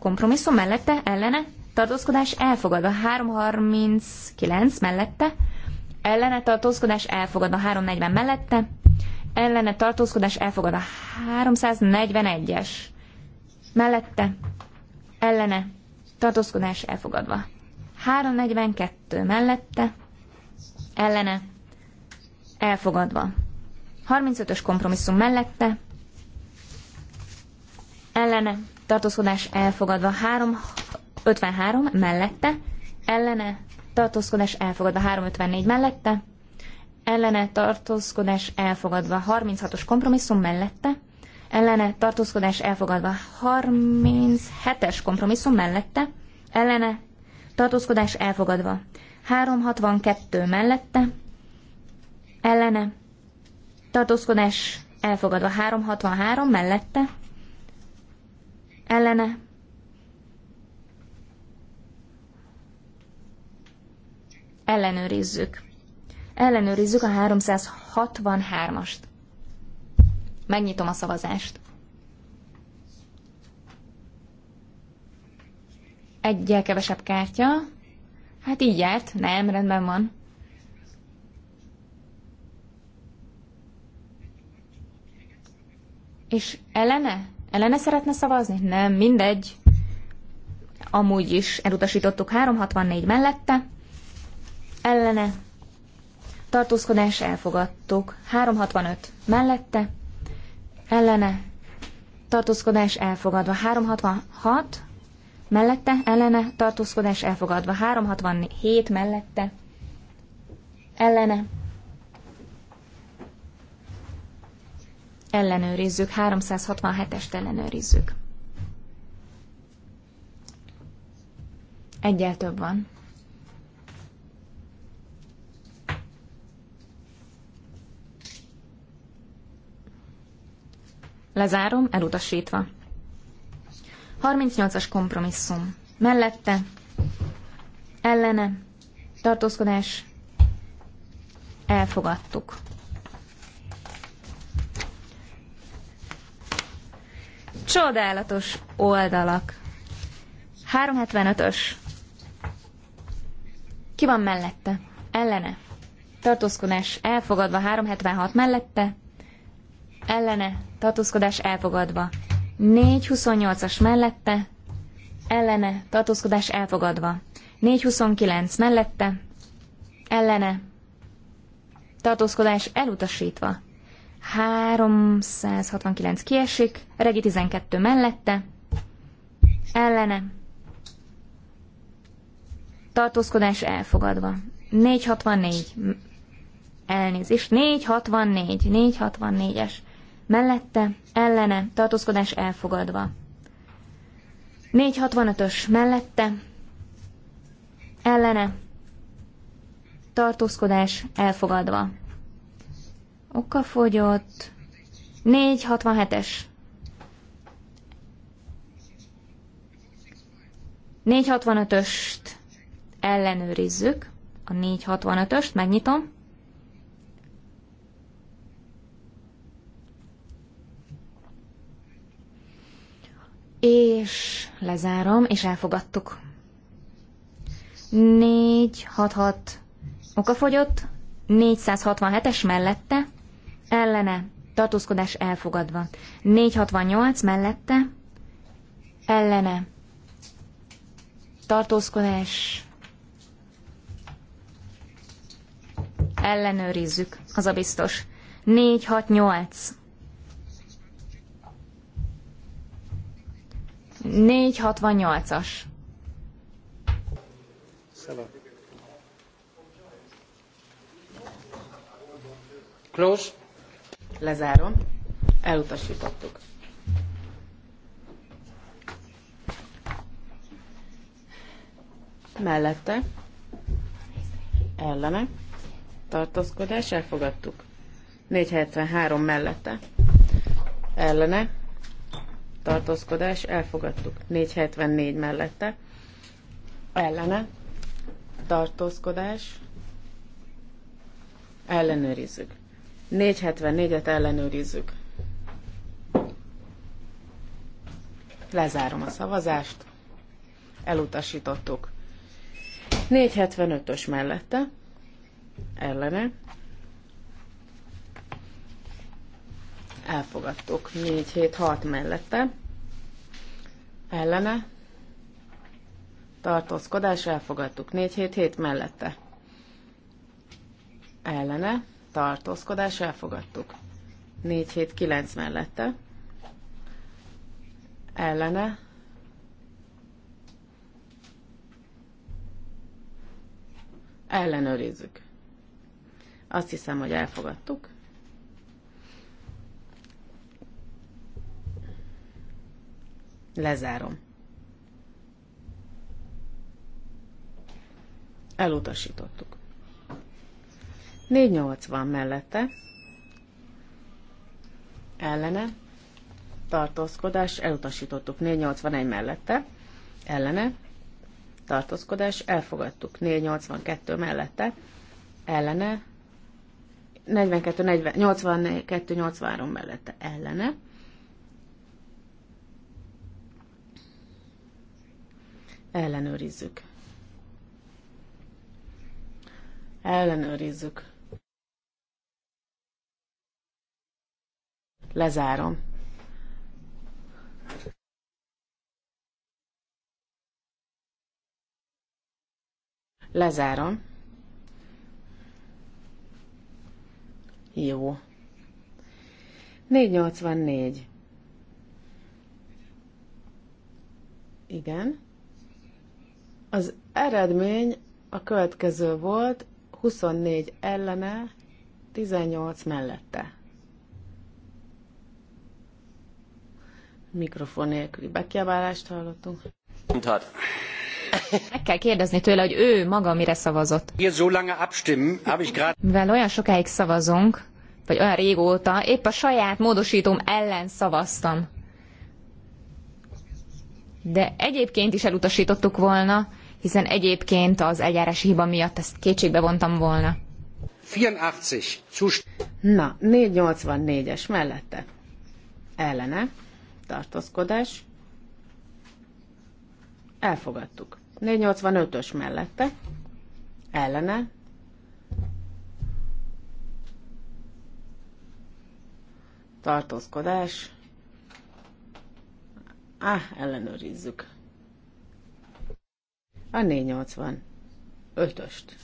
kompromisszum mellette, ellene tartózkodás elfogadva. 339 mellette, ellene tartózkodás elfogad a 340 mellette, ellene tartózkodás elfogad a 341-es mellette, ellene tartózkodás elfogadva. 342 mellette, ellene elfogadva. 35-ös kompromisszum mellette, ellene tartózkodás elfogadva. 353 mellette, ellene tartózkodás elfogadva 354 mellette, ellene tartózkodás elfogadva 36-os kompromisszum mellette, ellene tartózkodás elfogadva 37-es kompromisszum mellette, ellene tartózkodás elfogadva 362 mellette, ellene tartózkodás elfogadva 363 mellette, ellene ellenőrizzük. Ellenőrizzük a 363-ast. Megnyitom a szavazást. Egyel kevesebb kártya. Hát így járt. Nem, rendben van. És ellene? Ellene szeretne szavazni? Nem, mindegy. Amúgy is elutasítottuk 364 mellette ellene, tartózkodás elfogadtuk. 365 mellette, ellene, tartózkodás elfogadva. 366 mellette, ellene, tartózkodás elfogadva. 367 mellette, ellene, ellenőrizzük, 367-est ellenőrizzük. Egyel több van. Lezárom, elutasítva. 38-as kompromisszum. Mellette, ellene, tartózkodás, elfogadtuk. Csodálatos oldalak. 375-ös. Ki van mellette? Ellene. Tartózkodás elfogadva 376 mellette ellene, tartózkodás elfogadva. 428-as mellette, ellene, tartózkodás elfogadva. 429 mellette, ellene, tartózkodás elutasítva. 369 kiesik, regi 12 mellette, ellene, tartózkodás elfogadva. 464, elnézést, 464, 464-es mellette, ellene, tartózkodás elfogadva. 465-ös mellette, ellene, tartózkodás elfogadva. Okafogyott. 467-es. 465-öst ellenőrizzük. A 465-öst megnyitom. és lezárom, és elfogadtuk. 466 okafogyott, 467-es mellette, ellene, tartózkodás elfogadva. 468 mellette, ellene, tartózkodás ellenőrizzük, az a biztos. 468 468-as. Close. Lezárom. Elutasítottuk. Mellette. Ellene. Tartózkodás. Elfogadtuk. 473 mellette. Ellene tartózkodás, elfogadtuk. 474 mellette, ellene, tartózkodás, ellenőrizzük. 474-et ellenőrizzük. Lezárom a szavazást. Elutasítottuk. 475-ös mellette, ellene, elfogadtuk. 4-7-6 mellette, ellene, tartózkodás, elfogadtuk. 4-7-7 mellette, ellene, tartózkodás, elfogadtuk. 4-7-9 mellette, ellene, ellenőrizzük. Azt hiszem, hogy elfogadtuk. Lezárom. Elutasítottuk. 480 mellette ellene tartózkodás elutasítottuk. 481 mellette ellene tartózkodás elfogadtuk. 482 mellette ellene 42, 83 mellette ellene Ellenőrizzük. Ellenőrizzük. Lezárom. Lezárom. Jó. 484. Igen. Az eredmény a következő volt, 24 ellene, 18 mellette. Mikrofon nélküli bekiabálást hallottunk. Mondhat. Meg kell kérdezni tőle, hogy ő maga mire szavazott. Mivel olyan sokáig szavazunk, vagy olyan régóta, épp a saját módosítom ellen szavaztam. De egyébként is elutasítottuk volna, hiszen egyébként az eljárási hiba miatt ezt kétségbe vontam volna. 84. Na, 484-es mellette. Ellene. Tartózkodás. Elfogadtuk. 485-ös mellette. Ellene. Tartózkodás. Ah, ellenőrizzük a 485 Ötöst.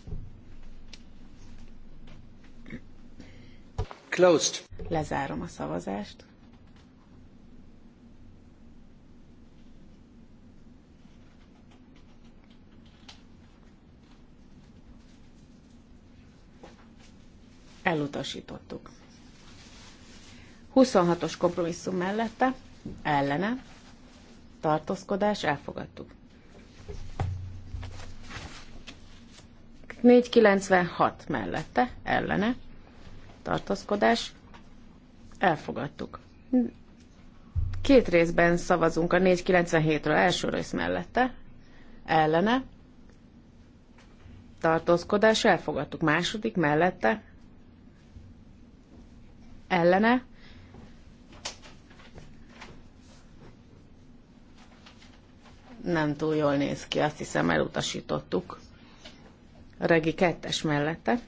Closed. Lezárom a szavazást. Elutasítottuk. 26-os kompromisszum mellette, ellene, tartózkodás, elfogadtuk. 496 mellette, ellene, tartózkodás, elfogadtuk. Két részben szavazunk a 497-ről első rész mellette, ellene, tartózkodás, elfogadtuk. Második mellette, ellene, nem túl jól néz ki, azt hiszem elutasítottuk regi kettes mellette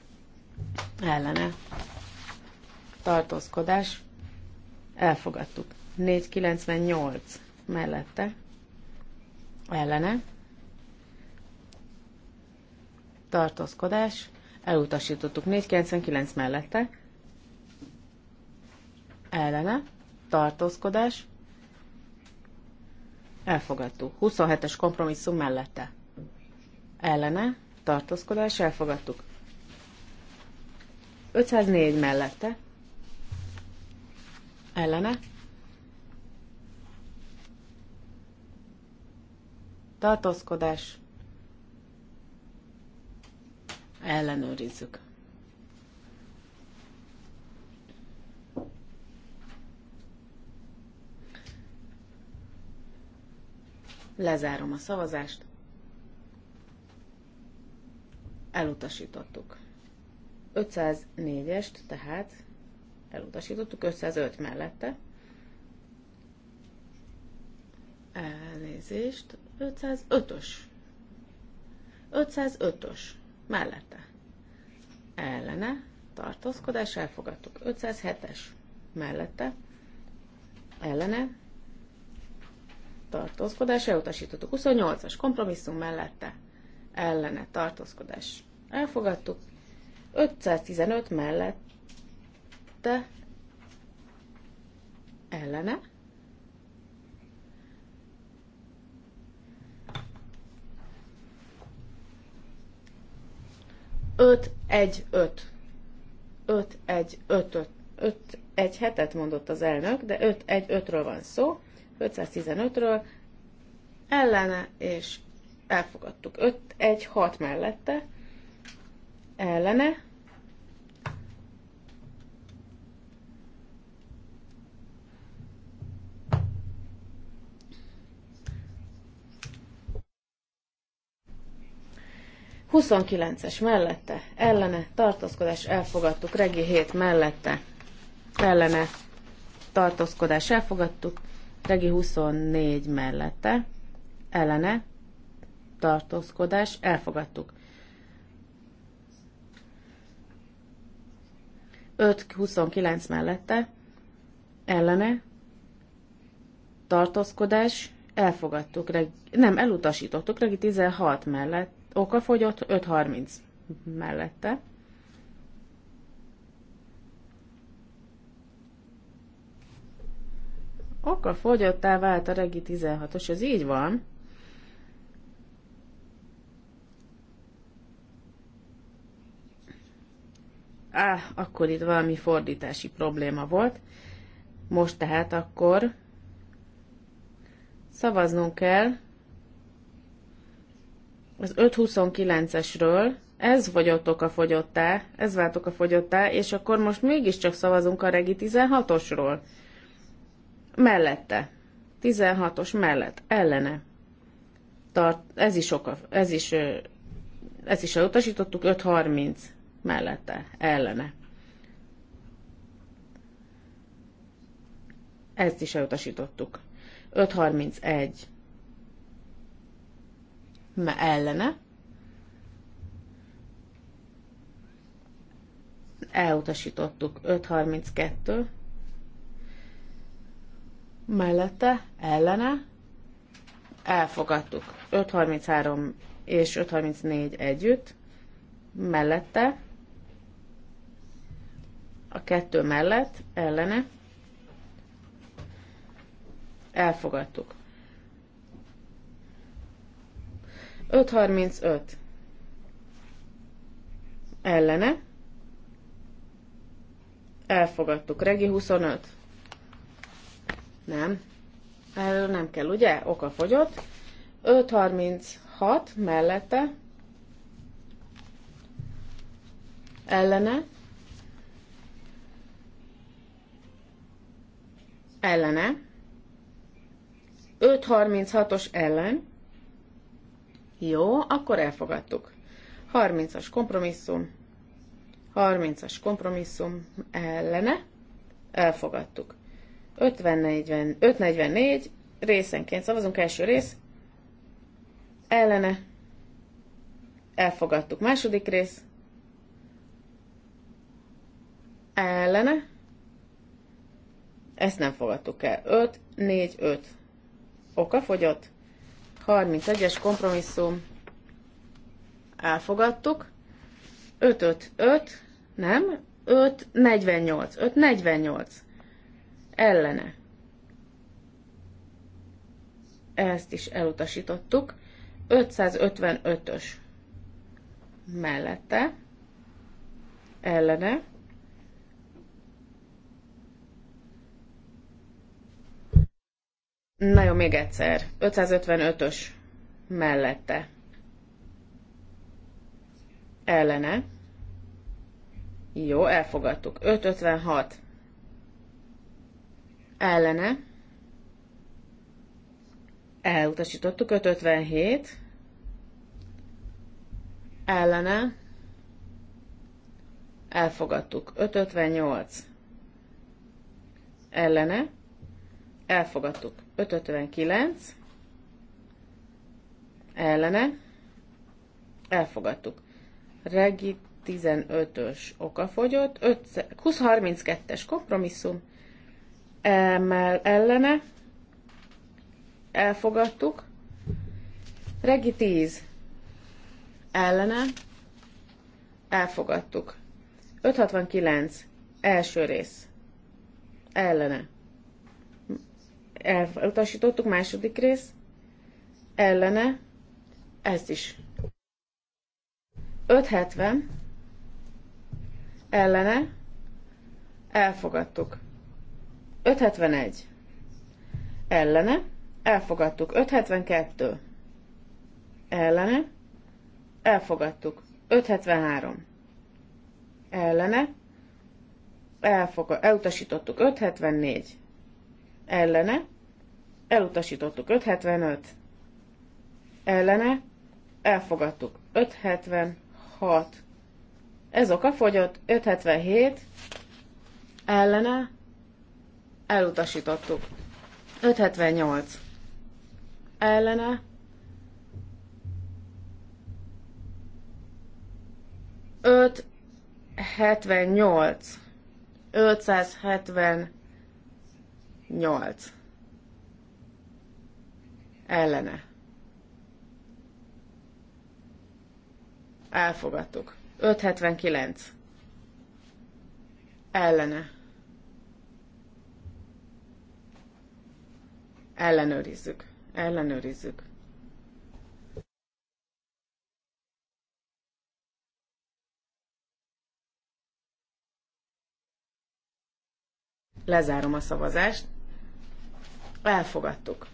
ellene tartózkodás elfogadtuk. 498 mellette ellene tartózkodás elutasítottuk. 499 mellette ellene tartózkodás elfogadtuk. 27-es kompromisszum mellette ellene tartózkodás, elfogadtuk. 504 mellette, ellene, tartózkodás, ellenőrizzük. Lezárom a szavazást elutasítottuk. 504-est tehát elutasítottuk, 505 mellette. Elnézést, 505-ös. 505-ös mellette. Ellene, tartózkodás, elfogadtuk. 507-es mellette. Ellene, tartózkodás, elutasítottuk. 28-as kompromisszum mellette ellene tartózkodás elfogadtuk, 515 mellette ellene, öt egy öt. egy öt öt öt egy hetet mondott az elnök, de öt egy ötről van szó, 515-ről, ellene és elfogadtuk. 5-1-6 mellette, ellene, Huszonkilences mellette, ellene, tartózkodás elfogadtuk, regi 7 mellette, ellene, tartózkodás elfogadtuk, regi 24 mellette, ellene, tartózkodás, elfogadtuk. 5-29 mellette, ellene, tartózkodás, elfogadtuk, reg, nem, elutasítottuk, regi 16 mellett, Oka 5-30 mellette. Oka fogyottá vált a regi 16-os, ez így van. Á, akkor itt valami fordítási probléma volt. Most tehát akkor szavaznunk kell az 529-esről, ez fogyottok a fogyottá, ez váltok a fogyottá, és akkor most mégiscsak szavazunk a regi 16-osról. Mellette. 16-os mellett. Ellene. Tart, ez is oka, ez is, ez is elutasítottuk, 530 mellette, ellene. Ezt is elutasítottuk. 531 me ellene. Elutasítottuk 532 mellette, ellene. Elfogadtuk 533 és 534 együtt mellette, a kettő mellett, ellene, elfogadtuk. 5.35 ellene, elfogadtuk. Regi 25 nem, erről nem kell, ugye? Oka fogyott. 5.36 mellette, ellene, ellene, 536-os ellen, jó, akkor elfogadtuk. 30-as kompromisszum, 30-as kompromisszum ellene, elfogadtuk. 50-40, 544 részenként szavazunk, első rész, ellene, elfogadtuk. Második rész, ellene, ezt nem fogadtuk el. 5, 4, 5. Oka fogyott. 31-es kompromisszum. Elfogadtuk. 5, 5, 5. Nem. 5, 48. 5, 48. Ellene. Ezt is elutasítottuk. 555-ös mellette, ellene, Na jó, még egyszer. 555-ös mellette. Ellene. Jó, elfogadtuk. 556. Ellene. Elutasítottuk. 557. Ellene. Elfogadtuk. 558. Ellene. Elfogadtuk. 559 ellene elfogadtuk. Regi 15-ös okafogyott, 32 es kompromisszum emel ellene elfogadtuk. Regi 10 ellene elfogadtuk. 569 első rész ellene elutasítottuk, második rész, ellene, ezt is. 570, ellene, elfogadtuk. 571, ellene, elfogadtuk. 572, ellene, elfogadtuk. 573, ellene, elfogad, elutasítottuk. 574, ellene, elutasítottuk 575, ellene, elfogadtuk 576, ez oka fogyott 577, ellene, elutasítottuk 578, ellene, öt 78 578 ellene. Elfogadtuk. 579 ellene. Ellenőrizzük. Ellenőrizzük. Lezárom a szavazást. Elfogadtuk.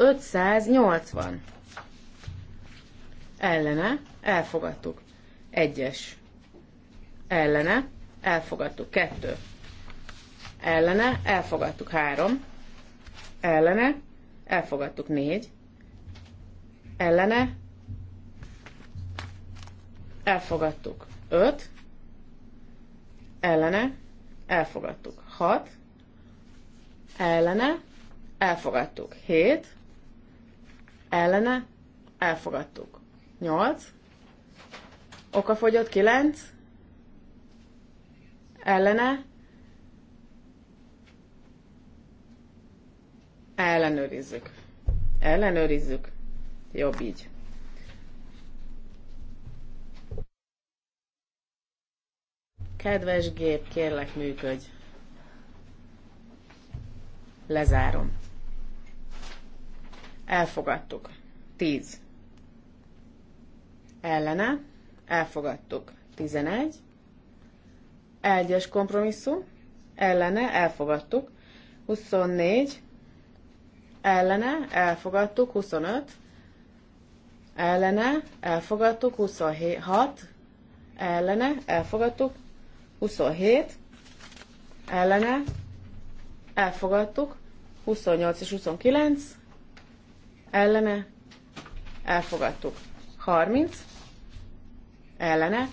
580. Ellene, elfogadtuk. Egyes. Ellene, elfogadtuk. Kettő. Ellene, elfogadtuk. Három. Ellene, elfogadtuk. Négy. Ellene, elfogadtuk. Öt. Ellene, elfogadtuk. Hat. Ellene, elfogadtuk. Hét ellene, elfogadtuk. 8, okafogyott 9, ellene, ellenőrizzük. Ellenőrizzük. Jobb így. Kedves gép, kérlek működj. Lezárom elfogadtuk. 10. Ellene, elfogadtuk. 11. Egyes kompromisszum, ellene, elfogadtuk. 24. Ellene, elfogadtuk. 25. Ellene, elfogadtuk. 26. Ellene, elfogadtuk. 27. Ellene, elfogadtuk. 28 és 29 ellene, elfogadtuk. 30, ellene,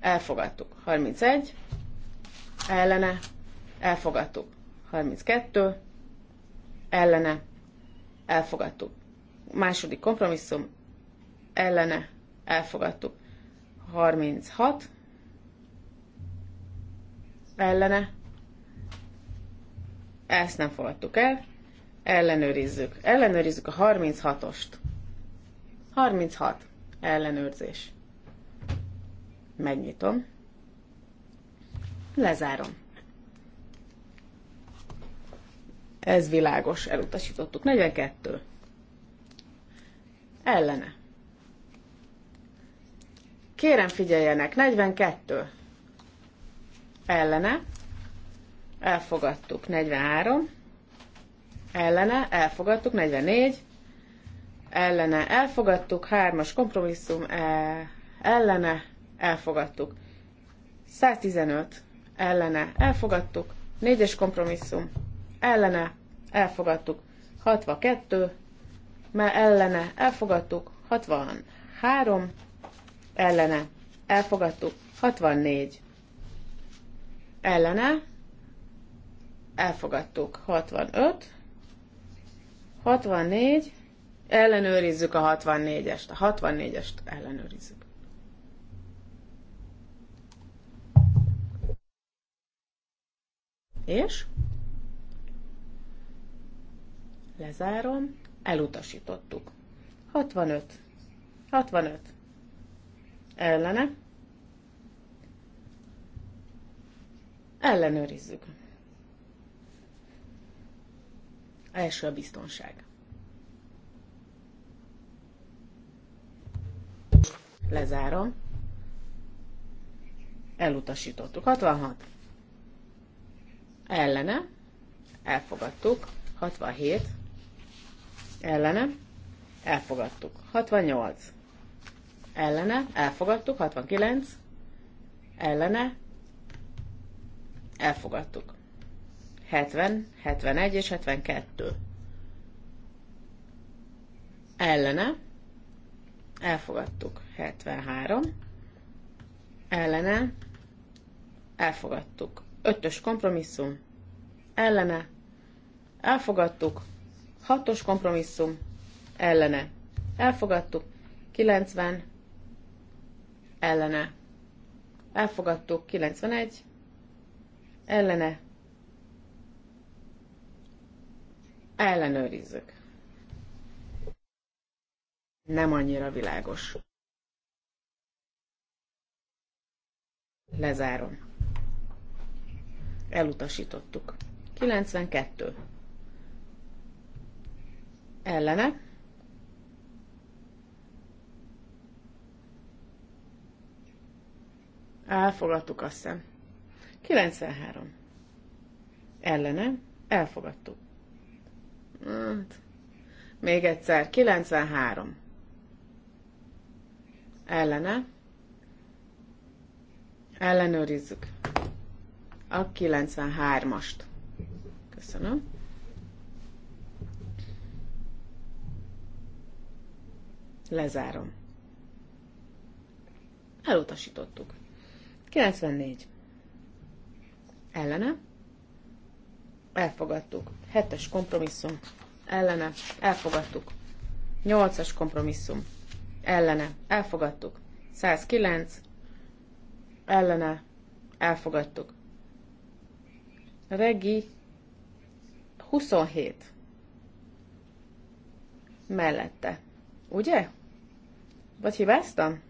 elfogadtuk. 31, ellene, elfogadtuk. 32, ellene, elfogadtuk. Második kompromisszum, ellene, elfogadtuk. 36, ellene, ezt nem fogadtuk el. Ellenőrizzük. Ellenőrizzük a 36-ost. 36. Ellenőrzés. Megnyitom. Lezárom. Ez világos, elutasítottuk. 42. Ellene. Kérem figyeljenek, 42. Ellene. Elfogadtuk, 43 ellene elfogadtuk, 44, ellene elfogadtuk, 3-as e, kompromisszum, ellene elfogadtuk, 115, ellene elfogadtuk, 4-es kompromisszum, ellene elfogadtuk, 62, már ellene elfogadtuk, 63, ellene elfogadtuk, 64, ellene elfogadtuk, 65, 64, ellenőrizzük a 64-est. A 64-est ellenőrizzük. És? Lezárom, elutasítottuk. 65. 65. Ellene. Ellenőrizzük. Első a biztonság. Lezárom. Elutasítottuk. 66. Ellene. Elfogadtuk. 67. Ellene. Elfogadtuk. 68. Ellene. Elfogadtuk. 69. Ellene. Elfogadtuk. 70, 71 és 72. Ellene. Elfogadtuk. 73. Ellene. Elfogadtuk. Ötös kompromisszum. Ellene. Elfogadtuk. Hatos kompromisszum. Ellene. Elfogadtuk. 90. Ellene. Elfogadtuk. 91. Ellene ellenőrizzük. Nem annyira világos. Lezárom. Elutasítottuk. 92. Ellene. Elfogadtuk azt hiszem. 93. Ellene. Elfogadtuk. Hát, még egyszer, 93. Ellene. Ellenőrizzük. A 93-ast. Köszönöm. Lezárom. Elutasítottuk. 94. Ellene elfogadtuk. Hetes kompromisszum, ellene, elfogadtuk. Nyolcas kompromisszum, ellene, elfogadtuk. 109, ellene, elfogadtuk. Regi 27 mellette. Ugye? Vagy hibáztam?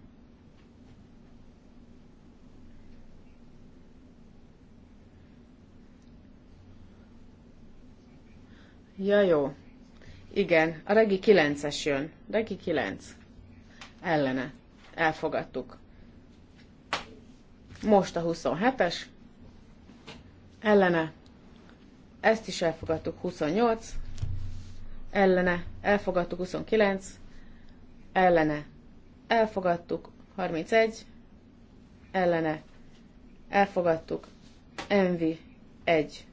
Ja, jó. Igen, a regi 9-es jön. Regi 9. Ellene. Elfogadtuk. Most a 27-es. Ellene. Ezt is elfogadtuk 28. Ellene. Elfogadtuk 29. Ellene. Elfogadtuk 31. Ellene. Elfogadtuk. Envi 1.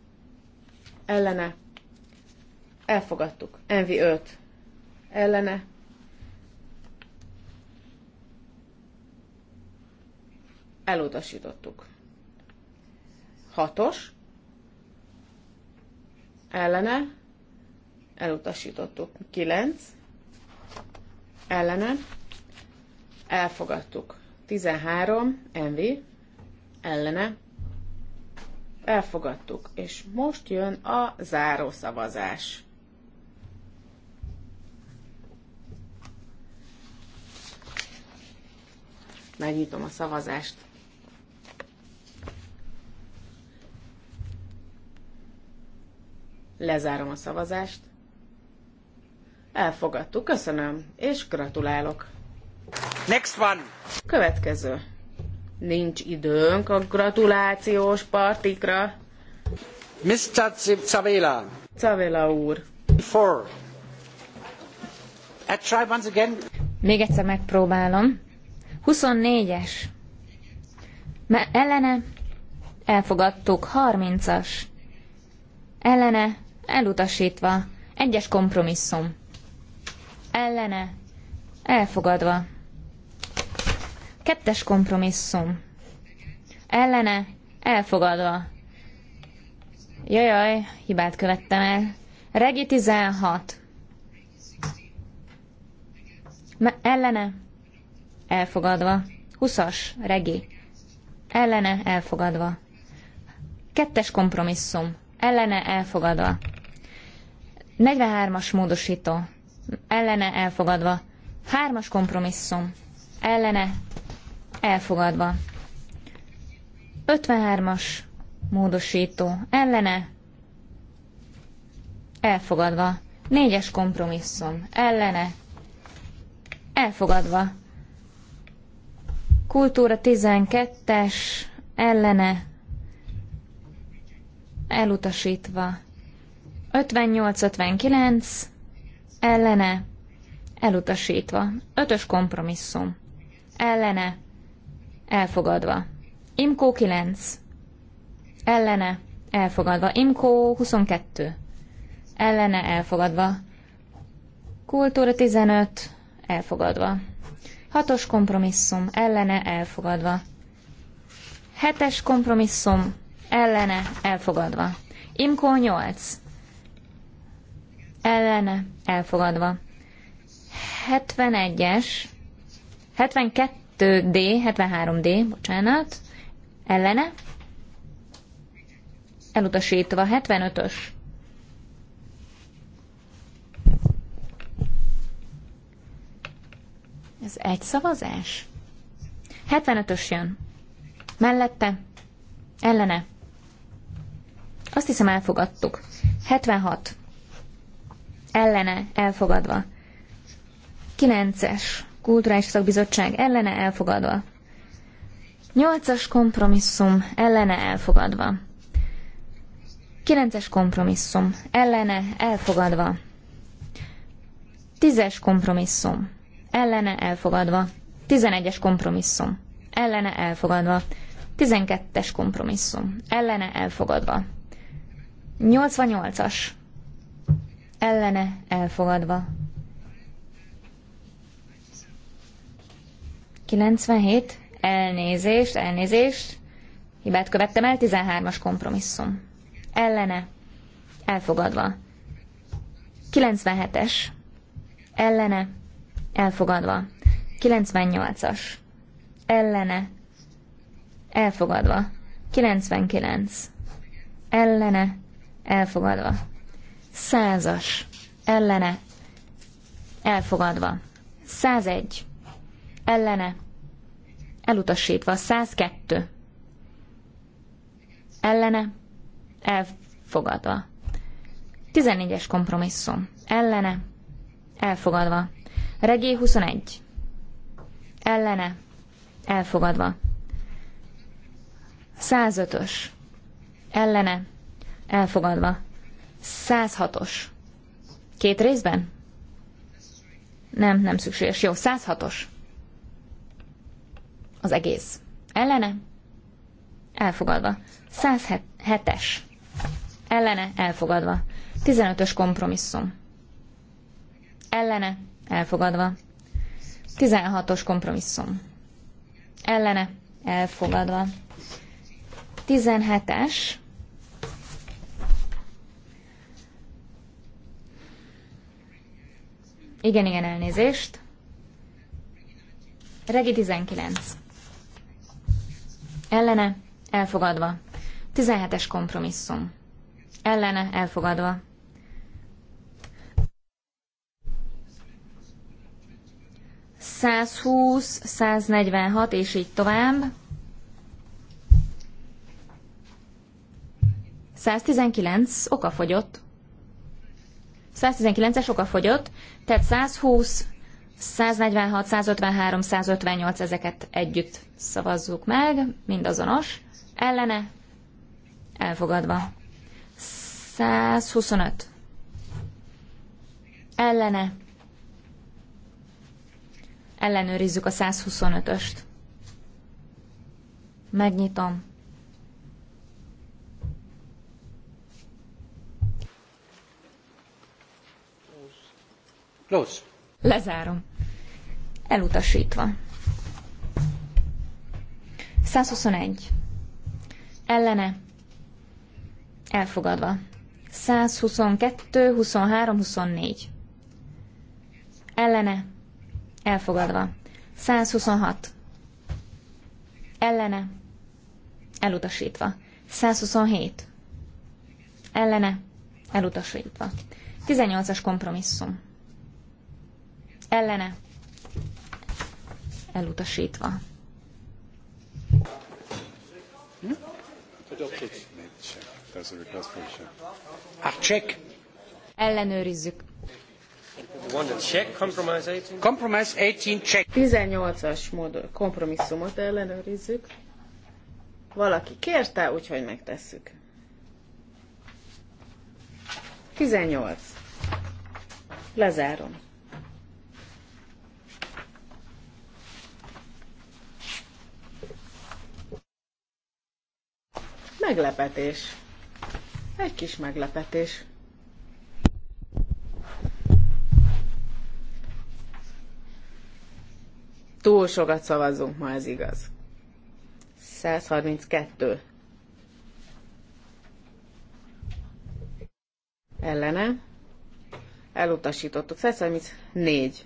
Ellene Elfogadtuk. NV5 ellene. Elutasítottuk. Hatos. Ellene. Elutasítottuk. Kilenc. Ellene. Elfogadtuk. Tizenhárom, Envi. Ellene. Elfogadtuk. És most jön a záró szavazás. Megnyitom a szavazást. Lezárom a szavazást. Elfogadtuk, köszönöm, és gratulálok. Next one. Következő. Nincs időnk a gratulációs partikra. Mr. Cavela. Cavela úr. Four. I try once again. Még egyszer megpróbálom. 24-es. Ellene elfogadtuk. 30-as. Ellene elutasítva. Egyes kompromisszum. Ellene elfogadva. Kettes kompromisszum. Ellene elfogadva. Jajaj, hibát követtem el. Regi 16. Me- ellene elfogadva. 20 regé, regi, ellene, elfogadva. Kettes kompromisszum, ellene, elfogadva. 43-as módosító, ellene, elfogadva. Hármas kompromisszum, ellene, elfogadva. 53-as módosító, ellene, elfogadva. Négyes kompromisszum, ellene, elfogadva. Kultúra 12-es ellene elutasítva. 58-59 ellene elutasítva. Ötös kompromisszum ellene elfogadva. Imkó 9 ellene elfogadva. Imkó 22 ellene elfogadva. Kultúra 15 elfogadva. Hatos kompromisszum ellene elfogadva. Hetes kompromisszum ellene elfogadva. Imkó 8 ellene elfogadva. 71-es, 72D, 73D, bocsánat, ellene, elutasítva, 75-ös Ez egy szavazás? 75-ös jön. Mellette? Ellene? Azt hiszem elfogadtuk. 76. Ellene elfogadva. 9-es. Kulturális szakbizottság ellene elfogadva. 8-as kompromisszum ellene elfogadva. 9-es kompromisszum ellene elfogadva. 10-es kompromisszum ellene elfogadva. 11-es kompromisszum, ellene elfogadva. 12-es kompromisszum, ellene elfogadva. 88-as, ellene elfogadva. 97, elnézést, elnézést, hibát követtem el, 13-as kompromisszum. Ellene, elfogadva. 97-es, ellene, Elfogadva. 98-as. Ellene. Elfogadva. 99. Ellene. Elfogadva. Százas. Ellene. Elfogadva. 101. Ellene. Elutasítva. 102. Ellene. Elfogadva. 14-es kompromisszum. Ellene. Elfogadva. Regé 21. Ellene. Elfogadva. 105-ös. Ellene. Elfogadva. 106-os. Két részben? Nem, nem szükséges. Jó, 106-os. Az egész. Ellene? Elfogadva. 107-es. Ellene? Elfogadva. 15-ös kompromisszum. Ellene? Elfogadva. 16-os kompromisszum. Ellene. Elfogadva. 17-es. Igen, igen, elnézést. Regi 19. Ellene. Elfogadva. 17-es kompromisszum. Ellene. Elfogadva. 120, 146 és így tovább. 119 okafogyott. 119-es okafogyott, tehát 120, 146, 153, 158 ezeket együtt szavazzuk meg, mindazonos. Ellene elfogadva. 125. Ellene Ellenőrizzük a 125-öst. Megnyitom. Close. Lezárom. Elutasítva. 121. Ellene. Elfogadva. 122, 23, 24. Ellene. Elfogadva. 126. Ellene. Elutasítva. 127. Ellene. Elutasítva. 18-as kompromisszum. Ellene. Elutasítva. Hm? A check. Ellenőrizzük. 18 18-as kompromisszumot ellenőrizzük. Valaki kérte, úgyhogy megtesszük. 18. Lezárom. Meglepetés. Egy kis meglepetés. túl sokat szavazzunk ma, ez igaz. 132. Ellene. Elutasítottuk. 134.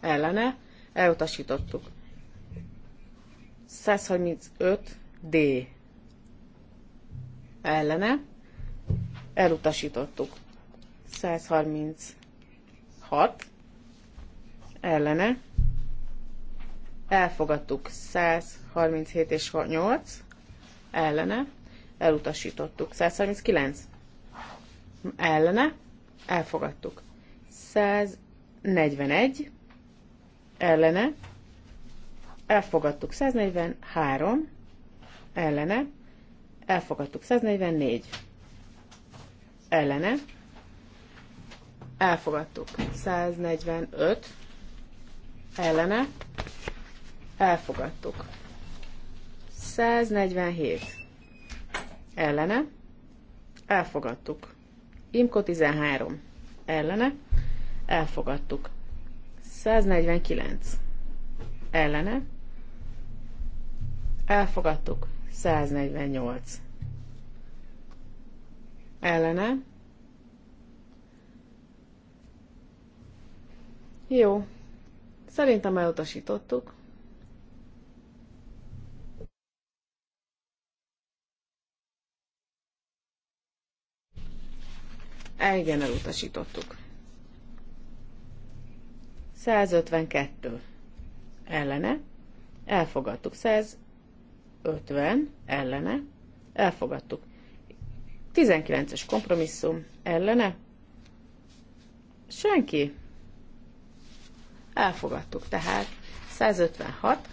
Ellene. Elutasítottuk. 135. D. Ellene. Elutasítottuk. 136. Ellene elfogadtuk 137 és 8 ellene, elutasítottuk 139 ellene, elfogadtuk 141 ellene, elfogadtuk 143 ellene, elfogadtuk 144 ellene, elfogadtuk 145 ellene, Elfogadtuk. 147. Ellene. Elfogadtuk. Imko 13. Ellene. Elfogadtuk. 149. Ellene. Elfogadtuk. 148. Ellene. Jó. Szerintem elutasítottuk. Igen, elutasítottuk. 152 ellene, elfogadtuk. 150 ellene, elfogadtuk. 19-es kompromisszum ellene, senki. Elfogadtuk tehát. 156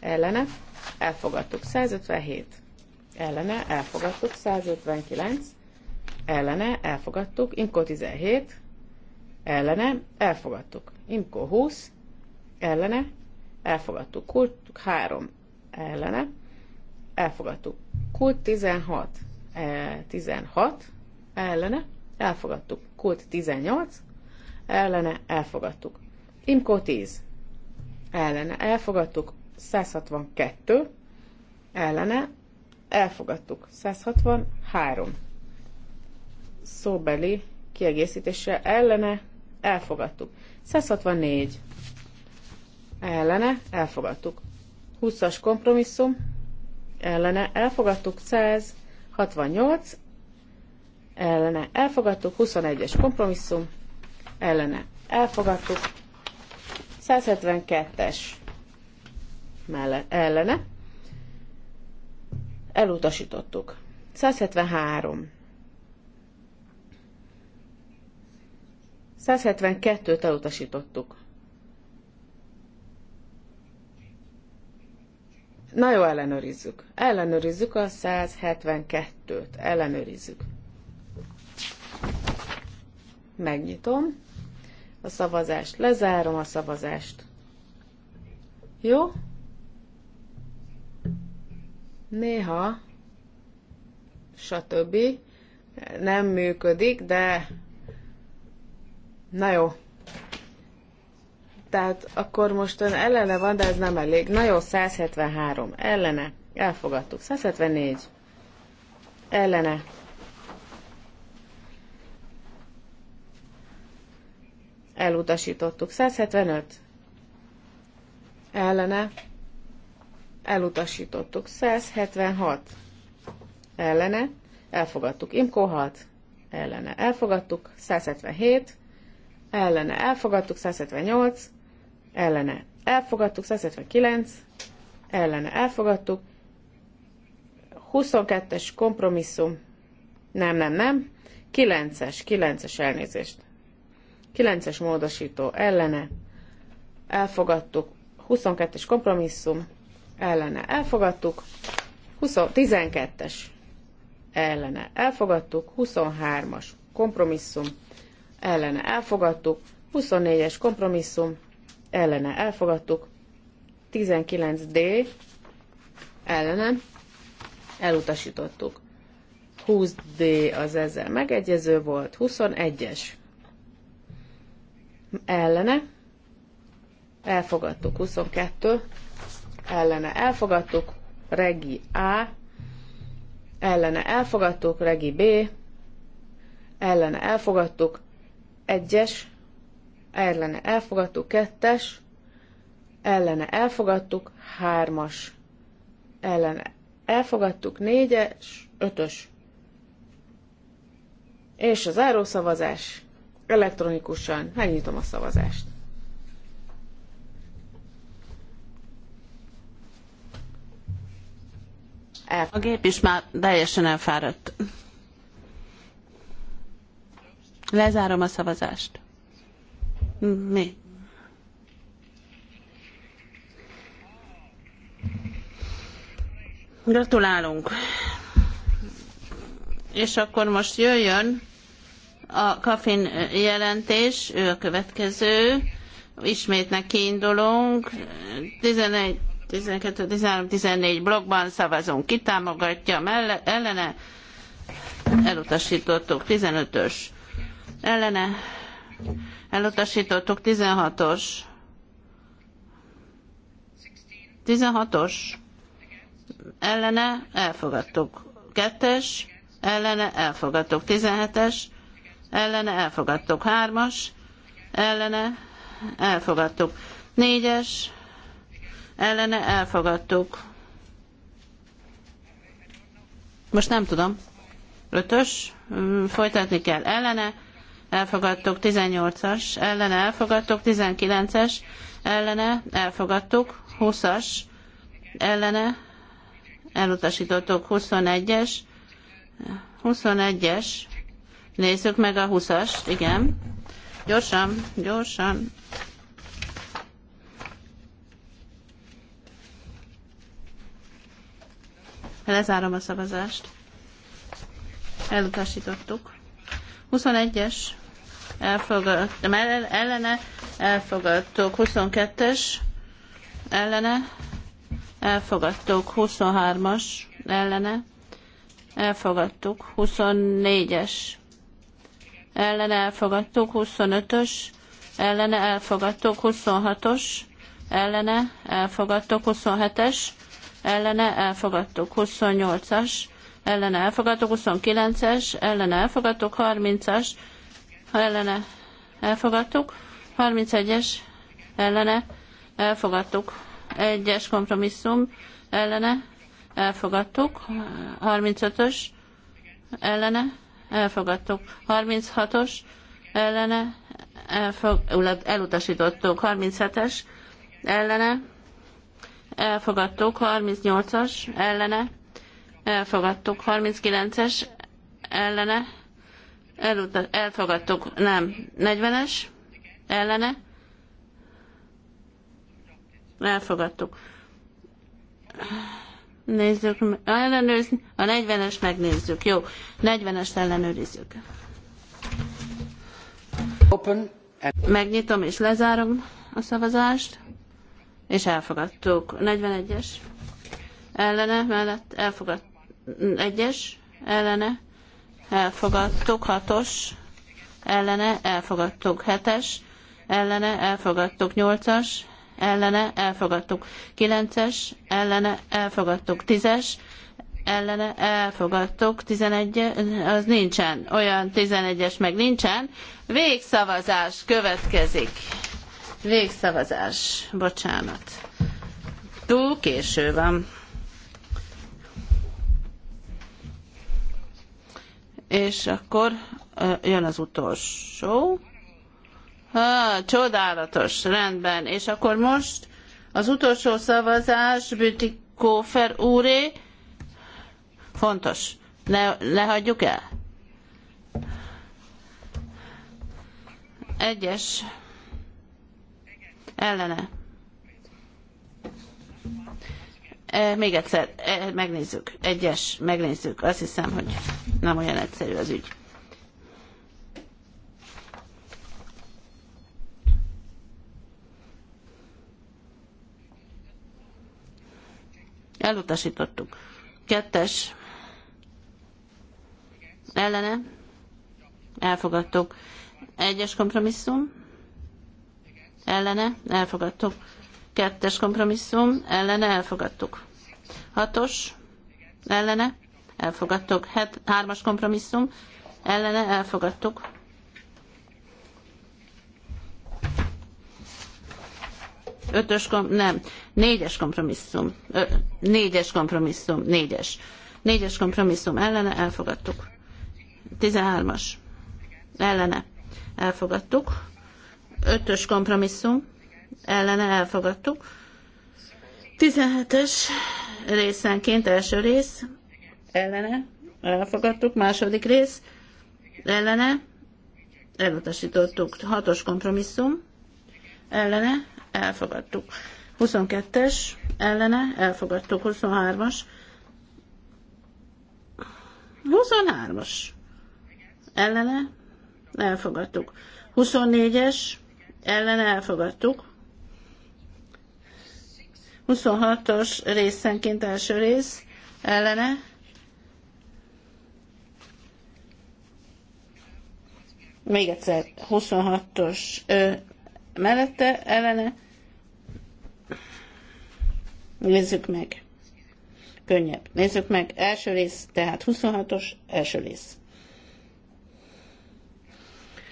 ellene, elfogadtuk. 157 ellene, elfogadtuk. 159 ellene, elfogadtuk. Imko 17, ellene, elfogadtuk. Imko 20, ellene, elfogadtuk. Kult 3, ellene, elfogadtuk. Kult 16, e, 16, ellene, elfogadtuk. Kult 18, ellene, elfogadtuk. Imko 10, ellene, elfogadtuk. 162, ellene, elfogadtuk. 163, szóbeli kiegészítése ellene elfogadtuk. 164 ellene elfogadtuk. 20-as kompromisszum ellene elfogadtuk. 168 ellene elfogadtuk. 21-es kompromisszum ellene elfogadtuk. 172-es ellene elutasítottuk. 173 172-t elutasítottuk. Na jó, ellenőrizzük. Ellenőrizzük a 172-t. Ellenőrizzük. Megnyitom. A szavazást lezárom, a szavazást. Jó? Néha, stb. Nem működik, de Na jó. Tehát akkor most ön ellene van, de ez nem elég. Na jó, 173. Ellene. Elfogadtuk. 174. Ellene. Elutasítottuk. 175. Ellene. Elutasítottuk. 176. Ellene. Elfogadtuk. Imkó 6. Ellene. Elfogadtuk. 177 ellene elfogadtuk, 178, ellene elfogadtuk, 179, ellene elfogadtuk, 22-es kompromisszum, nem, nem, nem, 9-es, 9-es elnézést, 9-es módosító ellene elfogadtuk, 22-es kompromisszum ellene elfogadtuk, 12-es ellene elfogadtuk, 23-as kompromisszum ellene elfogadtuk, 24-es kompromisszum, ellene elfogadtuk, 19D, ellene elutasítottuk. 20D az ezzel megegyező volt, 21-es ellene elfogadtuk, 22 ellene elfogadtuk, regi A, ellene elfogadtuk, regi B, ellene elfogadtuk, egyes, ellene elfogadtuk, kettes, ellene elfogadtuk, hármas, ellene elfogadtuk, négyes, ötös. És az árószavazás elektronikusan. Megnyitom a szavazást. El. A gép is már teljesen elfáradt. Lezárom a szavazást. Mi? Gratulálunk. És akkor most jöjjön a kafin jelentés, ő a következő. Ismét neki indulunk. 11, 12, 13, 14 blokkban szavazunk. Ki támogatja melle, ellene? Elutasítottuk. 15-ös ellene elutasítottuk 16-os. 16-os ellene elfogadtuk. 2-es ellene elfogadtuk. 17-es ellene elfogadtuk. 3-as ellene elfogadtuk. 4-es ellene elfogadtuk. Most nem tudom. Ötös, folytatni kell ellene, elfogadtuk 18-as, ellene elfogadtuk 19-es, ellene elfogadtuk 20-as, ellene elutasítottuk 21-es, 21-es, nézzük meg a 20-ast, igen, gyorsan, gyorsan, Lezárom a szavazást. Elutasítottuk. 21-es elfogadtam, ellene elfogadtok 22-es, ellene elfogadtok 23-as, ellene elfogadtuk 24-es, ellene elfogadtuk 25-ös, ellene elfogadtuk 26-os, ellene elfogadtuk 27-es, ellene elfogadtuk 28-as, ellene elfogadtuk, 29-es ellene elfogadtuk, 30-as ellene elfogadtuk, 31-es ellene elfogadtuk, 1-es kompromisszum ellene elfogadtuk, 35-ös ellene elfogadtuk, 36-os ellene elfog, elutasítottuk, 37-es ellene elfogadtuk, 38-as ellene elfogadtuk. 39-es ellene, elutas, elfogadtuk, nem, 40-es ellene, elfogadtuk. Nézzük, ellenőrizni, a 40-es megnézzük, jó, 40 es ellenőrizzük. Open Megnyitom és lezárom a szavazást, és elfogadtuk. 41-es ellene mellett elfogadtuk egyes ellene elfogadtuk, hatos ellene elfogadtuk, hetes ellene elfogadtuk, nyolcas ellene elfogadtuk, kilences ellene elfogadtuk, tízes ellene elfogadtuk, tizenegy az nincsen, olyan tizenegyes meg nincsen. Végszavazás következik. Végszavazás, bocsánat. Túl késő van. és akkor jön az utolsó. Ha, csodálatos, rendben. És akkor most az utolsó szavazás, Bütikófer úré, fontos. Ne, ne hagyjuk el. Egyes. Ellene. E, még egyszer, e, megnézzük. Egyes, megnézzük. Azt hiszem, hogy nem olyan egyszerű az ügy. Elutasítottuk. Kettes. Ellene. Elfogadtuk. Egyes kompromisszum. Ellene. Elfogadtuk. Kettes kompromisszum. Ellene. Elfogadtuk. Hatos. Ellene elfogadtuk. Het, hármas kompromisszum, ellene elfogadtuk. Ötös kom, nem, négyes kompromisszum, Ö, négyes kompromisszum, négyes. Négyes kompromisszum ellene elfogadtuk. 13-as ellene elfogadtuk. Ötös kompromisszum ellene elfogadtuk. 17-es részenként első rész ellene, elfogadtuk, második rész, ellene, elutasítottuk, hatos kompromisszum, ellene, elfogadtuk. 22-es, ellene, elfogadtuk, 23-as, 23-as, ellene, elfogadtuk. 24-es, ellene elfogadtuk. 26-os részenként első rész, ellene Még egyszer, 26-os mellette ellene. Nézzük meg. Könnyebb. Nézzük meg. Első rész, tehát 26-os első rész.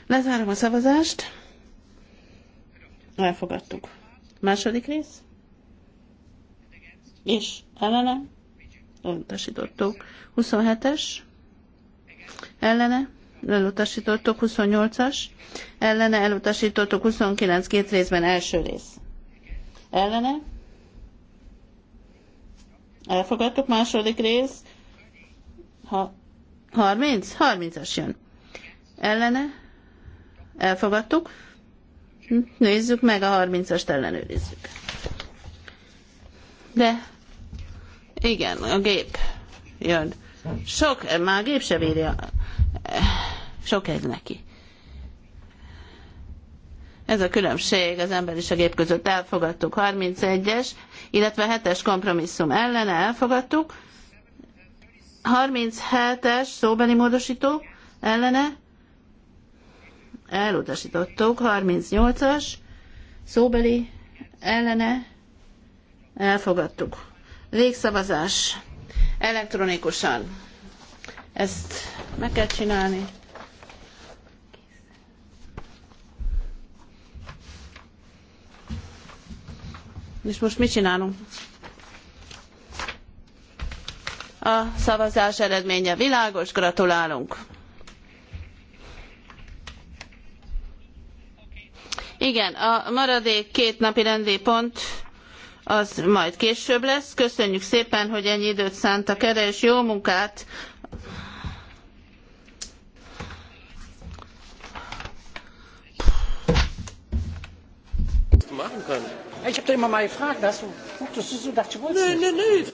Lezárom a szavazást. Elfogadtuk. Második rész. És ellene. Öntesítottuk. 27-es. Ellene elutasítottuk, 28-as, ellene elutasítottuk, 29 két részben első rész. Ellene? Elfogadtuk második rész. Ha, 30? 30-as jön. Ellene? Elfogadtuk. Nézzük meg a 30-ast ellenőrizzük. De igen, a gép jön. Sok, már a gép se bírja sok ez neki. Ez a különbség az ember és a gép között elfogadtuk 31-es, illetve 7-es kompromisszum ellene elfogadtuk. 37-es szóbeli módosító ellene elutasítottuk. 38-as szóbeli ellene elfogadtuk. Végszavazás elektronikusan. Ezt meg kell csinálni. És most mit csinálunk? A szavazás eredménye világos, gratulálunk! Igen, a maradék két napi rendi pont az majd később lesz. Köszönjük szépen, hogy ennyi időt szántak erre, és jó munkát! Machen können. Ik heb da maar mijn vraag naar du, gucktest du